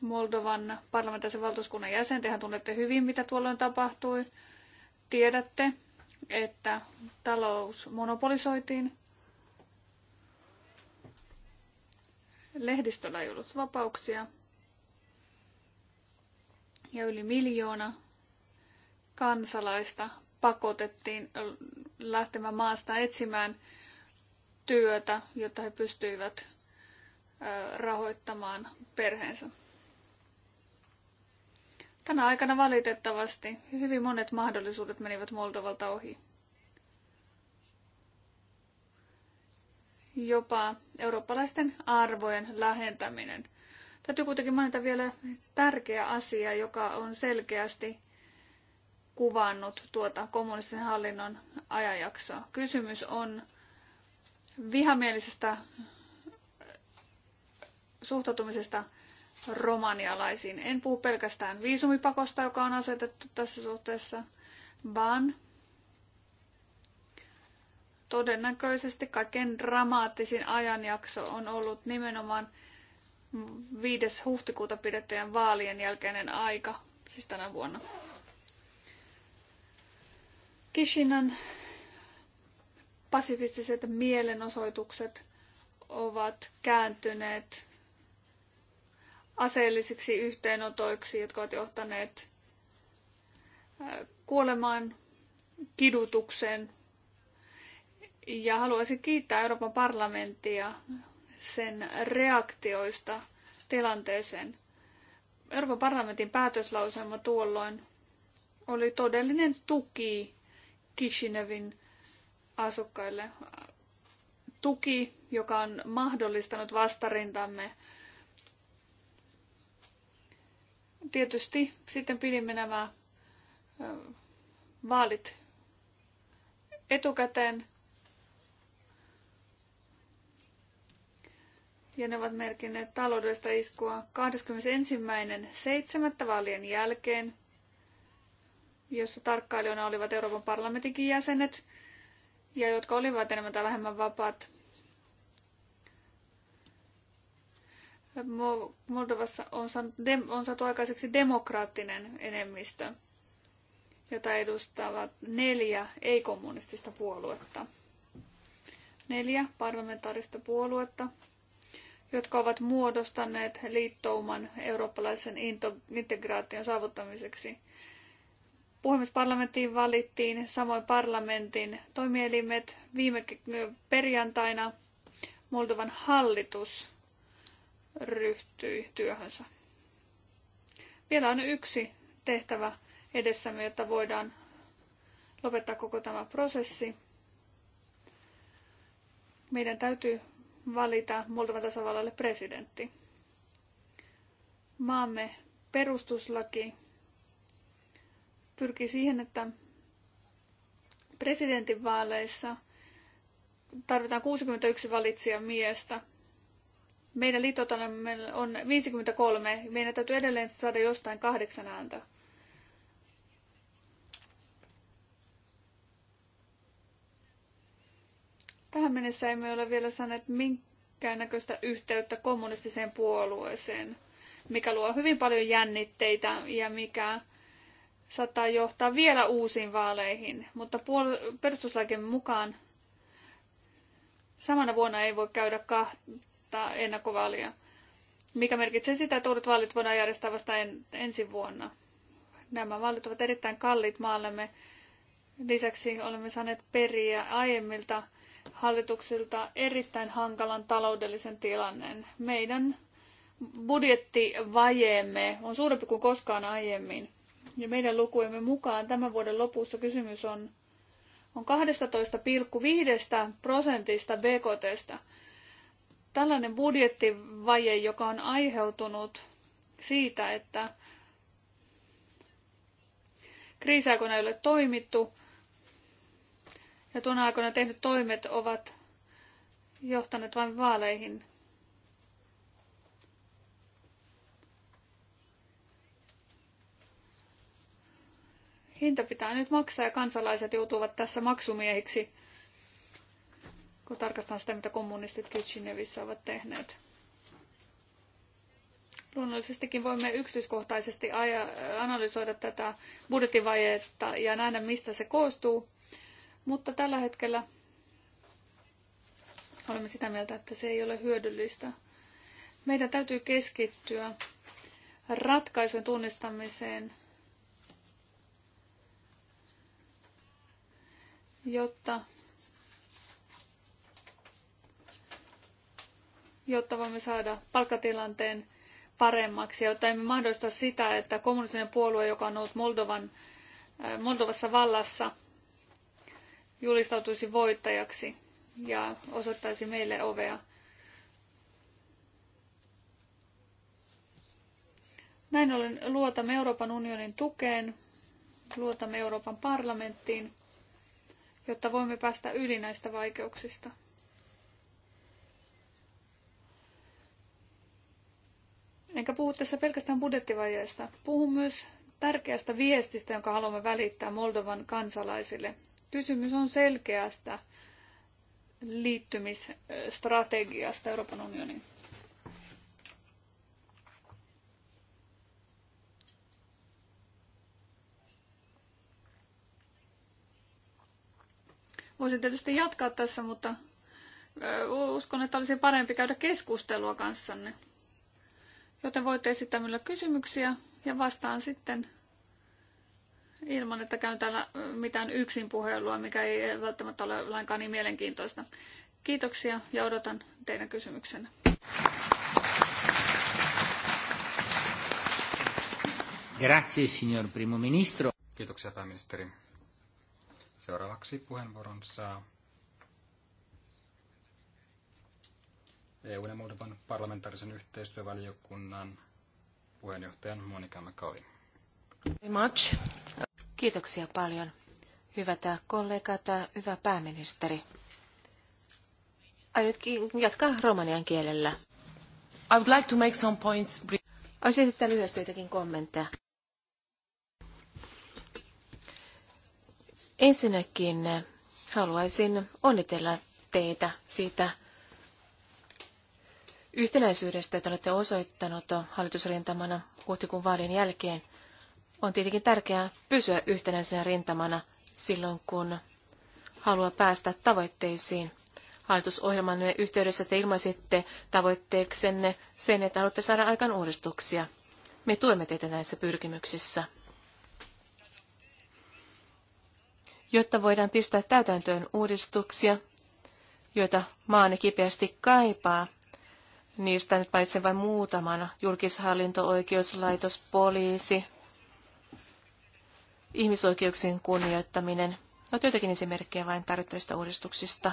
Moldovan parlamentaarisen valtuuskunnan jäsen. Tehän tunnette hyvin, mitä tuolloin tapahtui. Tiedätte, että talous monopolisoitiin. Lehdistöllä ei ollut vapauksia. Ja yli miljoona kansalaista pakotettiin lähtemään maasta etsimään työtä, jotta he pystyivät rahoittamaan perheensä. Tänä aikana valitettavasti hyvin monet mahdollisuudet menivät Moldovalta ohi. Jopa eurooppalaisten arvojen lähentäminen. Täytyy kuitenkin mainita vielä tärkeä asia, joka on selkeästi kuvannut tuota kommunistisen hallinnon ajanjaksoa. Kysymys on vihamielisestä suhtautumisesta romanialaisiin. En puhu pelkästään viisumipakosta, joka on asetettu tässä suhteessa, vaan todennäköisesti kaikkein dramaattisin ajanjakso on ollut nimenomaan 5. huhtikuuta pidettyjen vaalien jälkeinen aika, siis tänä vuonna. Kishinan pasifistiset mielenosoitukset ovat kääntyneet aseellisiksi yhteenotoiksi, jotka ovat johtaneet kuolemaan, kidutukseen. Ja haluaisin kiittää Euroopan parlamenttia sen reaktioista tilanteeseen. Euroopan parlamentin päätöslauselma tuolloin oli todellinen tuki Kishinevin asukkaille. Tuki, joka on mahdollistanut vastarintamme tietysti sitten pidimme nämä vaalit etukäteen. Ja ne ovat merkinneet taloudellista iskua 21.7. vaalien jälkeen, jossa tarkkailijoina olivat Euroopan parlamentin jäsenet, ja jotka olivat enemmän tai vähemmän vapaat Moldovassa on, saanut, on saatu aikaiseksi demokraattinen enemmistö, jota edustavat neljä ei-kommunistista puoluetta. Neljä parlamentaarista puoluetta, jotka ovat muodostaneet liittouman eurooppalaisen integraation saavuttamiseksi. Puhemisparlamenttiin valittiin samoin parlamentin toimielimet viime perjantaina Moldovan hallitus ryhtyi työhönsä. Vielä on yksi tehtävä edessämme, jotta voidaan lopettaa koko tämä prosessi. Meidän täytyy valita Moldovan tasavallalle presidentti. Maamme perustuslaki pyrkii siihen, että presidentinvaaleissa tarvitaan 61 valitsijamiestä meidän litotana on 53. Meidän täytyy edelleen saada jostain kahdeksan ääntä. Tähän mennessä emme ole vielä saaneet minkäännäköistä yhteyttä kommunistiseen puolueeseen, mikä luo hyvin paljon jännitteitä ja mikä saattaa johtaa vielä uusiin vaaleihin, mutta puol- mukaan samana vuonna ei voi käydä ehdottaa ennakkovaalia, mikä merkitsee sitä, että uudet vaalit voidaan järjestää vasta en, ensi vuonna. Nämä vaalit ovat erittäin kalliit maallemme. Lisäksi olemme saaneet periä aiemmilta hallituksilta erittäin hankalan taloudellisen tilanteen. Meidän budjettivajeemme on suurempi kuin koskaan aiemmin. Ja meidän lukujemme mukaan tämän vuoden lopussa kysymys on, on 12,5 prosentista BKTstä. Tällainen budjettivaje, joka on aiheutunut siitä, että kriisiaikoina ei ole toimittu ja tuona aikoina tehdyt toimet ovat johtaneet vain vaaleihin. Hinta pitää nyt maksaa ja kansalaiset joutuvat tässä maksumiehiksi kun tarkastan sitä, mitä kommunistit Kitchenevissä ovat tehneet. Luonnollisestikin voimme yksityiskohtaisesti analysoida tätä budjettivajetta ja nähdä, mistä se koostuu, mutta tällä hetkellä olemme sitä mieltä, että se ei ole hyödyllistä. Meidän täytyy keskittyä ratkaisun tunnistamiseen, jotta jotta voimme saada palkkatilanteen paremmaksi, jotta emme mahdollista sitä, että kommunistinen puolue, joka on ollut Moldovan, äh, Moldovassa vallassa, julistautuisi voittajaksi ja osoittaisi meille ovea. Näin ollen luotamme Euroopan unionin tukeen, luotamme Euroopan parlamenttiin, jotta voimme päästä yli näistä vaikeuksista. Enkä puhu tässä pelkästään budjettivajeesta. Puhun myös tärkeästä viestistä, jonka haluamme välittää Moldovan kansalaisille. Kysymys on selkeästä liittymisstrategiasta Euroopan unioniin. Voisin tietysti jatkaa tässä, mutta uskon, että olisi parempi käydä keskustelua kanssanne. Joten voitte esittää minulle kysymyksiä ja vastaan sitten ilman, että käyn täällä mitään yksin puhelua, mikä ei välttämättä ole lainkaan niin mielenkiintoista. Kiitoksia ja odotan teidän kysymyksenne. Grazie, signor primo ministro. Kiitoksia pääministeri. Seuraavaksi puheenvuoron saa EUn ja Moldovan parlamentaarisen yhteistyövaliokunnan puheenjohtajan Monika McCauley. Much. Kiitoksia paljon. Hyvät kollegat, hyvä pääministeri. Aiotkin jatkaa romanian kielellä. I would like to make some points. Olisi esittää lyhyesti jotakin kommentteja. Ensinnäkin haluaisin onnitella teitä siitä yhtenäisyydestä, jota olette osoittanut hallitusrintamana huhtikuun vaalien jälkeen. On tietenkin tärkeää pysyä yhtenäisenä rintamana silloin, kun haluaa päästä tavoitteisiin. Hallitusohjelman yhteydessä te ilmaisitte tavoitteeksenne sen, että haluatte saada aikaan uudistuksia. Me tuemme teitä näissä pyrkimyksissä. Jotta voidaan pistää täytäntöön uudistuksia, joita maani kipeästi kaipaa, Niistä nyt paitsi vain muutaman. Julkishallinto, oikeuslaitos, poliisi, ihmisoikeuksien kunnioittaminen. No joitakin esimerkkejä vain tarvittavista uudistuksista.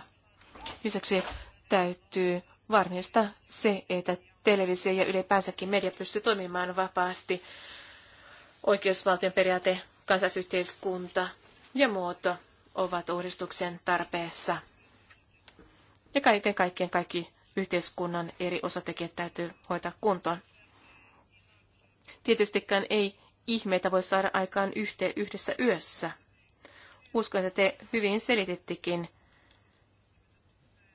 Lisäksi täytyy varmistaa se, että televisio ja ylipäänsäkin media pystyy toimimaan vapaasti. Oikeusvaltion periaate, kansallisyhteiskunta ja muoto ovat uudistuksen tarpeessa. Ja kaiken kaikkien kaikki yhteiskunnan eri osatekijät täytyy hoitaa kuntoon. Tietystikään ei ihmeitä voi saada aikaan yhteen, yhdessä yössä. Uskon, että te hyvin selitettikin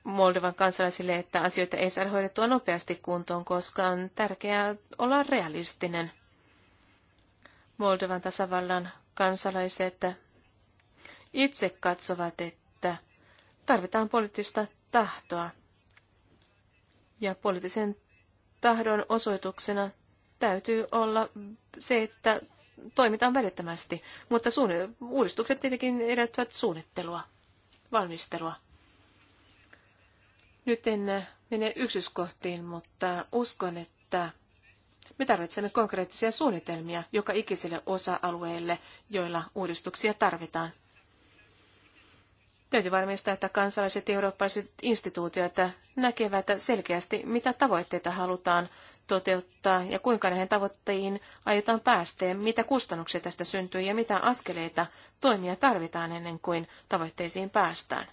Moldovan kansalaisille, että asioita ei saada hoidettua nopeasti kuntoon, koska on tärkeää olla realistinen. Moldovan tasavallan kansalaiset itse katsovat, että tarvitaan poliittista tahtoa ja poliittisen tahdon osoituksena täytyy olla se, että toimitaan välittömästi, mutta suunni- uudistukset tietenkin edellyttävät suunnittelua, valmistelua. Nyt en mene yksityiskohtiin, mutta uskon, että me tarvitsemme konkreettisia suunnitelmia joka ikiselle osa-alueelle, joilla uudistuksia tarvitaan. Täytyy varmistaa, että kansalaiset ja eurooppalaiset instituutiot näkevät selkeästi, mitä tavoitteita halutaan toteuttaa ja kuinka näihin tavoitteihin aiotaan ja mitä kustannuksia tästä syntyy ja mitä askeleita toimia tarvitaan ennen kuin tavoitteisiin päästään.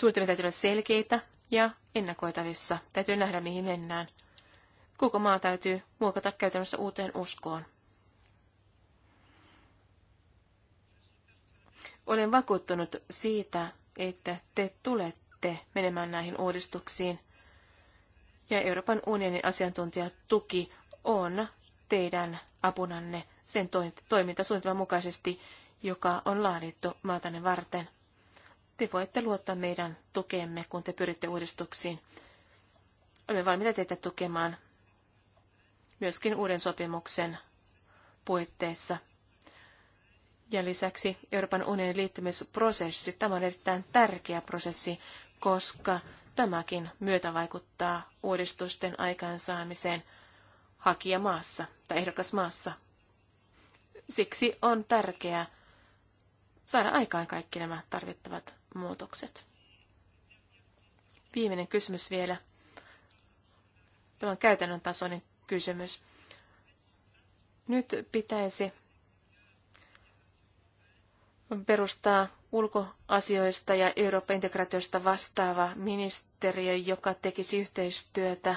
Suunnitelmien täytyy olla selkeitä ja ennakoitavissa. Täytyy nähdä, mihin mennään. Koko maa täytyy muokata käytännössä uuteen uskoon. Olen vakuuttunut siitä, että te tulette menemään näihin uudistuksiin. Ja Euroopan unionin asiantuntijatuki on teidän apunanne sen toimintasuunnitelman mukaisesti, joka on laadittu maatanne varten. Te voitte luottaa meidän tukeemme, kun te pyritte uudistuksiin. Olemme valmiita teitä tukemaan myöskin uuden sopimuksen puitteissa – ja lisäksi Euroopan unionin liittymisprosessi. Tämä on erittäin tärkeä prosessi, koska tämäkin myötä vaikuttaa uudistusten aikaansaamiseen hakijamaassa tai ehdokasmaassa. Siksi on tärkeää saada aikaan kaikki nämä tarvittavat muutokset. Viimeinen kysymys vielä. Tämä on käytännön tasoinen kysymys. Nyt pitäisi perustaa ulkoasioista ja Euroopan integraatiosta vastaava ministeriö, joka tekisi yhteistyötä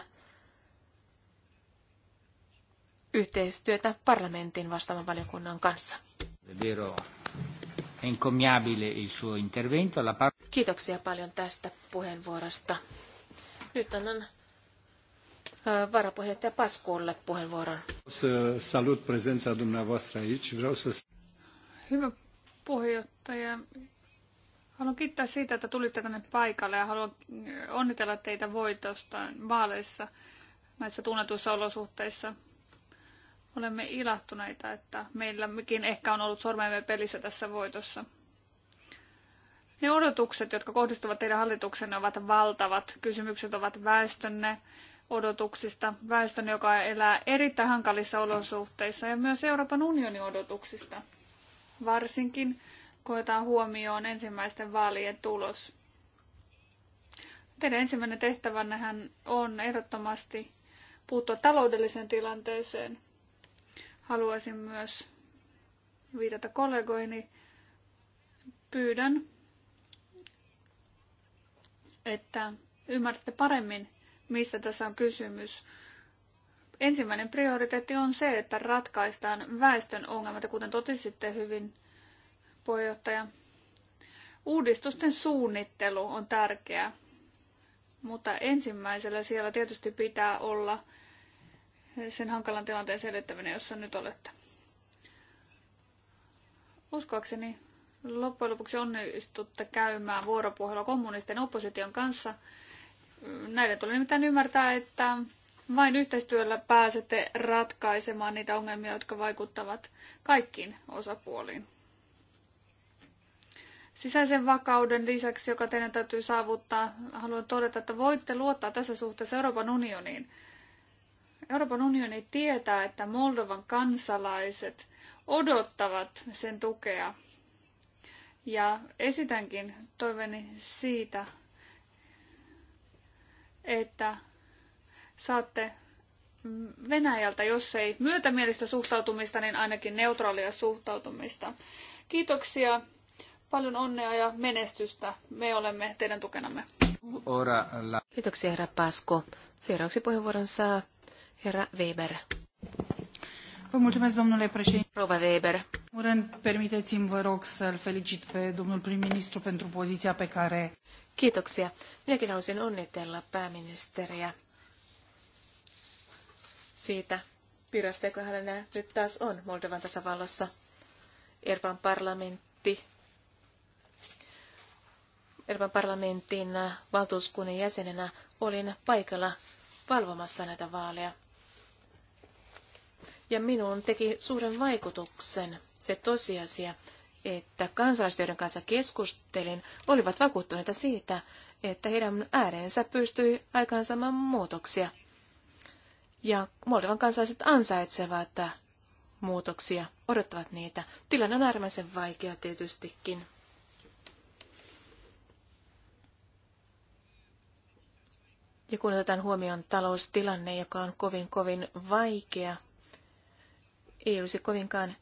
yhteistyötä parlamentin vastaavan valiokunnan kanssa. Kiitoksia paljon tästä puheenvuorosta. Nyt annan varapuheenjohtaja Paskuulle puheenvuoron. Hyvä puheenjohtaja. Haluan kiittää siitä, että tulitte tänne paikalle ja haluan äh, onnitella teitä voitosta vaaleissa näissä tunnetuissa olosuhteissa. Olemme ilahtuneita, että meilläkin ehkä on ollut sormemme pelissä tässä voitossa. Ne odotukset, jotka kohdistuvat teidän hallituksenne, ovat valtavat. Kysymykset ovat väestönne odotuksista, väestön, joka elää erittäin hankalissa olosuhteissa, ja myös Euroopan unionin odotuksista varsinkin koetaan huomioon ensimmäisten vaalien tulos. Teidän ensimmäinen tehtävännehän on ehdottomasti puuttua taloudelliseen tilanteeseen. Haluaisin myös viitata kollegoini. Pyydän, että ymmärrätte paremmin, mistä tässä on kysymys ensimmäinen prioriteetti on se, että ratkaistaan väestön ongelmat, kuten totesitte hyvin, puheenjohtaja. Uudistusten suunnittelu on tärkeää, mutta ensimmäisellä siellä tietysti pitää olla sen hankalan tilanteen selittäminen, jossa nyt olette. Uskoakseni loppujen lopuksi onnistutte käymään vuoropuhelua kommunisten opposition kanssa. Näiden tulee nimittäin ymmärtää, että vain yhteistyöllä pääsette ratkaisemaan niitä ongelmia, jotka vaikuttavat kaikkiin osapuoliin. Sisäisen vakauden lisäksi, joka teidän täytyy saavuttaa, haluan todeta, että voitte luottaa tässä suhteessa Euroopan unioniin. Euroopan unioni tietää, että Moldovan kansalaiset odottavat sen tukea. Ja esitänkin toiveni siitä, että saatte Venäjältä, jos ei myötämielistä suhtautumista, niin ainakin neutraalia suhtautumista. Kiitoksia, paljon onnea ja menestystä. Me olemme teidän tukenamme. Kiitoksia, herra Pasko. Seuraavaksi puheenvuoron saa herra Weber. mulțumesc, domnule Rova Weber. domnul ministru pentru poziția pe care... Kiitoksia. Minäkin haluaisin onnitella pääministeriä siitä virasta, joka hänellä nyt taas on Moldovan tasavallassa. Erban parlamentti Euroopan parlamentin valtuuskunnan jäsenenä olin paikalla valvomassa näitä vaaleja. Ja minun teki suuren vaikutuksen se tosiasia, että kansalaiset, joiden kanssa keskustelin, olivat vakuuttuneita siitä, että heidän ääreensä pystyi aikaansaamaan muutoksia – ja Moldovan kansalaiset ansaitsevat muutoksia, odottavat niitä. Tilanne on äärimmäisen vaikea tietystikin. Ja kun otetaan huomioon taloustilanne, joka on kovin kovin vaikea, ei olisi kovinkaan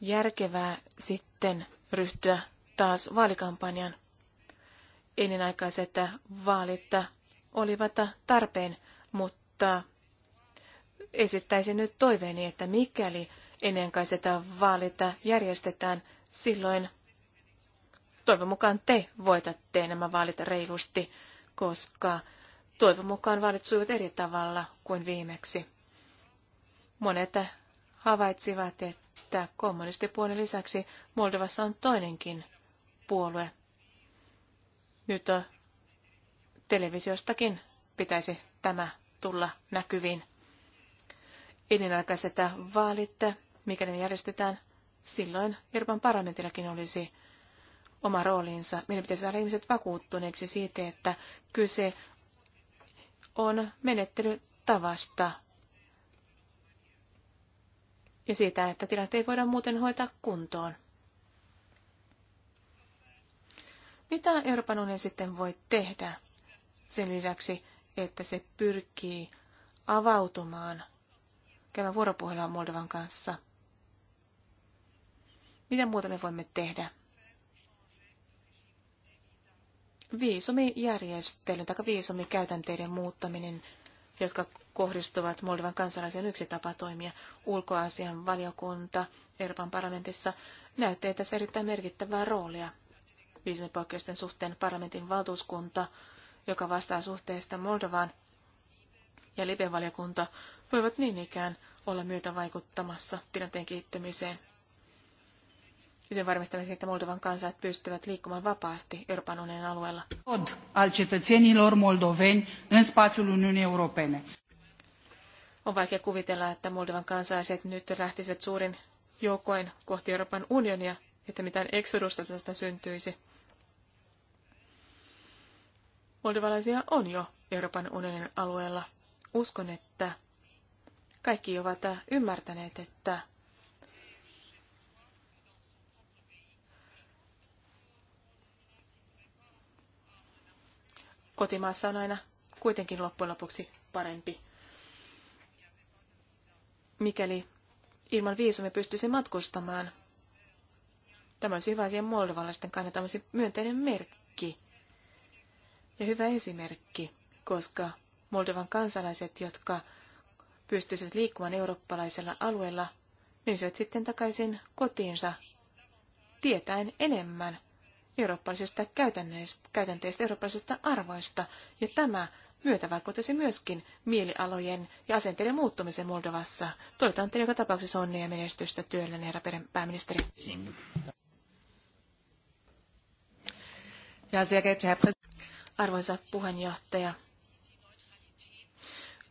järkevää sitten ryhtyä taas vaalikampanjan. Ennenaikaiset vaalit olivat tarpeen, mutta esittäisin nyt toiveeni, että mikäli sitä vaalit järjestetään, silloin toivon mukaan te voitatte nämä vaalit reilusti, koska toivon mukaan vaalit sujuvat eri tavalla kuin viimeksi. Monet havaitsivat, että kommunistipuolen lisäksi Moldovassa on toinenkin puolue. Nyt televisiostakin pitäisi tämä tulla näkyviin elinaikaiset vaalit, mikä ne järjestetään, silloin Euroopan parlamentillakin olisi oma roolinsa. Meidän pitäisi saada ihmiset vakuuttuneeksi siitä, että kyse on menettelytavasta ja siitä, että tilanteet ei voida muuten hoitaa kuntoon. Mitä Euroopan unioni sitten voi tehdä sen lisäksi, että se pyrkii avautumaan käydä vuoropuhelua Moldovan kanssa. Mitä muuta me voimme tehdä? Viisumijärjestelyn tai viisumikäytänteiden muuttaminen, jotka kohdistuvat Moldovan kansalaisen yksi tapa toimia. Ulkoasian valiokunta Euroopan parlamentissa näyttää tässä erittäin merkittävää roolia viisumipoikkeusten suhteen parlamentin valtuuskunta, joka vastaa suhteesta Moldovaan, ja Libyan valiokunta voivat niin ikään olla myötä vaikuttamassa tilanteen kehittymiseen. Ja sen varmistamiseksi, että Moldovan kansat pystyvät liikkumaan vapaasti Euroopan unionin alueella. Od On vaikea kuvitella, että Moldovan kansalaiset nyt lähtisivät suurin joukoin kohti Euroopan unionia, että mitään eksodusta tästä syntyisi. Moldovalaisia on jo Euroopan unionin alueella. Uskon, että kaikki ovat ymmärtäneet, että kotimaassa on aina kuitenkin loppujen lopuksi parempi. Mikäli ilman viisumia pystyisi matkustamaan, tämä olisi hyvä asia moldovalaisten kannalta, tämä olisi myönteinen merkki ja hyvä esimerkki, koska Moldovan kansalaiset, jotka pystyisivät liikkumaan eurooppalaisella alueella, menisivät sitten takaisin kotiinsa tietäen enemmän eurooppalaisista käytänteistä, eurooppalaisista arvoista, ja tämä myötä vaikuttaisi myöskin mielialojen ja asenteiden muuttumisen Moldovassa. Toivotan teille joka tapauksessa onnea ja menestystä työllä, herra pääministeri. Arvoisa puheenjohtaja,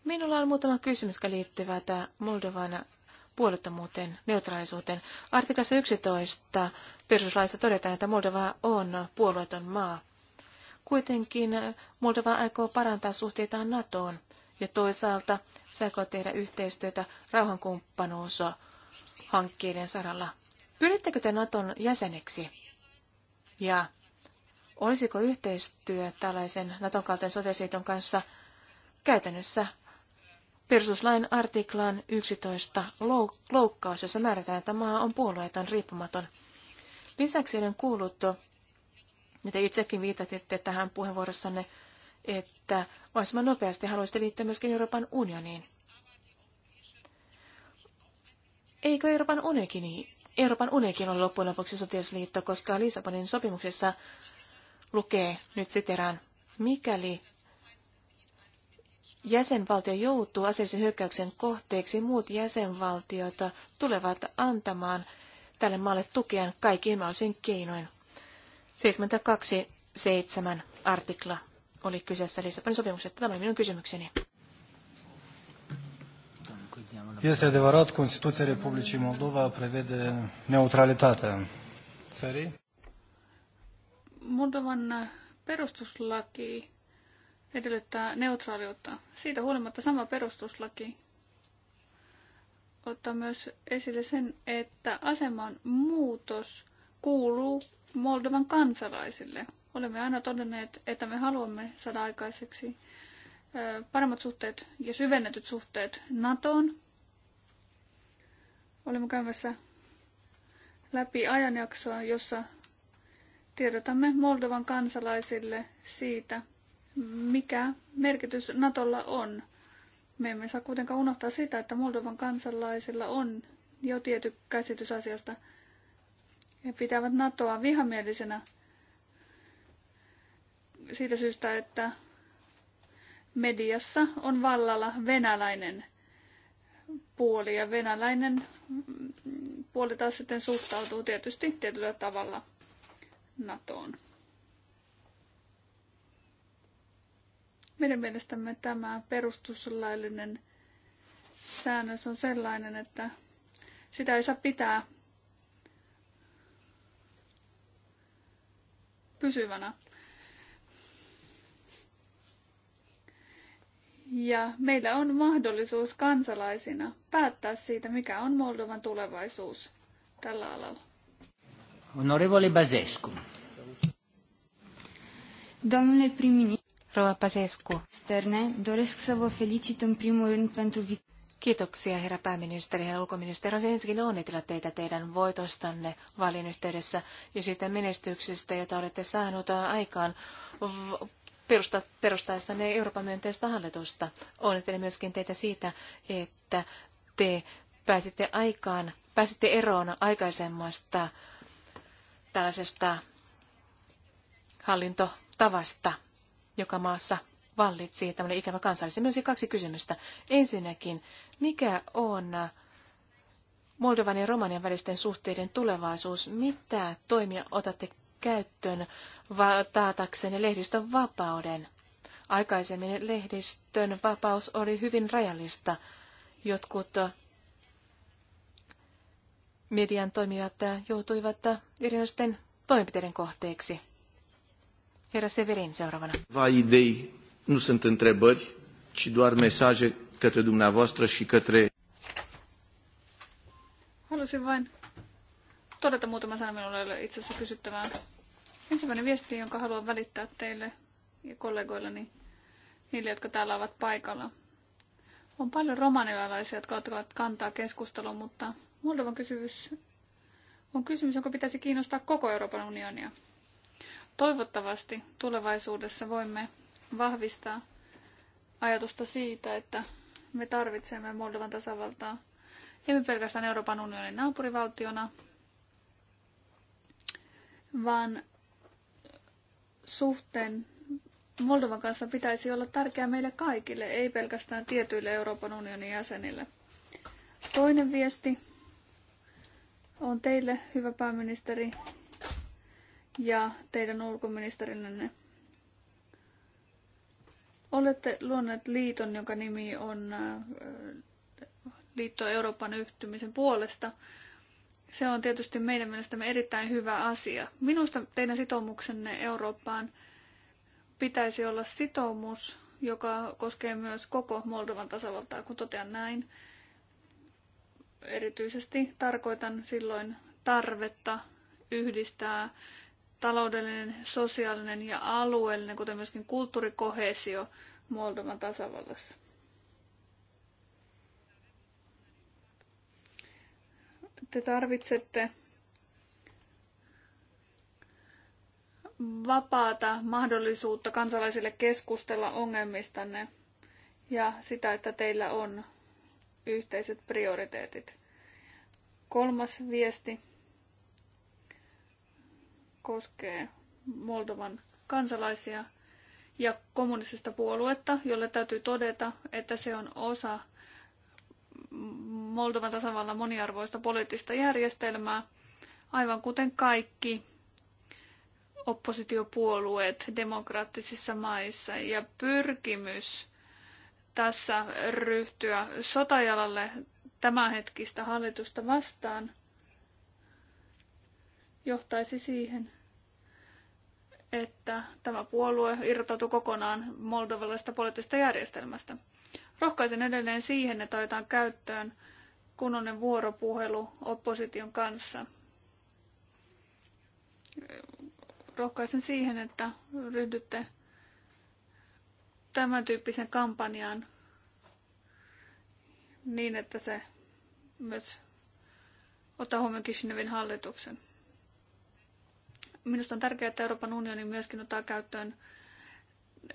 Minulla on muutama kysymys, jotka liittyvät äh, Moldovan puolettomuuteen, neutraalisuuteen. Artiklassa 11 perustuslaissa todetaan, että Moldova on puolueeton maa. Kuitenkin Moldova aikoo parantaa suhteitaan NATOon ja toisaalta se aikoo tehdä yhteistyötä rauhankumppanuushankkeiden saralla. Pyrittekö te NATOn jäseneksi? Ja olisiko yhteistyö tällaisen NATOn kaltaisen sotilasliiton kanssa käytännössä Perustuslain artiklan 11 loukkaus, jossa määrätään, että maa on puolueeton riippumaton. Lisäksi olen kuullut, ja te itsekin viitatitte tähän puheenvuorossanne, että mahdollisimman nopeasti haluaisitte liittyä myöskin Euroopan unioniin. Eikö Euroopan unionikin, Euroopan unionikin ole loppujen lopuksi sotilasliitto, koska Lissabonin sopimuksessa lukee nyt siteraan, mikäli jäsenvaltio joutuu aseellisen hyökkäyksen kohteeksi, muut jäsenvaltiot tulevat antamaan tälle maalle tukea kaikin mahdollisin keinoin. 72.7. artikla oli kyseessä Lissabonin sopimuksesta. Tämä oli minun kysymykseni. Este adevărat, Constituția Republicii Moldova prevede neutralitatea țării. Moldovan perustuslaki edellyttää neutraaliutta. Siitä huolimatta sama perustuslaki ottaa myös esille sen, että aseman muutos kuuluu Moldovan kansalaisille. Olemme aina todenneet, että me haluamme saada aikaiseksi paremmat suhteet ja syvennetyt suhteet NATOon. Olemme käymässä läpi ajanjaksoa, jossa tiedotamme Moldovan kansalaisille siitä, mikä merkitys Natolla on. Me emme saa kuitenkaan unohtaa sitä, että Moldovan kansalaisilla on jo tietty käsitys asiasta. He pitävät NATOa vihamielisenä siitä syystä, että mediassa on vallalla venäläinen puoli ja venäläinen puoli taas sitten suhtautuu tietysti tietyllä tavalla NATOon. Meidän mielestämme tämä perustuslaillinen säännös on sellainen, että sitä ei saa pitää pysyvänä. Ja meillä on mahdollisuus kansalaisina päättää siitä, mikä on Moldovan tulevaisuus tällä alalla. Onorevole Basescu. Domnule primini. Rova Pasescu. Sterne, doresc să vă felicit în primul rând pentru Kiitoksia herra pääministeri ja ulkoministeri. On ensinnäkin onnitella teitä teidän voitostanne valin yhteydessä ja siitä menestyksestä, jota olette saaneet aikaan perustaessanne Euroopan myönteistä hallitusta. Onnittelen myöskin teitä siitä, että te pääsitte aikaan, pääsitte eroon aikaisemmasta tällaisesta hallintotavasta joka maassa vallitsi tämmöinen ikävä kansallisen. Minulla kaksi kysymystä. Ensinnäkin, mikä on äh, Moldovan ja Romanian välisten suhteiden tulevaisuus? Mitä toimia otatte käyttöön va- taataksenne lehdistön vapauden? Aikaisemmin lehdistön vapaus oli hyvin rajallista. Jotkut äh, median toimijat äh, joutuivat erinäisten toimenpiteiden kohteeksi. Herra Severin, seuraavana. Vai idei nu sunt întrebări, ci doar mesaje către dumneavoastră și către... Halusin vain todeta muutama sana minulle itse asiassa kysyttävää. Ensimmäinen viesti, jonka haluan välittää teille ja kollegoilleni, niille, jotka täällä ovat paikalla. On paljon romanilaisia, jotka ottavat kantaa keskusteluun, mutta Moldovan kysymys on kysymys, jonka pitäisi kiinnostaa koko Euroopan unionia. Toivottavasti tulevaisuudessa voimme vahvistaa ajatusta siitä, että me tarvitsemme Moldovan tasavaltaa emme pelkästään Euroopan unionin naapurivaltiona, vaan suhteen Moldovan kanssa pitäisi olla tärkeää meille kaikille, ei pelkästään tietyille Euroopan unionin jäsenille. Toinen viesti on teille, hyvä pääministeri, ja teidän ulkoministerinne olette luonneet liiton, jonka nimi on äh, Liitto Euroopan yhtymisen puolesta. Se on tietysti meidän mielestämme erittäin hyvä asia. Minusta teidän sitoumuksenne Eurooppaan pitäisi olla sitoumus, joka koskee myös koko Moldovan tasavaltaa, kun totean näin. Erityisesti tarkoitan silloin tarvetta yhdistää taloudellinen, sosiaalinen ja alueellinen, kuten myöskin kulttuurikohesio Moldovan tasavallassa. Te tarvitsette vapaata mahdollisuutta kansalaisille keskustella ongelmistanne ja sitä, että teillä on yhteiset prioriteetit. Kolmas viesti koskee Moldovan kansalaisia ja kommunistista puoluetta, jolle täytyy todeta, että se on osa Moldovan tasavallan moniarvoista poliittista järjestelmää, aivan kuten kaikki oppositiopuolueet demokraattisissa maissa ja pyrkimys tässä ryhtyä sotajalalle tämänhetkistä hallitusta vastaan – johtaisi siihen, että tämä puolue irrotautuu kokonaan moldovalaisesta poliittisesta järjestelmästä. Rohkaisen edelleen siihen, että otetaan käyttöön kunnollinen vuoropuhelu opposition kanssa. Rohkaisen siihen, että ryhdytte tämän tyyppisen kampanjaan niin, että se myös ottaa huomioon Kishinevin hallituksen. Minusta on tärkeää, että Euroopan unioni myöskin ottaa käyttöön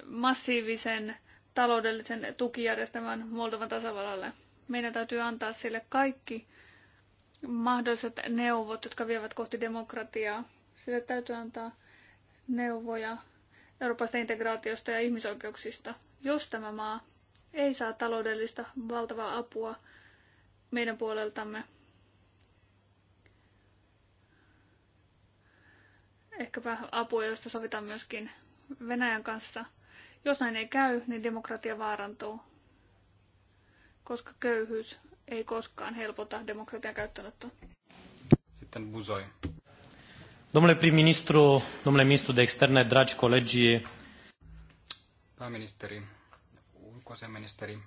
massiivisen taloudellisen tukijärjestelmän Moldovan tasavallalle. Meidän täytyy antaa sille kaikki mahdolliset neuvot, jotka vievät kohti demokratiaa. Sille täytyy antaa neuvoja Euroopasta integraatiosta ja ihmisoikeuksista. Jos tämä maa ei saa taloudellista valtavaa apua meidän puoleltamme, ehkäpä apua, josta sovitaan myöskin Venäjän kanssa. Jos näin ei käy, niin demokratia vaarantuu, koska köyhyys ei koskaan helpota demokratian käyttöönottoa. Sitten Buzoi. Domnule prim-ministru, domnule ministru de externe, dragi colegi. Pääministeri, ulkoasiaministeri,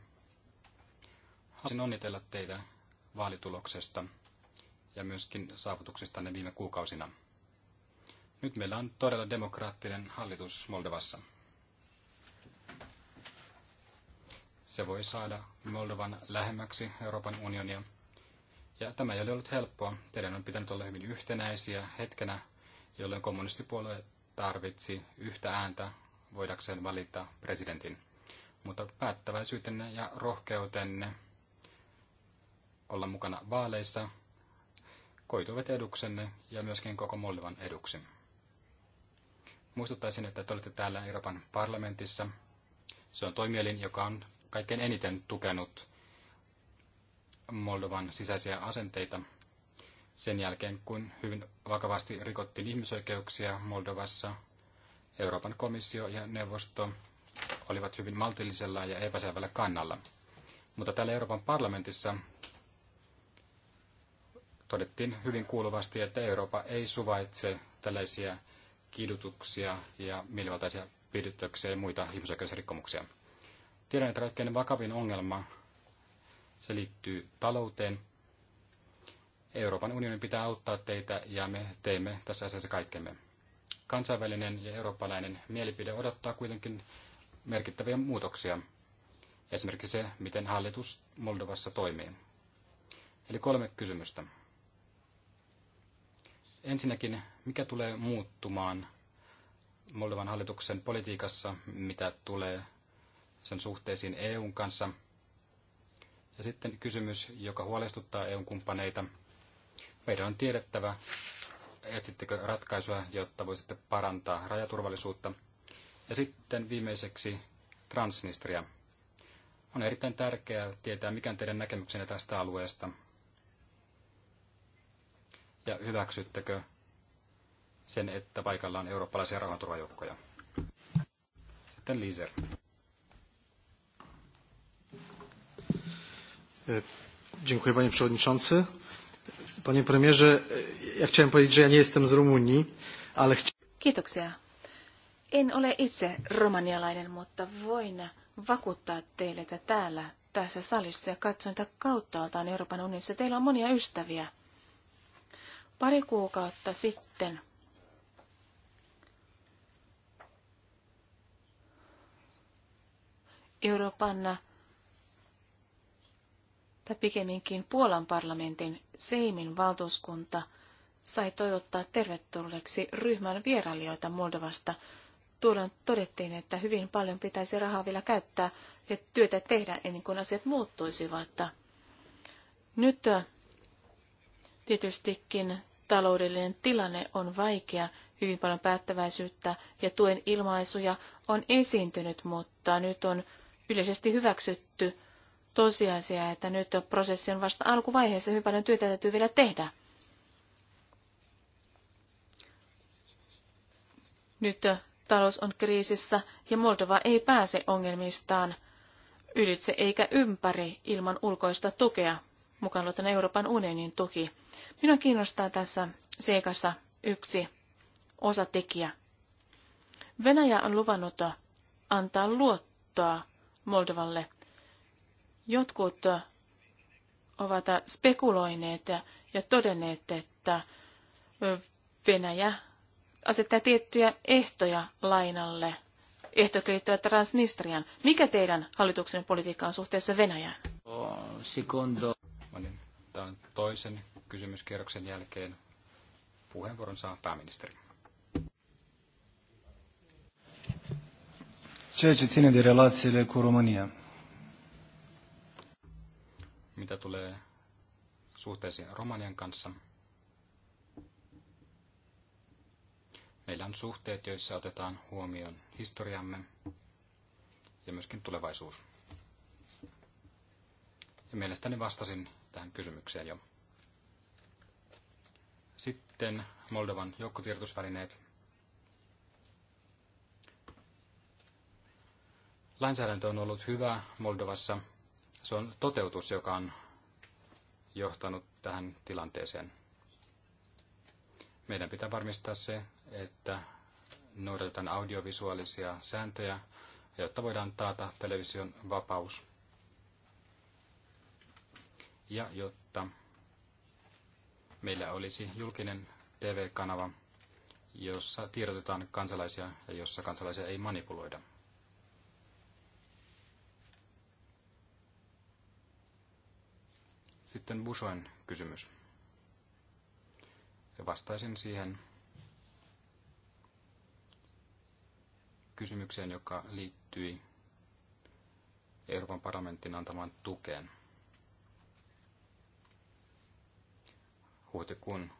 haluaisin onnitella teitä vaalituloksesta ja myöskin saavutuksistanne viime kuukausina. Nyt meillä on todella demokraattinen hallitus Moldovassa. Se voi saada Moldovan lähemmäksi Euroopan unionia. Ja tämä ei ole ollut helppoa. Teidän on pitänyt olla hyvin yhtenäisiä hetkenä, jolloin kommunistipuolue tarvitsi yhtä ääntä voidakseen valita presidentin. Mutta päättäväisyytenne ja rohkeutenne olla mukana vaaleissa koituvat eduksenne ja myöskin koko Moldovan eduksi. Muistuttaisin, että te olette täällä Euroopan parlamentissa. Se on toimielin, joka on kaikkein eniten tukenut Moldovan sisäisiä asenteita sen jälkeen, kun hyvin vakavasti rikottiin ihmisoikeuksia Moldovassa. Euroopan komissio ja neuvosto olivat hyvin maltillisella ja epäselvällä kannalla. Mutta täällä Euroopan parlamentissa todettiin hyvin kuuluvasti, että Eurooppa ei suvaitse tällaisia kidutuksia ja mielivaltaisia pidityksiä ja muita ihmisoikeusrikkomuksia. Tiedän, että kaikkein vakavin ongelma se liittyy talouteen. Euroopan unionin pitää auttaa teitä ja me teemme tässä asiassa kaikkemme. Kansainvälinen ja eurooppalainen mielipide odottaa kuitenkin merkittäviä muutoksia. Esimerkiksi se, miten hallitus Moldovassa toimii. Eli kolme kysymystä. Ensinnäkin, mikä tulee muuttumaan Moldovan hallituksen politiikassa, mitä tulee sen suhteisiin EUn kanssa. Ja sitten kysymys, joka huolestuttaa EUn kumppaneita. Meidän on tiedettävä, etsittekö ratkaisuja, jotta voisitte parantaa rajaturvallisuutta. Ja sitten viimeiseksi Transnistria. On erittäin tärkeää tietää, mikä on teidän näkemyksenne tästä alueesta. Ja hyväksyttekö sen, että paikalla on eurooppalaisia rauhanturvajoukkoja. Sitten Liiser. E, dziękuję panie przewodniczący. Panie premierze, ja chciałem powiedzieć, że ja nie jestem z Rumunii, ale chciałem... Kiitoksia. En ole itse romanialainen, mutta voin vakuuttaa teille, että täällä tässä salissa ja katsoin tätä kauttaaltaan Euroopan unionissa. Teillä on monia ystäviä. Pari kuukautta sitten Euroopanna tai pikemminkin Puolan parlamentin Seimin valtuuskunta sai toivottaa tervetulleeksi ryhmän vierailijoita Moldovasta. Tuolloin todettiin, että hyvin paljon pitäisi rahaa vielä käyttää ja työtä tehdä ennen kuin asiat muuttuisivat. Nyt äh, tietystikin taloudellinen tilanne on vaikea, hyvin paljon päättäväisyyttä ja tuen ilmaisuja on esiintynyt, mutta nyt on yleisesti hyväksytty tosiasia, että nyt prosessi on vasta alkuvaiheessa, hyvin paljon työtä täytyy vielä tehdä. Nyt talous on kriisissä ja Moldova ei pääse ongelmistaan ylitse eikä ympäri ilman ulkoista tukea, mukaan luotan Euroopan unionin tuki. Minua kiinnostaa tässä seikassa yksi osatekijä. Venäjä on luvannut antaa luottoa Moldovalle. Jotkut ovat spekuloineet ja todenneet, että Venäjä asettaa tiettyjä ehtoja lainalle. Ehto liittyvät Transnistrian. Mikä teidän hallituksen politiikka on suhteessa Venäjään? Secondo. Tämän toisen kysymyskierroksen jälkeen puheenvuoron saa pääministeri. ceea ce ține de relațiile cu România. Mitä tulee suhteisiin Romanian kanssa? Meillä on suhteet, joissa otetaan huomioon historiamme ja myöskin tulevaisuus. Ja mielestäni vastasin tähän kysymykseen jo. Sitten Moldovan joukkotiedotusvälineet. Lainsäädäntö on ollut hyvä Moldovassa. Se on toteutus, joka on johtanut tähän tilanteeseen. Meidän pitää varmistaa se, että noudatetaan audiovisuaalisia sääntöjä, jotta voidaan taata television vapaus. Ja jotta meillä olisi julkinen TV-kanava, jossa tiedotetaan kansalaisia ja jossa kansalaisia ei manipuloida. Sitten Bushoin kysymys. Ja vastaisin siihen kysymykseen, joka liittyi Euroopan parlamentin antamaan tukeen. Huhtikuun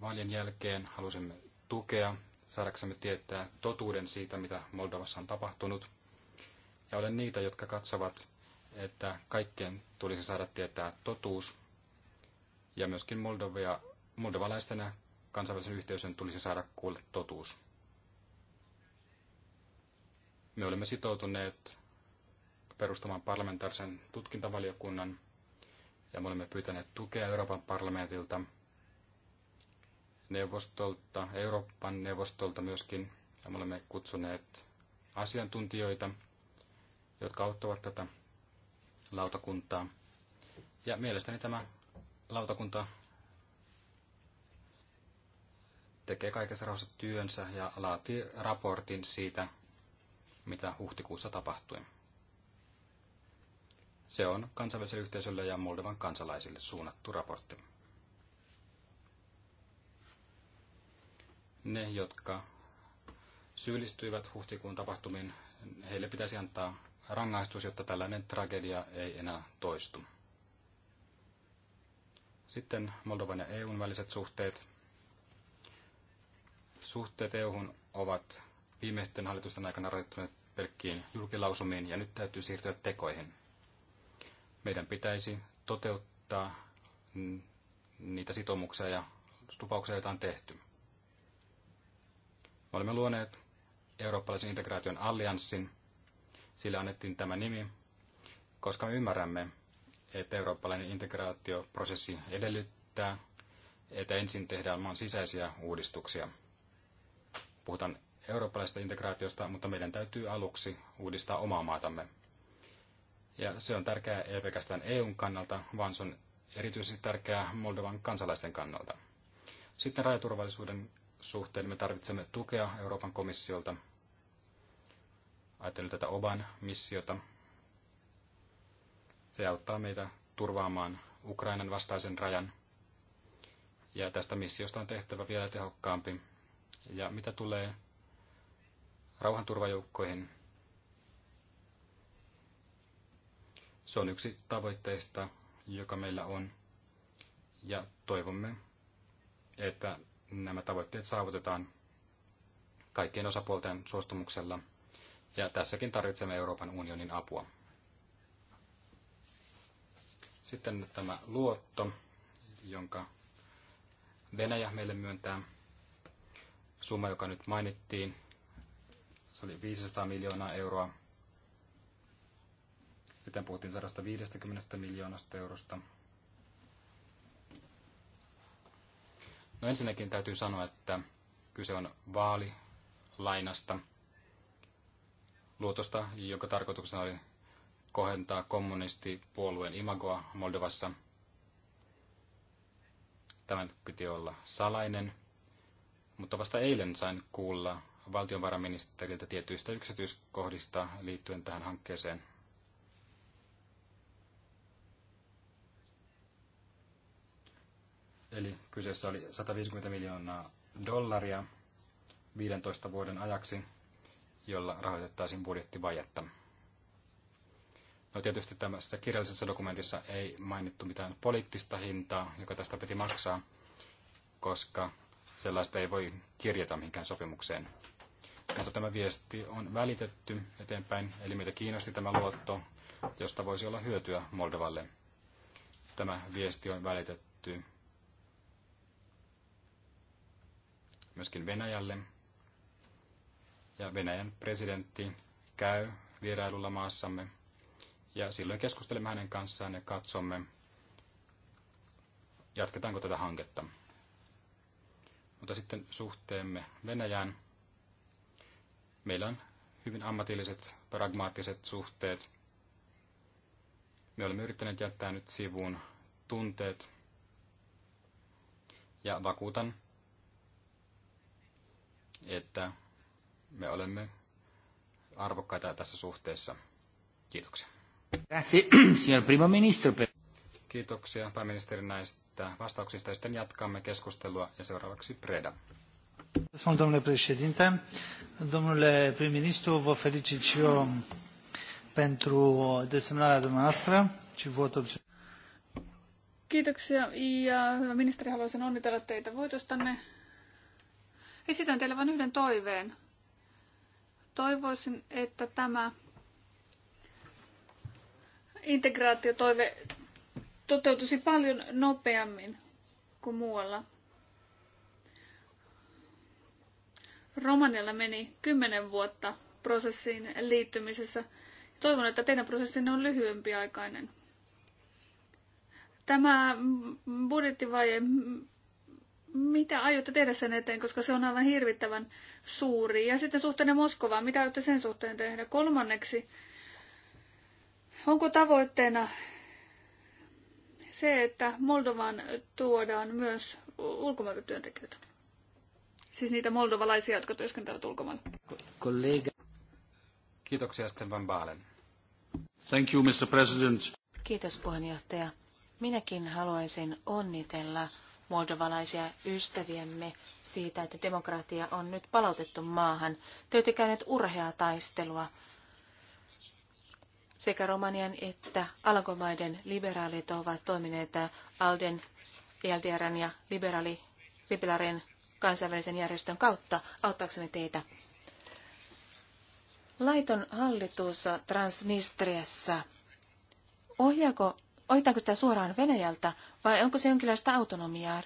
vaalien jälkeen halusimme tukea, saadaksemme tietää totuuden siitä, mitä Moldovassa on tapahtunut. Ja olen niitä, jotka katsovat, että kaikkien tulisi saada tietää totuus ja myöskin Moldovia, moldovalaisten ja kansainvälisen yhteisön tulisi saada kuulla totuus. Me olemme sitoutuneet perustamaan parlamentaarisen tutkintavaliokunnan ja me olemme pyytäneet tukea Euroopan parlamentilta, neuvostolta, Euroopan neuvostolta myöskin ja me olemme kutsuneet asiantuntijoita, jotka auttavat tätä lautakuntaa. Ja mielestäni tämä lautakunta tekee kaikessa rauhassa työnsä ja laatii raportin siitä, mitä huhtikuussa tapahtui. Se on kansainväliselle yhteisölle ja Moldovan kansalaisille suunnattu raportti. Ne, jotka syyllistyivät huhtikuun tapahtumiin, heille pitäisi antaa rangaistus, jotta tällainen tragedia ei enää toistu. Sitten Moldovan ja EUn väliset suhteet. Suhteet EUhun ovat viimeisten hallitusten aikana rajoittuneet pelkkiin julkilausumiin ja nyt täytyy siirtyä tekoihin. Meidän pitäisi toteuttaa niitä sitoumuksia ja lupauksia, joita on tehty. Me olemme luoneet eurooppalaisen integraation allianssin, Sille annettiin tämä nimi, koska me ymmärrämme, että eurooppalainen integraatioprosessi edellyttää, että ensin tehdään maan sisäisiä uudistuksia. Puhutaan eurooppalaisesta integraatiosta, mutta meidän täytyy aluksi uudistaa omaa maatamme. Ja se on tärkeää ei pelkästään EUn kannalta, vaan se on erityisesti tärkeää Moldovan kansalaisten kannalta. Sitten rajaturvallisuuden suhteen me tarvitsemme tukea Euroopan komissiolta Ajattelen tätä Oban missiota. Se auttaa meitä turvaamaan Ukrainan vastaisen rajan. Ja tästä missiosta on tehtävä vielä tehokkaampi. Ja mitä tulee rauhanturvajoukkoihin, se on yksi tavoitteista, joka meillä on. Ja toivomme, että nämä tavoitteet saavutetaan kaikkien osapuolten suostumuksella – ja tässäkin tarvitsemme Euroopan unionin apua. Sitten tämä luotto, jonka Venäjä meille myöntää. Summa, joka nyt mainittiin, se oli 500 miljoonaa euroa. Sitten puhuttiin 150 miljoonasta eurosta. No ensinnäkin täytyy sanoa, että kyse on vaalilainasta – luotosta, jonka tarkoituksena oli kohentaa kommunistipuolueen imagoa Moldovassa. Tämän piti olla salainen, mutta vasta eilen sain kuulla valtionvarainministeriltä tietyistä yksityiskohdista liittyen tähän hankkeeseen. Eli kyseessä oli 150 miljoonaa dollaria 15 vuoden ajaksi – jolla rahoitettaisiin budjettivajetta. No tietysti tämmöisessä kirjallisessa dokumentissa ei mainittu mitään poliittista hintaa, joka tästä piti maksaa, koska sellaista ei voi kirjata mihinkään sopimukseen. Mutta tämä viesti on välitetty eteenpäin, eli meitä kiinnosti tämä luotto, josta voisi olla hyötyä Moldovalle. Tämä viesti on välitetty myöskin Venäjälle ja Venäjän presidentti käy vierailulla maassamme. Ja silloin keskustelemme hänen kanssaan ja katsomme, jatketaanko tätä hanketta. Mutta sitten suhteemme Venäjään. Meillä on hyvin ammatilliset, pragmaattiset suhteet. Me olemme yrittäneet jättää nyt sivuun tunteet. Ja vakuutan, että me olemme arvokkaita tässä suhteessa. Kiitoksia. Grazie, signor primo ministro. Kiitoksia pääministeri näistä vastauksista ja sitten jatkamme keskustelua ja seuraavaksi Preda. Domnule președinte, domnule prim-ministru, vă felicit și eu pentru desemnarea dumneavoastră și votul. Kiitoksia ja hyvä ministeri, haluaisin onnitella teitä voitostanne. Esitän teille vain yhden toiveen. Toivoisin, että tämä integraatiotoive toteutuisi paljon nopeammin kuin muualla. Romanialla meni kymmenen vuotta prosessiin liittymisessä. Toivon, että teidän prosessinne on lyhyempiaikainen. Tämä budjettivaje mitä aiotte tehdä sen eteen, koska se on aivan hirvittävän suuri. Ja sitten suhteen Moskovaan, mitä aiotte sen suhteen tehdä? Kolmanneksi, onko tavoitteena se, että Moldovan tuodaan myös ulkomailta työntekijöitä? Siis niitä moldovalaisia, jotka työskentelevät ulkomailla. Kollega. Kiitoksia sitten Van Baalen. Thank you, Mr. President. Kiitos puheenjohtaja. Minäkin haluaisin onnitella moldovalaisia ystäviämme siitä, että demokratia on nyt palautettu maahan. Te olette käyneet urheaa taistelua sekä Romanian että Alankomaiden liberaalit ovat toimineet Alden, ELDRn ja liberaali, liberaalien kansainvälisen järjestön kautta auttaaksemme teitä. Laiton hallitus Transnistriassa. Ohjaako ohitaanko sitä suoraan Venäjältä vai onko se jonkinlaista autonomiaa?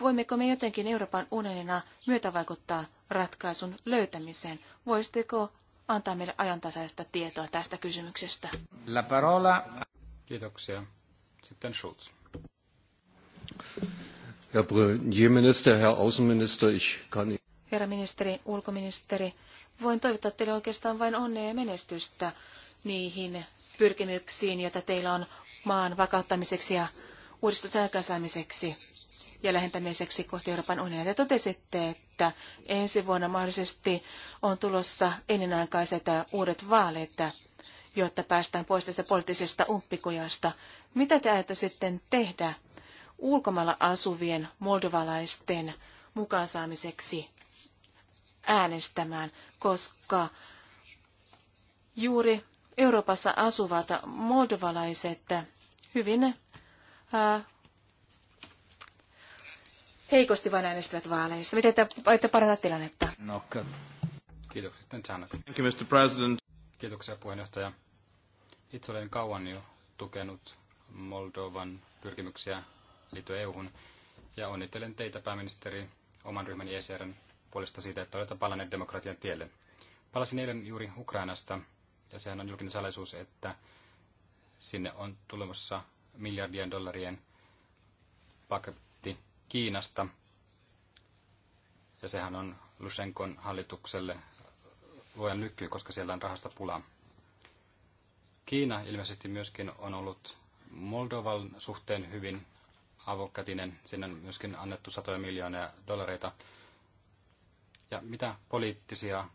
Voimmeko me jotenkin Euroopan unionina myötävaikuttaa ratkaisun löytämiseen? Voisitteko antaa meille ajantasaista tietoa tästä kysymyksestä? La parola. Kiitoksia. Sitten Schulz. Herr Premierminister, Herr Außenminister, ich kann... Herra ministeri, ulkoministeri, voin toivottaa teille oikeastaan vain onnea ja menestystä niihin pyrkimyksiin, joita teillä on maan vakauttamiseksi ja uudistuksen aikaansaamiseksi ja lähentämiseksi kohti Euroopan unionia. Te totesitte, että ensi vuonna mahdollisesti on tulossa ennenaikaiset äh, uudet vaalit, äh, jotta päästään pois tästä poliittisesta umppikujasta. Mitä te ajatte sitten tehdä ulkomailla asuvien moldovalaisten mukaan saamiseksi äänestämään, koska juuri Euroopassa asuvat moldovalaiset äh, hyvin ää, äh, heikosti vain äänestivät vaaleissa. Miten te voitte parantaa tilannetta? No, Kiitoksia Thank you, Mr. President. Kiitoksia puheenjohtaja. Itse olen kauan jo tukenut Moldovan pyrkimyksiä liittyä EU-hun ja onnittelen teitä pääministeri oman ryhmän ECRn puolesta siitä, että olette palanneet demokratian tielle. Palasin eilen juuri Ukrainasta ja sehän on julkinen salaisuus, että Sinne on tulemassa miljardien dollarien paketti Kiinasta. Ja sehän on Lusenkon hallitukselle luojan lykky, koska siellä on rahasta pulaa. Kiina ilmeisesti myöskin on ollut Moldovan suhteen hyvin avokätinen. Sinne on myöskin annettu satoja miljoonia dollareita. Ja mitä poliittisia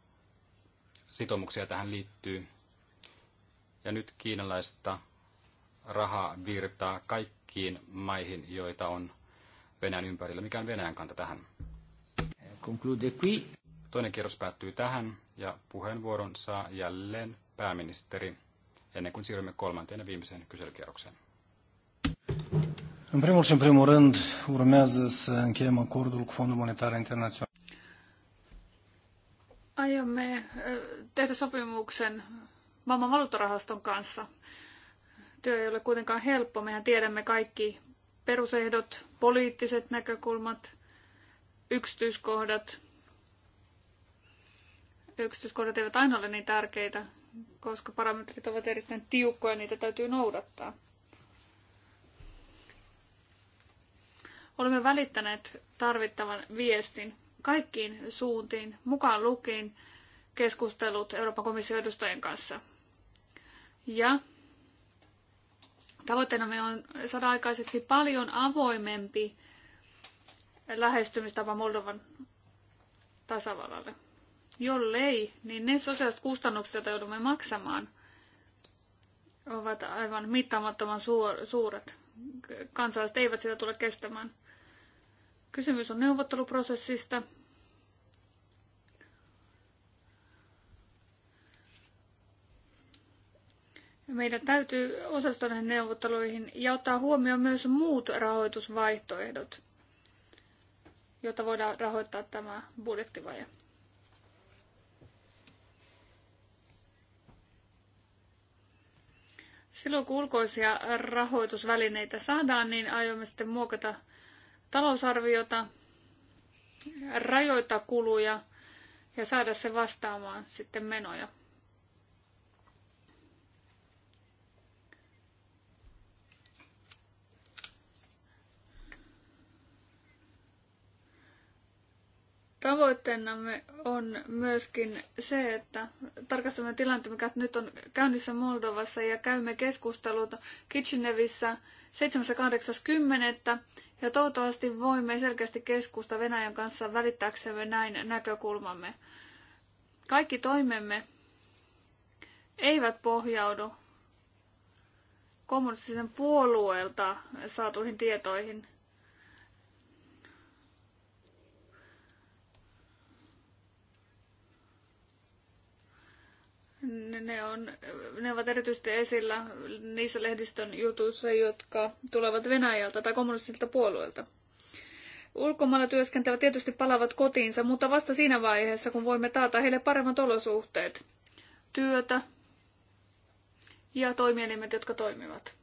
sitoumuksia tähän liittyy? Ja nyt kiinalaista Raha virtaa kaikkiin maihin, joita on Venäjän ympärillä. Mikä on Venäjän kanta tähän? Conclude qui. Toinen kierros päättyy tähän ja puheenvuoron saa jälleen pääministeri ennen kuin siirrymme kolmanteen ja viimeiseen kyselykierrokseen. În primul și în primul rând urmează să încheiem acordul cu Fondul Monetar Internațional. Aiomme eh, tehdä sopimuksen maailman valuuttarahaston kanssa. Työ ei ole kuitenkaan helppo. Mehän tiedämme kaikki perusehdot, poliittiset näkökulmat, yksityiskohdat. Yksityiskohdat eivät aina ole niin tärkeitä, koska parametrit ovat erittäin tiukkoja ja niitä täytyy noudattaa. Olemme välittäneet tarvittavan viestin kaikkiin suuntiin, mukaan lukiin keskustelut Euroopan komission edustajien kanssa. Ja Tavoitteena me on saada aikaiseksi paljon avoimempi lähestymistapa Moldovan tasavallalle. Jollei, niin ne sosiaaliset kustannukset, joita joudumme maksamaan, ovat aivan mittaamattoman suuret. Kansalaiset eivät sitä tule kestämään. Kysymys on neuvotteluprosessista, Meidän täytyy osallistua näihin neuvotteluihin ja ottaa huomioon myös muut rahoitusvaihtoehdot, jotta voidaan rahoittaa tämä budjettivaje. Silloin kun ulkoisia rahoitusvälineitä saadaan, niin aiomme sitten muokata talousarviota, rajoittaa kuluja ja saada se vastaamaan sitten menoja. Tavoitteenamme on myöskin se, että tarkastamme tilannetta, mikä nyt on käynnissä Moldovassa ja käymme keskustelut Kitchenevissä 7.8.10. Ja toivottavasti voimme selkeästi keskusta Venäjän kanssa välittääksemme näin näkökulmamme. Kaikki toimemme eivät pohjaudu kommunistisen puolueelta saatuihin tietoihin – Ne, on, ne ovat erityisesti esillä niissä lehdistön jutuissa, jotka tulevat Venäjältä tai kommunistisilta puolueelta. Ulkomailla työskentelevät tietysti palavat kotiinsa, mutta vasta siinä vaiheessa, kun voimme taata heille paremmat olosuhteet, työtä ja toimielimet, jotka toimivat.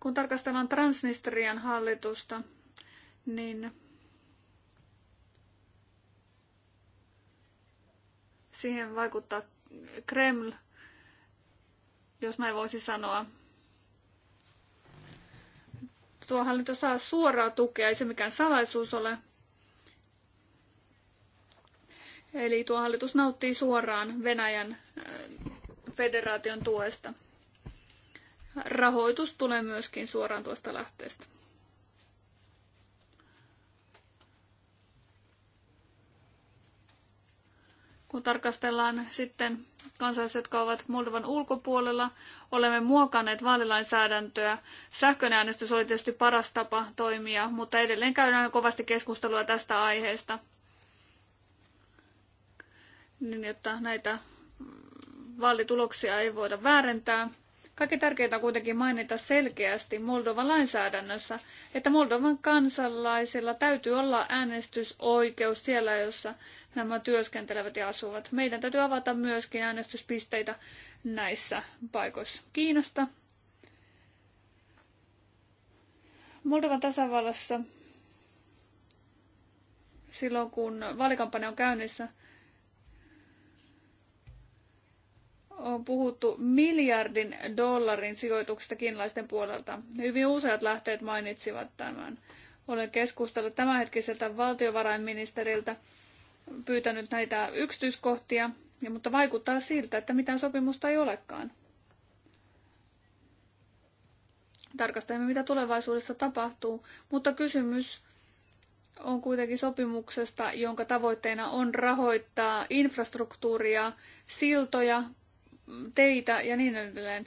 Kun tarkastellaan Transnistrian hallitusta, niin Siihen vaikuttaa Kreml, jos näin voisi sanoa. Tuo hallinto saa suoraa tukea, ei se mikään salaisuus ole. Eli tuo hallitus nauttii suoraan Venäjän äh, federaation tuesta. Rahoitus tulee myöskin suoraan tuosta lähteestä. Kun tarkastellaan sitten kansalaiset, jotka ovat Moldovan ulkopuolella, olemme muokanneet vaalilainsäädäntöä. Sähköinen äänestys oli tietysti paras tapa toimia, mutta edelleen käydään kovasti keskustelua tästä aiheesta. Niin, jotta näitä vaalituloksia ei voida väärentää. Kaikki tärkeintä on kuitenkin mainita selkeästi Moldovan lainsäädännössä, että Moldovan kansalaisilla täytyy olla äänestysoikeus siellä, jossa nämä työskentelevät ja asuvat. Meidän täytyy avata myöskin äänestyspisteitä näissä paikoissa Kiinasta. Moldovan tasavallassa silloin, kun vaalikampanja on käynnissä, on puhuttu miljardin dollarin sijoituksesta kiinalaisten puolelta. Hyvin useat lähteet mainitsivat tämän. Olen keskustellut tämänhetkiseltä valtiovarainministeriltä pyytänyt näitä yksityiskohtia, ja mutta vaikuttaa siltä, että mitään sopimusta ei olekaan. Tarkastelemme, mitä tulevaisuudessa tapahtuu, mutta kysymys on kuitenkin sopimuksesta, jonka tavoitteena on rahoittaa infrastruktuuria, siltoja, teitä ja niin edelleen.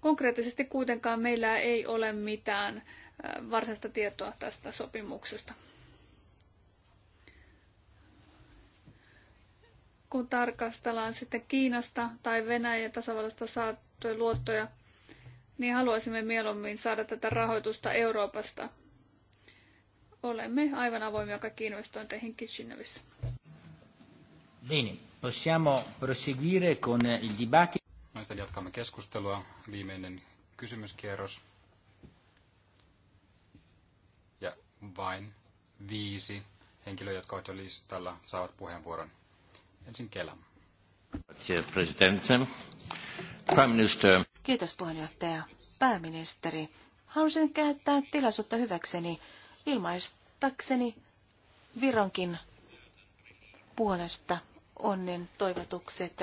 Konkreettisesti kuitenkaan meillä ei ole mitään äh, varsinaista tietoa tästä sopimuksesta. kun tarkastellaan sitten Kiinasta tai Venäjän tasavallasta saatuja luottoja, niin haluaisimme mieluummin saada tätä rahoitusta Euroopasta. Olemme aivan avoimia kaikkiin investointeihin Kishinevissä. Bene, possiamo proseguire con il dibattito. No, sitten jatkamme keskustelua. Viimeinen kysymyskierros. Ja vain viisi henkilöä, jotka ovat jo listalla, saavat puheenvuoron. Ensin Kela. Kiitos puheenjohtaja. Pääministeri, halusin käyttää tilaisuutta hyväkseni ilmaistakseni Vironkin puolesta onnen toivotukset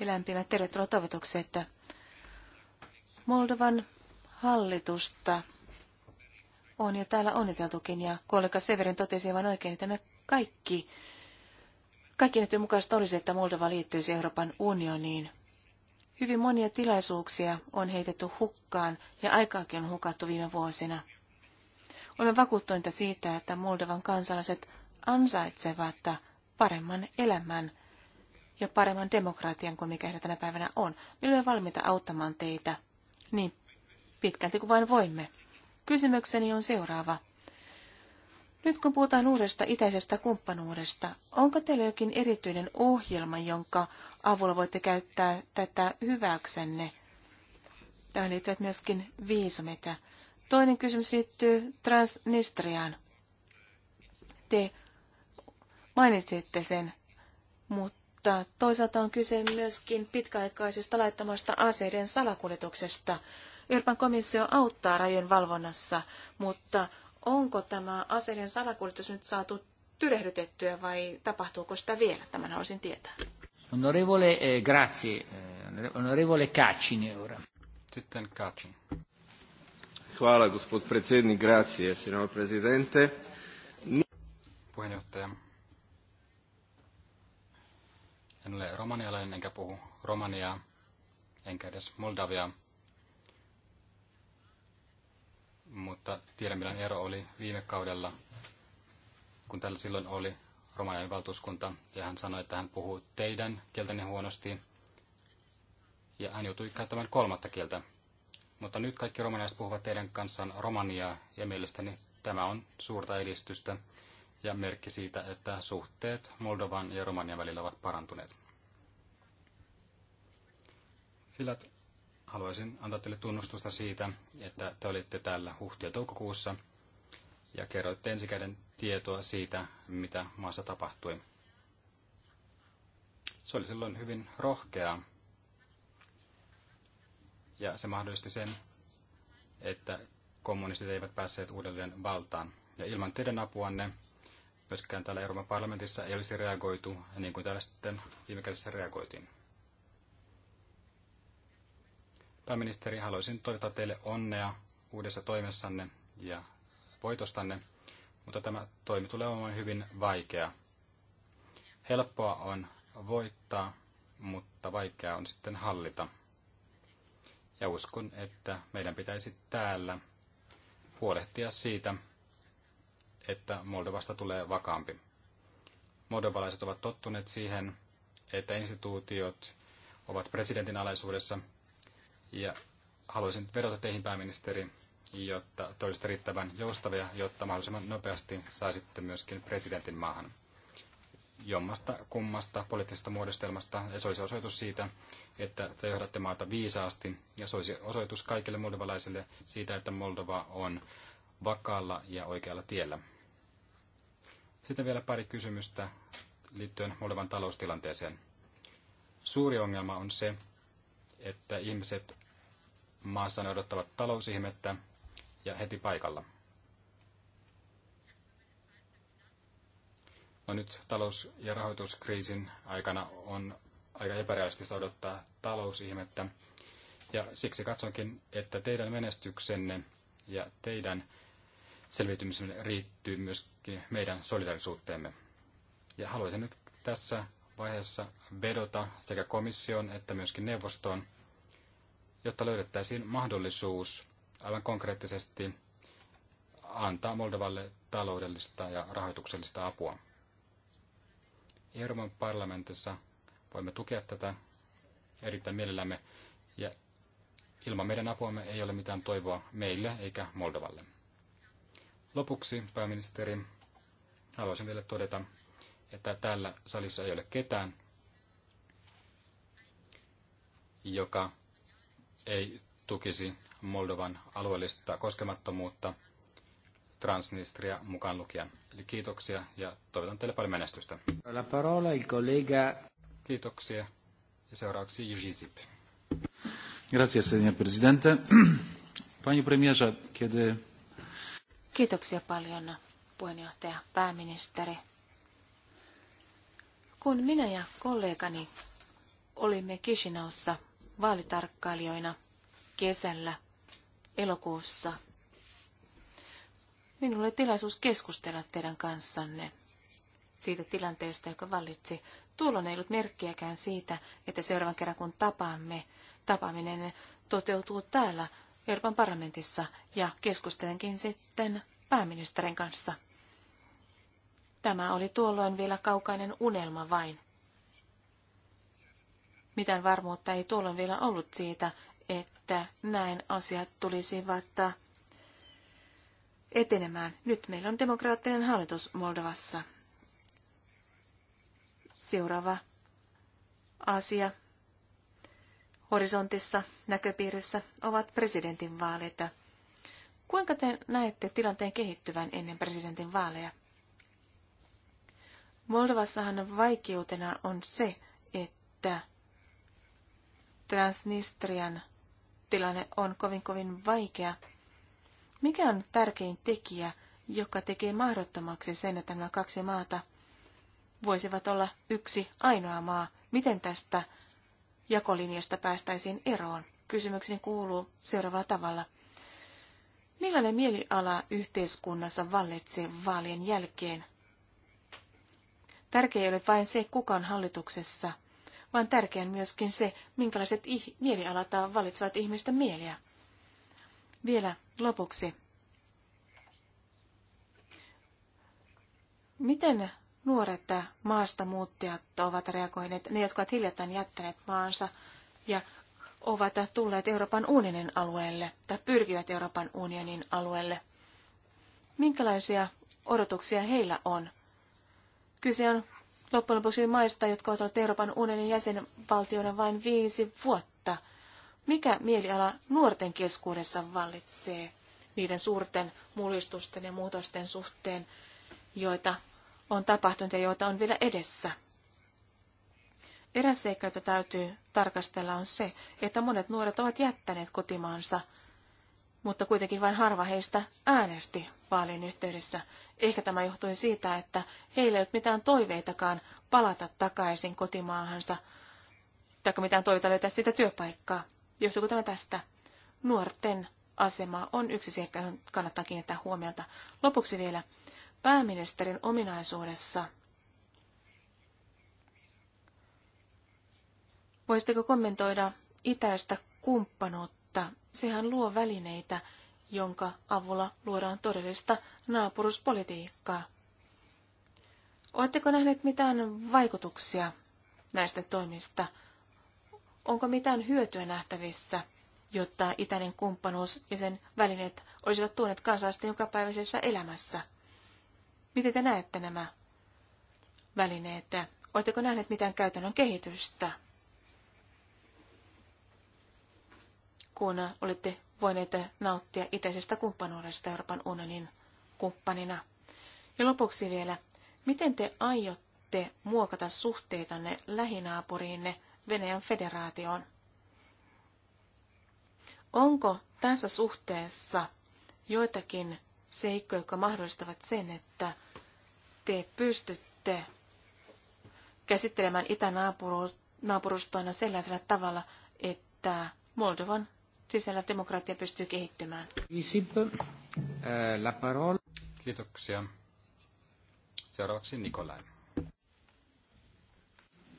ja lämpimät tervetuloa toivotukset Moldovan hallitusta on jo täällä onniteltukin ja kollega Severin totesi aivan oikein, että me kaikki kaikki näiden mukaista olisi, että Moldova liittyisi Euroopan unioniin. Hyvin monia tilaisuuksia on heitetty hukkaan ja aikaakin on hukattu viime vuosina. Olen vakuuttuneita siitä, että Moldovan kansalaiset ansaitsevat paremman elämän ja paremman demokratian kuin mikä heillä tänä päivänä on. Me olemme valmiita auttamaan teitä niin pitkälti kuin vain voimme. Kysymykseni on seuraava. Nyt kun puhutaan uudesta itäisestä kumppanuudesta, onko teillä jokin erityinen ohjelma, jonka avulla voitte käyttää tätä hyväksenne? Tähän liittyvät myöskin viisumit. Toinen kysymys liittyy Transnistriaan. Te mainitsitte sen, mutta toisaalta on kyse myöskin pitkäaikaisesta laittamasta aseiden salakuljetuksesta. Euroopan komissio auttaa rajojen valvonnassa, mutta onko tämä aseiden salakuljetus nyt saatu tyrehdytettyä vai tapahtuuko sitä vielä? Tämän haluaisin tietää. Onorevole, eh, grazie. Eh, onorevole Kacin ora. Sitten Kacin. Hvala, gospod predsednik, grazie, signor presidente. Puheenjohtaja. En ole romanialainen enkä puhu romaniaa, enkä edes moldaviaa mutta tiedän millainen ero oli viime kaudella, kun tällä silloin oli romanian valtuuskunta, ja hän sanoi, että hän puhuu teidän kieltäni huonosti, ja hän joutui käyttämään kolmatta kieltä. Mutta nyt kaikki romanialaiset puhuvat teidän kanssaan romaniaa, ja mielestäni tämä on suurta edistystä ja merkki siitä, että suhteet Moldovan ja Romanian välillä ovat parantuneet. Filat haluaisin antaa teille tunnustusta siitä, että te olitte täällä huhti- ja toukokuussa ja kerroitte ensikäden tietoa siitä, mitä maassa tapahtui. Se oli silloin hyvin rohkeaa ja se mahdollisti sen, että kommunistit eivät päässeet uudelleen valtaan. Ja ilman teidän apuanne myöskään täällä Euroopan parlamentissa ei olisi reagoitu niin kuin täällä sitten viime kädessä reagoitiin. Pääministeri, haluaisin toivottaa teille onnea uudessa toimessanne ja voitostanne, mutta tämä toimi tulee olemaan hyvin vaikea. Helppoa on voittaa, mutta vaikeaa on sitten hallita. Ja uskon, että meidän pitäisi täällä huolehtia siitä, että Moldovasta tulee vakaampi. Moldovalaiset ovat tottuneet siihen, että instituutiot ovat presidentin alaisuudessa – ja haluaisin vedota teihin pääministeri, jotta toista riittävän joustavia, jotta mahdollisimman nopeasti saisitte myöskin presidentin maahan. Jommasta kummasta poliittisesta muodostelmasta ja se olisi osoitus siitä, että te johdatte maata viisaasti ja se olisi osoitus kaikille moldovalaisille siitä, että Moldova on vakaalla ja oikealla tiellä. Sitten vielä pari kysymystä liittyen Moldovan taloustilanteeseen. Suuri ongelma on se, että ihmiset maassa ne odottavat talousihmettä ja heti paikalla. No nyt talous- ja rahoituskriisin aikana on aika epärealistista odottaa talousihmettä. Ja siksi katsonkin, että teidän menestyksenne ja teidän selviytymisenne riittyy myöskin meidän solidarisuuteemme. Ja haluaisin nyt tässä vaiheessa vedota sekä komission että myöskin neuvostoon, jotta löydettäisiin mahdollisuus aivan konkreettisesti antaa Moldovalle taloudellista ja rahoituksellista apua. Euroopan parlamentissa voimme tukea tätä erittäin mielellämme ja ilman meidän apuamme ei ole mitään toivoa meille eikä Moldovalle. Lopuksi, pääministeri, haluaisin vielä todeta, että täällä salissa ei ole ketään, joka ei tukisi Moldovan alueellista koskemattomuutta Transnistria mukaan lukien. Eli kiitoksia ja toivotan teille paljon menestystä. La parola il collega. Kiitoksia. Ja seuraavaksi Jizip. Grazie, signor Presidente. Pani premierze, kiedy... Kiitoksia paljon, puheenjohtaja pääministeri. Kun minä ja kollegani olimme Kishinaussa vaalitarkkailijoina kesällä elokuussa, minulla oli tilaisuus keskustella teidän kanssanne siitä tilanteesta, joka vallitsi. Tuolloin ei ollut merkkiäkään siitä, että seuraavan kerran kun tapaamme, tapaaminen toteutuu täällä Euroopan parlamentissa ja keskustelenkin sitten pääministerin kanssa. Tämä oli tuolloin vielä kaukainen unelma vain. Mitään varmuutta ei tuolloin vielä ollut siitä, että näin asiat tulisivat etenemään. Nyt meillä on demokraattinen hallitus Moldovassa. Seuraava asia horisontissa näköpiirissä ovat presidentin vaalit. Kuinka te näette tilanteen kehittyvän ennen presidentin vaaleja? Moldovassahan vaikeutena on se, että Transnistrian tilanne on kovin kovin vaikea. Mikä on tärkein tekijä, joka tekee mahdottomaksi sen, että nämä kaksi maata voisivat olla yksi ainoa maa? Miten tästä jakolinjasta päästäisiin eroon? Kysymykseni kuuluu seuraavalla tavalla. Millainen mieliala yhteiskunnassa vallitsee vaalien jälkeen? Tärkeä ei ole vain se, kuka on hallituksessa, vaan tärkeän myöskin se, minkälaiset ih- mielialat valitsevat ihmisten mieliä. Vielä lopuksi. Miten nuoret maastamuuttajat ovat reagoineet, ne jotka ovat hiljattain jättäneet maansa ja ovat tulleet Euroopan unionin alueelle tai pyrkivät Euroopan unionin alueelle? Minkälaisia odotuksia heillä on? Kyse on loppujen lopuksi maista, jotka ovat olleet Euroopan unionin jäsenvaltioiden vain viisi vuotta. Mikä mieliala nuorten keskuudessa vallitsee niiden suurten mullistusten ja muutosten suhteen, joita on tapahtunut ja joita on vielä edessä? Eräs seikka, jota täytyy tarkastella, on se, että monet nuoret ovat jättäneet kotimaansa – mutta kuitenkin vain harva heistä äänesti vaalien yhteydessä. Ehkä tämä johtui siitä, että heillä ei ollut mitään toiveitakaan palata takaisin kotimaahansa, tai mitään toiveita löytää sitä työpaikkaa. Johtuuko tämä tästä? Nuorten asema on yksi seikka, johon kannattaa kiinnittää huomiota. Lopuksi vielä pääministerin ominaisuudessa. Voisitteko kommentoida itäistä kumppanuutta? mutta sehän luo välineitä, jonka avulla luodaan todellista naapuruspolitiikkaa. Oletteko nähneet mitään vaikutuksia näistä toimista? Onko mitään hyötyä nähtävissä, jotta itäinen kumppanuus ja sen välineet olisivat tuoneet kansalaisten jokapäiväisessä elämässä? Miten te näette nämä välineet? Oletteko nähneet mitään käytännön kehitystä? kun olette voineet nauttia itäisestä kumppanuudesta Euroopan unionin kumppanina. Ja lopuksi vielä, miten te aiotte muokata suhteitanne lähinaapuriinne Venäjän federaatioon? Onko tässä suhteessa joitakin seikkoja, jotka mahdollistavat sen, että te pystytte käsittelemään itänaapurustoina sellaisella tavalla, että Moldovan sisällä demokratia pystyy kehittymään. Eh, Kiitoksia. Seuraavaksi Nikolai.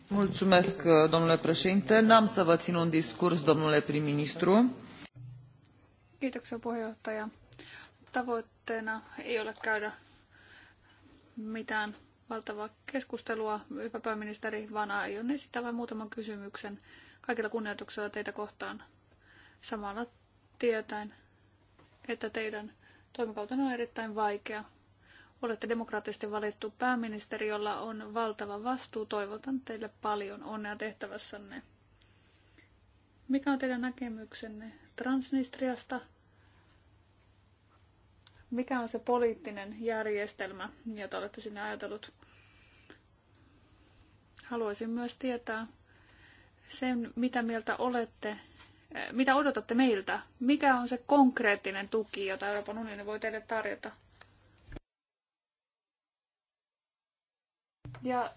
Mulțumesc, domnule președinte. N-am să vă țin un discurs, domnule prim-ministru. Kiitoksia, puheenjohtaja. Tavoitteena ei ole käydä mitään valtavaa keskustelua, hyvä pääministeri, vaan aion esittää vain muutaman kysymyksen kaikilla kunnioituksella teitä kohtaan samalla tietäen, että teidän toimikautena on erittäin vaikea. Olette demokraattisesti valittu pääministeri, jolla on valtava vastuu. Toivotan teille paljon onnea tehtävässänne. Mikä on teidän näkemyksenne Transnistriasta? Mikä on se poliittinen järjestelmä, jota olette sinne ajatellut? Haluaisin myös tietää sen, mitä mieltä olette mitä odotatte meiltä? Mikä on se konkreettinen tuki, jota Euroopan unioni voi teille tarjota? Ja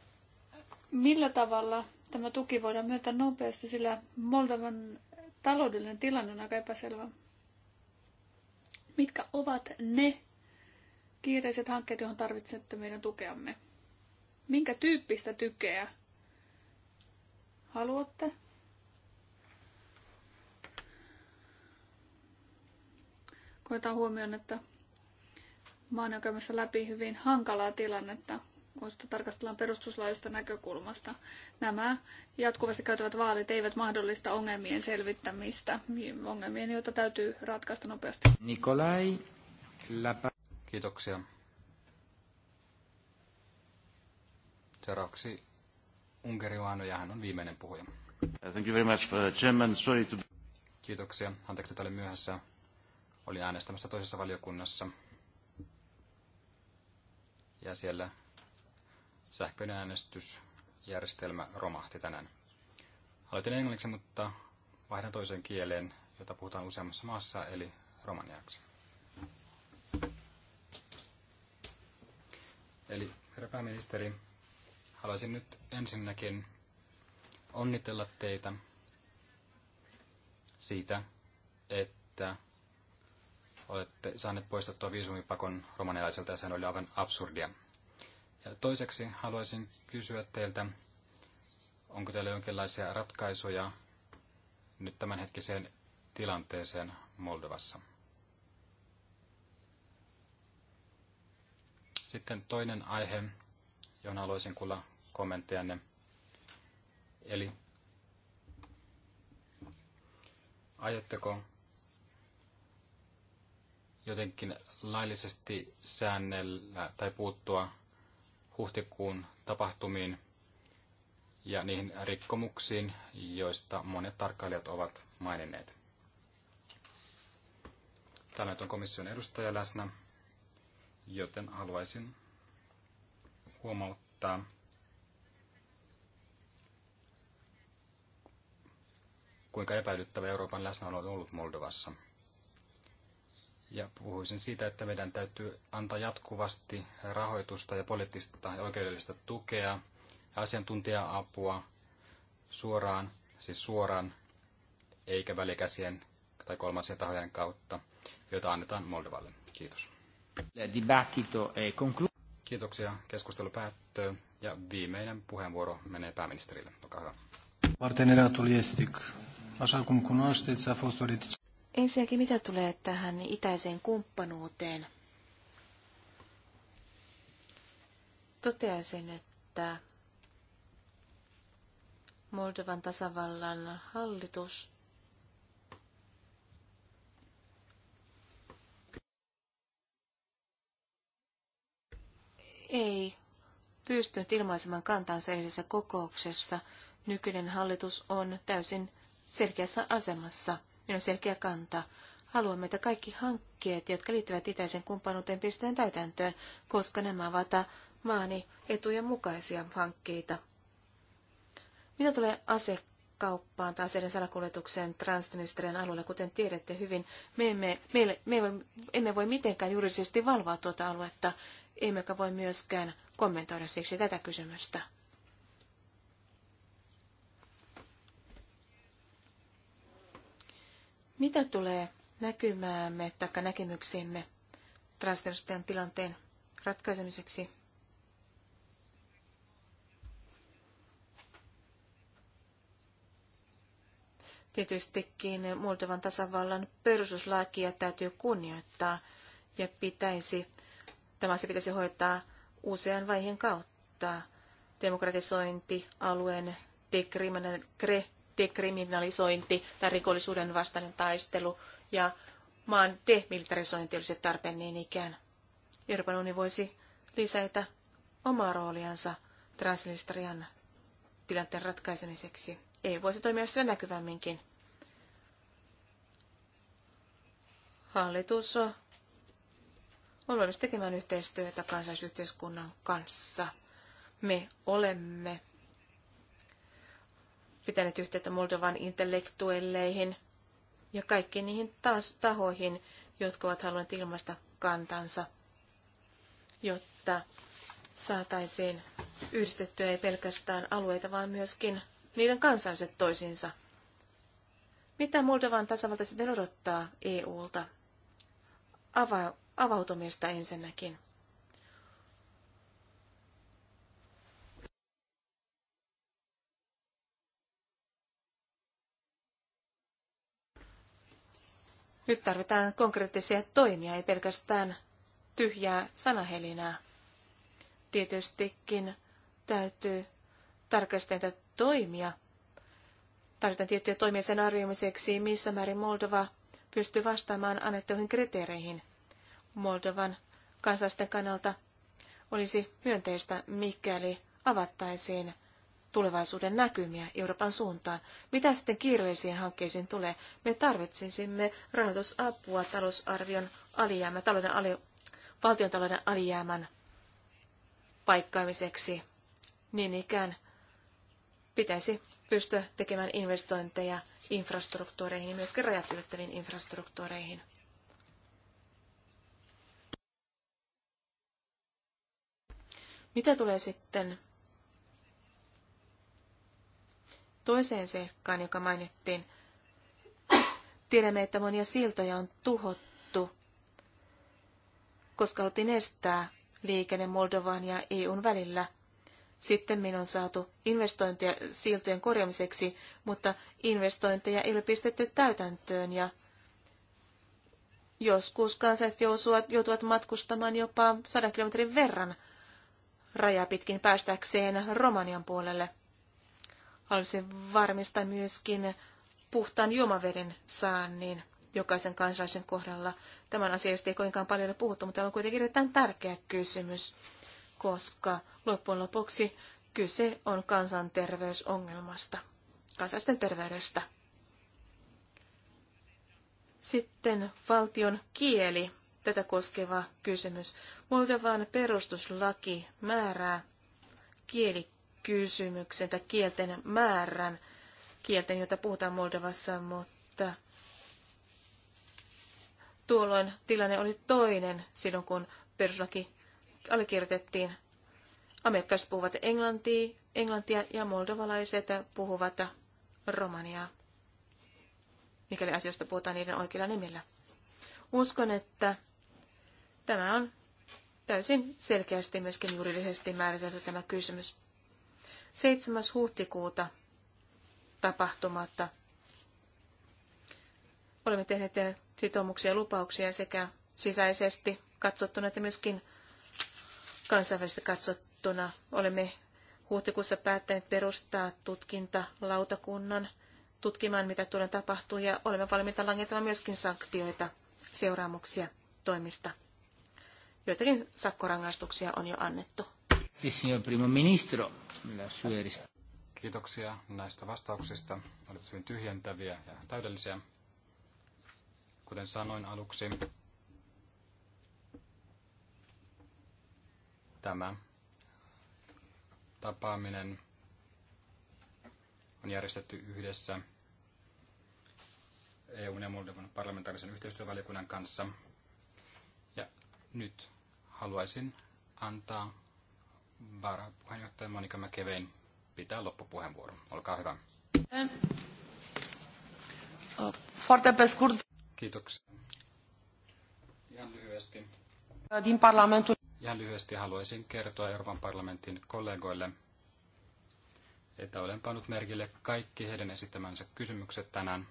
millä tavalla tämä tuki voidaan myöntää nopeasti, sillä Moldovan taloudellinen tilanne on aika epäselvä. Mitkä ovat ne kiireiset hankkeet, johon tarvitsette meidän tukeamme? Minkä tyyppistä tykeä haluatte? kun otetaan huomioon, että maa on käymässä läpi hyvin hankalaa tilannetta, kun sitä tarkastellaan perustuslaista näkökulmasta. Nämä jatkuvasti käytävät vaalit eivät mahdollista ongelmien selvittämistä, ongelmien, joita täytyy ratkaista nopeasti. Nikolai Läpä. Kiitoksia. Seuraavaksi Laano, ja hän on viimeinen puhuja. Thank you very much, uh, Chairman. Sorry to... Kiitoksia. Anteeksi, että olin myöhässä oli äänestämässä toisessa valiokunnassa. Ja siellä sähköinen äänestysjärjestelmä romahti tänään. Aloitin englanniksi, mutta vaihdan toiseen kieleen, jota puhutaan useammassa maassa, eli romaniaksi. Eli herra pääministeri, haluaisin nyt ensinnäkin onnitella teitä siitä, että olette saaneet poistettua viisumipakon romanialaiselta ja sehän oli aivan absurdia. Ja toiseksi haluaisin kysyä teiltä, onko teillä jonkinlaisia ratkaisuja nyt tämänhetkiseen tilanteeseen Moldovassa? Sitten toinen aihe, johon haluaisin kuulla kommenttejanne. Eli aiotteko jotenkin laillisesti säännellä tai puuttua huhtikuun tapahtumiin ja niihin rikkomuksiin, joista monet tarkkailijat ovat maininneet. Täällä nyt on komission edustaja läsnä, joten haluaisin huomauttaa kuinka epäilyttävä Euroopan läsnäolo on ollut Moldovassa – ja puhuisin siitä, että meidän täytyy antaa jatkuvasti rahoitusta ja poliittista ja oikeudellista tukea, asiantuntija-apua suoraan, siis suoraan, eikä välikäsien tai kolmansien tahojen kautta, joita annetaan Moldovalle. Kiitos. Kiitoksia. Keskustelu päättyy ja viimeinen puheenvuoro menee pääministerille. Olkaa hyvä. Parteneriatul estic, așa cum cunoașteți, a fost Ensinnäkin mitä tulee tähän itäiseen kumppanuuteen? Toteaisin, että Moldovan tasavallan hallitus ei pystynyt ilmaisemaan kantansa edellisessä kokouksessa. Nykyinen hallitus on täysin selkeässä asemassa – Meillä on selkeä kanta. Haluamme, että kaikki hankkeet, jotka liittyvät itäisen kumppanuuteen, pistetään täytäntöön, koska nämä ovat maani etujen mukaisia hankkeita. Mitä tulee asekauppaan tai aseiden salakuljetukseen Transnistrian alueella, kuten tiedätte hyvin, me emme, me, me emme, emme voi mitenkään juridisesti valvoa tuota aluetta, emmekä voi myöskään kommentoida siksi tätä kysymystä. Mitä tulee näkymäämme tai näkemyksiimme transversitian tilanteen ratkaisemiseksi? Tietystikin Moldovan tasavallan perustuslakia täytyy kunnioittaa ja pitäisi, tämä se pitäisi hoitaa usean vaiheen kautta. Demokratisointi, alueen dekriminalisointi, dekriminalisointi tai rikollisuuden vastainen taistelu ja maan demilitarisointi olisi tarpeen niin ikään. Euroopan unioni voisi lisätä omaa rooliansa Transnistrian tilanteen ratkaisemiseksi. Ei voisi toimia sillä näkyvämminkin. Hallitus on valmis tekemään yhteistyötä kansalaisyhteiskunnan kanssa. Me olemme pitäneet yhteyttä Moldovan intellektuelleihin ja kaikkiin niihin taas tahoihin, jotka ovat halunneet ilmaista kantansa, jotta saataisiin yhdistettyä ei pelkästään alueita, vaan myöskin niiden kansalliset toisiinsa. Mitä Moldovan tasavalta sitten odottaa EUlta? Ava- avautumista ensinnäkin. Nyt tarvitaan konkreettisia toimia, ei pelkästään tyhjää sanahelinää. Tietystikin täytyy tarkastella toimia. Tarvitaan tiettyjä toimia sen arvioimiseksi, missä määrin Moldova pystyy vastaamaan annettuihin kriteereihin. Moldovan kansalaisten kannalta olisi myönteistä, mikäli avattaisiin tulevaisuuden näkymiä Euroopan suuntaan. Mitä sitten kiireellisiin hankkeisiin tulee? Me tarvitsisimme rahoitusapua talousarvion alijäämä, talouden ali, valtiontalouden alijäämän paikkaamiseksi. Niin ikään pitäisi pystyä tekemään investointeja infrastruktuureihin ja myöskin rajat ylittäviin infrastruktuureihin. Mitä tulee sitten toiseen seikkaan, joka mainittiin. Tiedämme, että monia siltoja on tuhottu, koska haluttiin estää liikenne Moldovan ja EUn välillä. Sitten minun on saatu investointeja siltojen korjaamiseksi, mutta investointeja ei ole pistetty täytäntöön ja joskus kansalaiset joutuvat matkustamaan jopa 100 kilometrin verran rajaa pitkin päästäkseen Romanian puolelle. Haluaisin varmistaa myöskin puhtaan juomaveden saannin jokaisen kansalaisen kohdalla. Tämän asian ei kovinkaan paljon ole puhuttu, mutta tämä on kuitenkin erittäin tärkeä kysymys, koska loppujen lopuksi kyse on kansanterveysongelmasta, kansalaisten terveydestä. Sitten valtion kieli, tätä koskeva kysymys. Moldovan perustuslaki määrää kieli kysymyksen tai kielten määrän, kielten, jota puhutaan Moldovassa, mutta tuolloin tilanne oli toinen silloin, kun peruslaki allekirjoitettiin. Amerikkalaiset puhuvat englantia, englantia ja moldovalaiset puhuvat romaniaa, mikäli asioista puhutaan niiden oikeilla nimillä. Uskon, että tämä on täysin selkeästi myöskin juridisesti määritelty tämä kysymys. 7. huhtikuuta tapahtumatta. Olemme tehneet sitoumuksia ja lupauksia sekä sisäisesti katsottuna että myöskin kansainvälisesti katsottuna. Olemme huhtikuussa päättäneet perustaa tutkintalautakunnan tutkimaan, mitä tulee tapahtuu, ja olemme valmiita langettamaan myöskin sanktioita, seuraamuksia toimista. Joitakin sakkorangaistuksia on jo annettu. Kiitoksia näistä vastauksista. Olivat hyvin tyhjentäviä ja täydellisiä. Kuten sanoin aluksi, tämä tapaaminen on järjestetty yhdessä EUn ja Moldovan parlamentaarisen yhteistyövaliokunnan kanssa. Ja nyt haluaisin antaa varapuheenjohtaja Monika Mäkevein pitää loppupuheenvuoron. Olkaa hyvä. Kiitoksia. Ihan lyhyesti. Ihan lyhyesti haluaisin kertoa Euroopan parlamentin kollegoille, että olen pannut merkille kaikki heidän esittämänsä kysymykset tänään.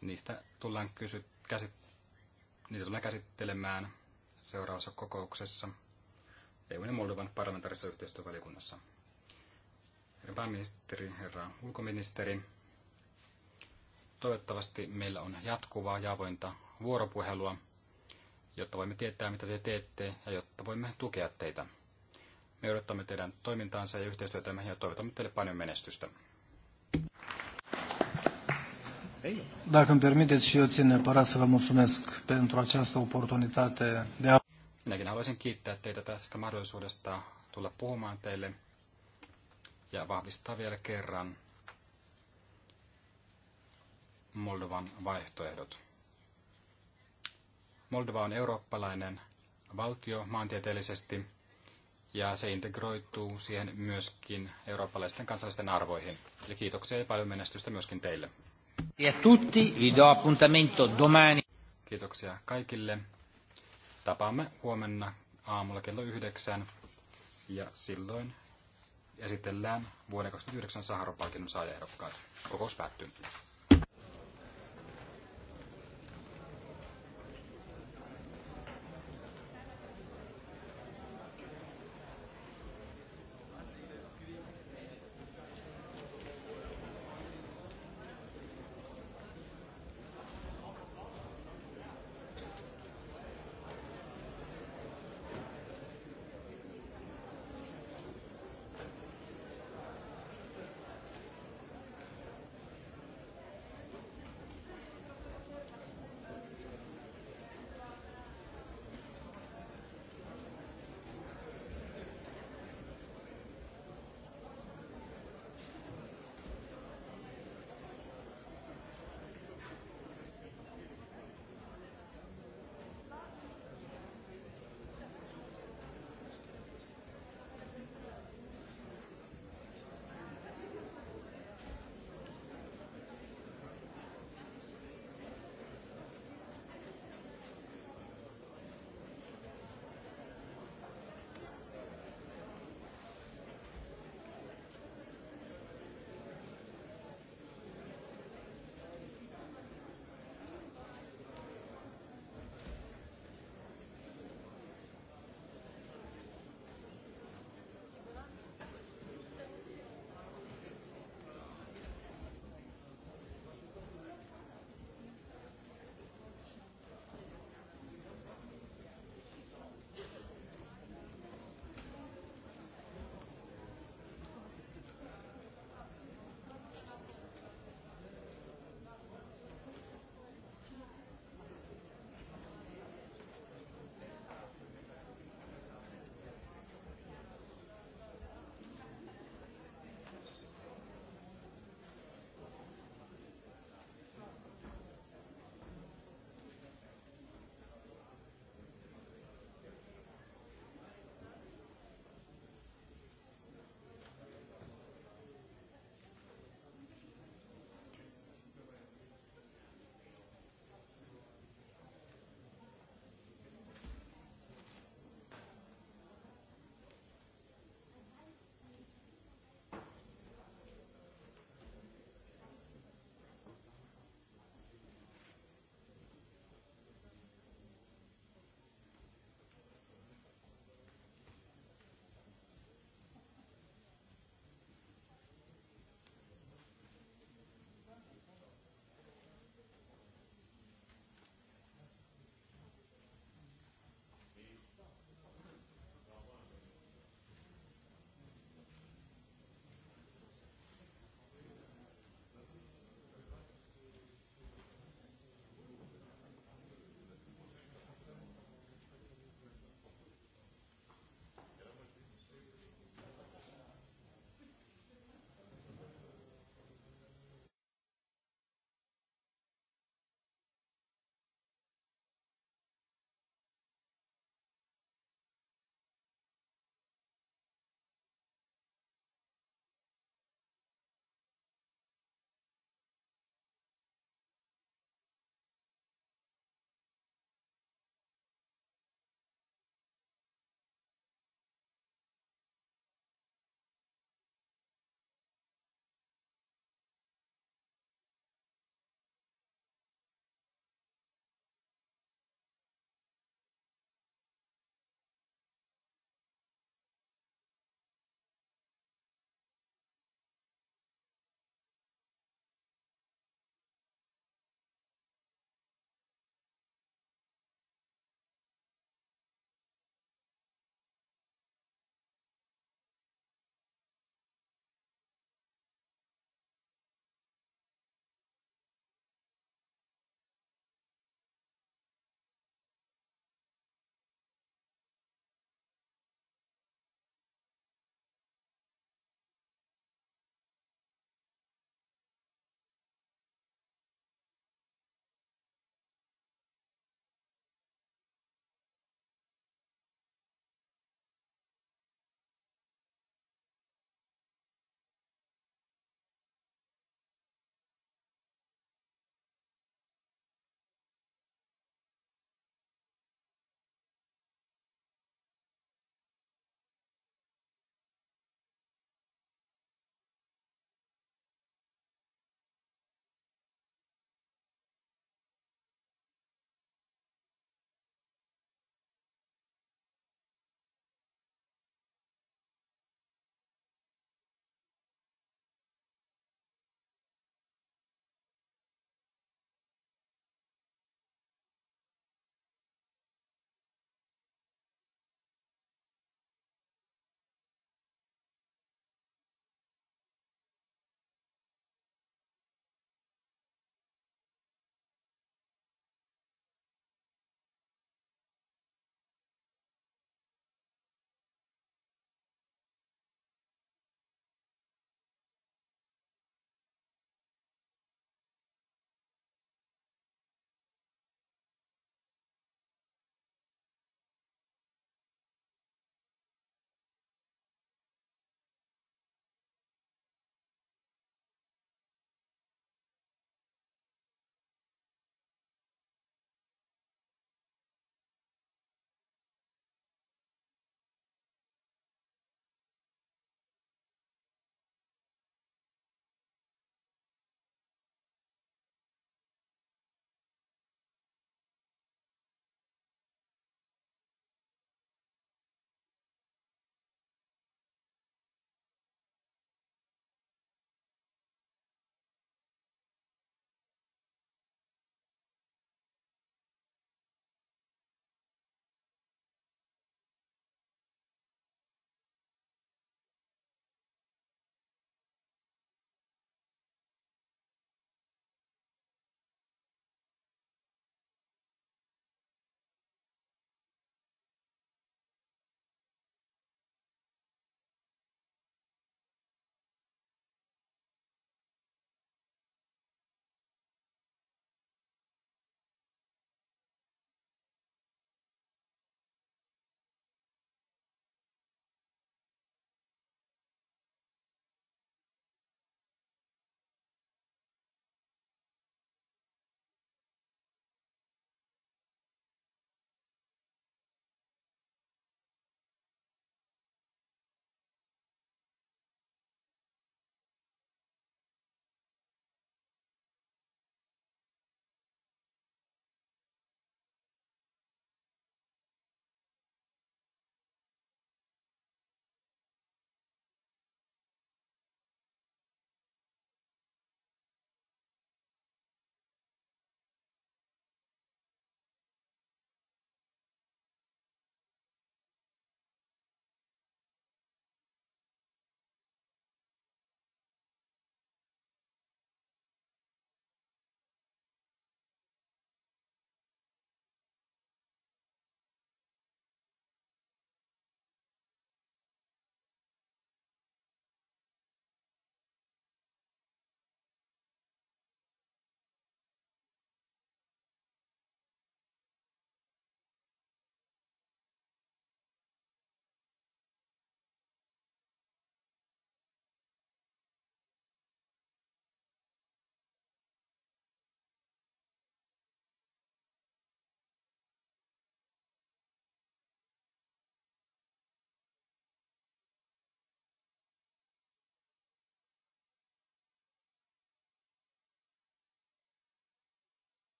Niistä tullaan, kysy, käsit, niitä tullaan käsittelemään seuraavassa kokouksessa. EU- ja Moldovan parlamentaarisessa yhteistyövaliokunnassa. Herra pääministeri, herra ulkoministeri, toivottavasti meillä on jatkuvaa ja avointa vuoropuhelua, jotta voimme tietää, mitä te teette ja jotta voimme tukea teitä. Me odottamme teidän toimintaansa ja yhteistyötämme ja toivotamme teille paljon menestystä. Dacă îmi permiteți și eu țin neapărat să vă mulțumesc pentru această oportunitate de a... Minäkin haluaisin kiittää teitä tästä mahdollisuudesta tulla puhumaan teille ja vahvistaa vielä kerran Moldovan vaihtoehdot. Moldova on eurooppalainen valtio maantieteellisesti ja se integroituu siihen myöskin eurooppalaisten kansallisten arvoihin. Eli kiitoksia ja paljon menestystä myöskin teille. Ja tutti, vi do appuntamento domani. Kiitoksia kaikille. Tapaamme huomenna aamulla kello yhdeksän ja silloin esitellään vuoden 2009 Saharopalkinnon saajaehdokkaat. Kokous päättyy.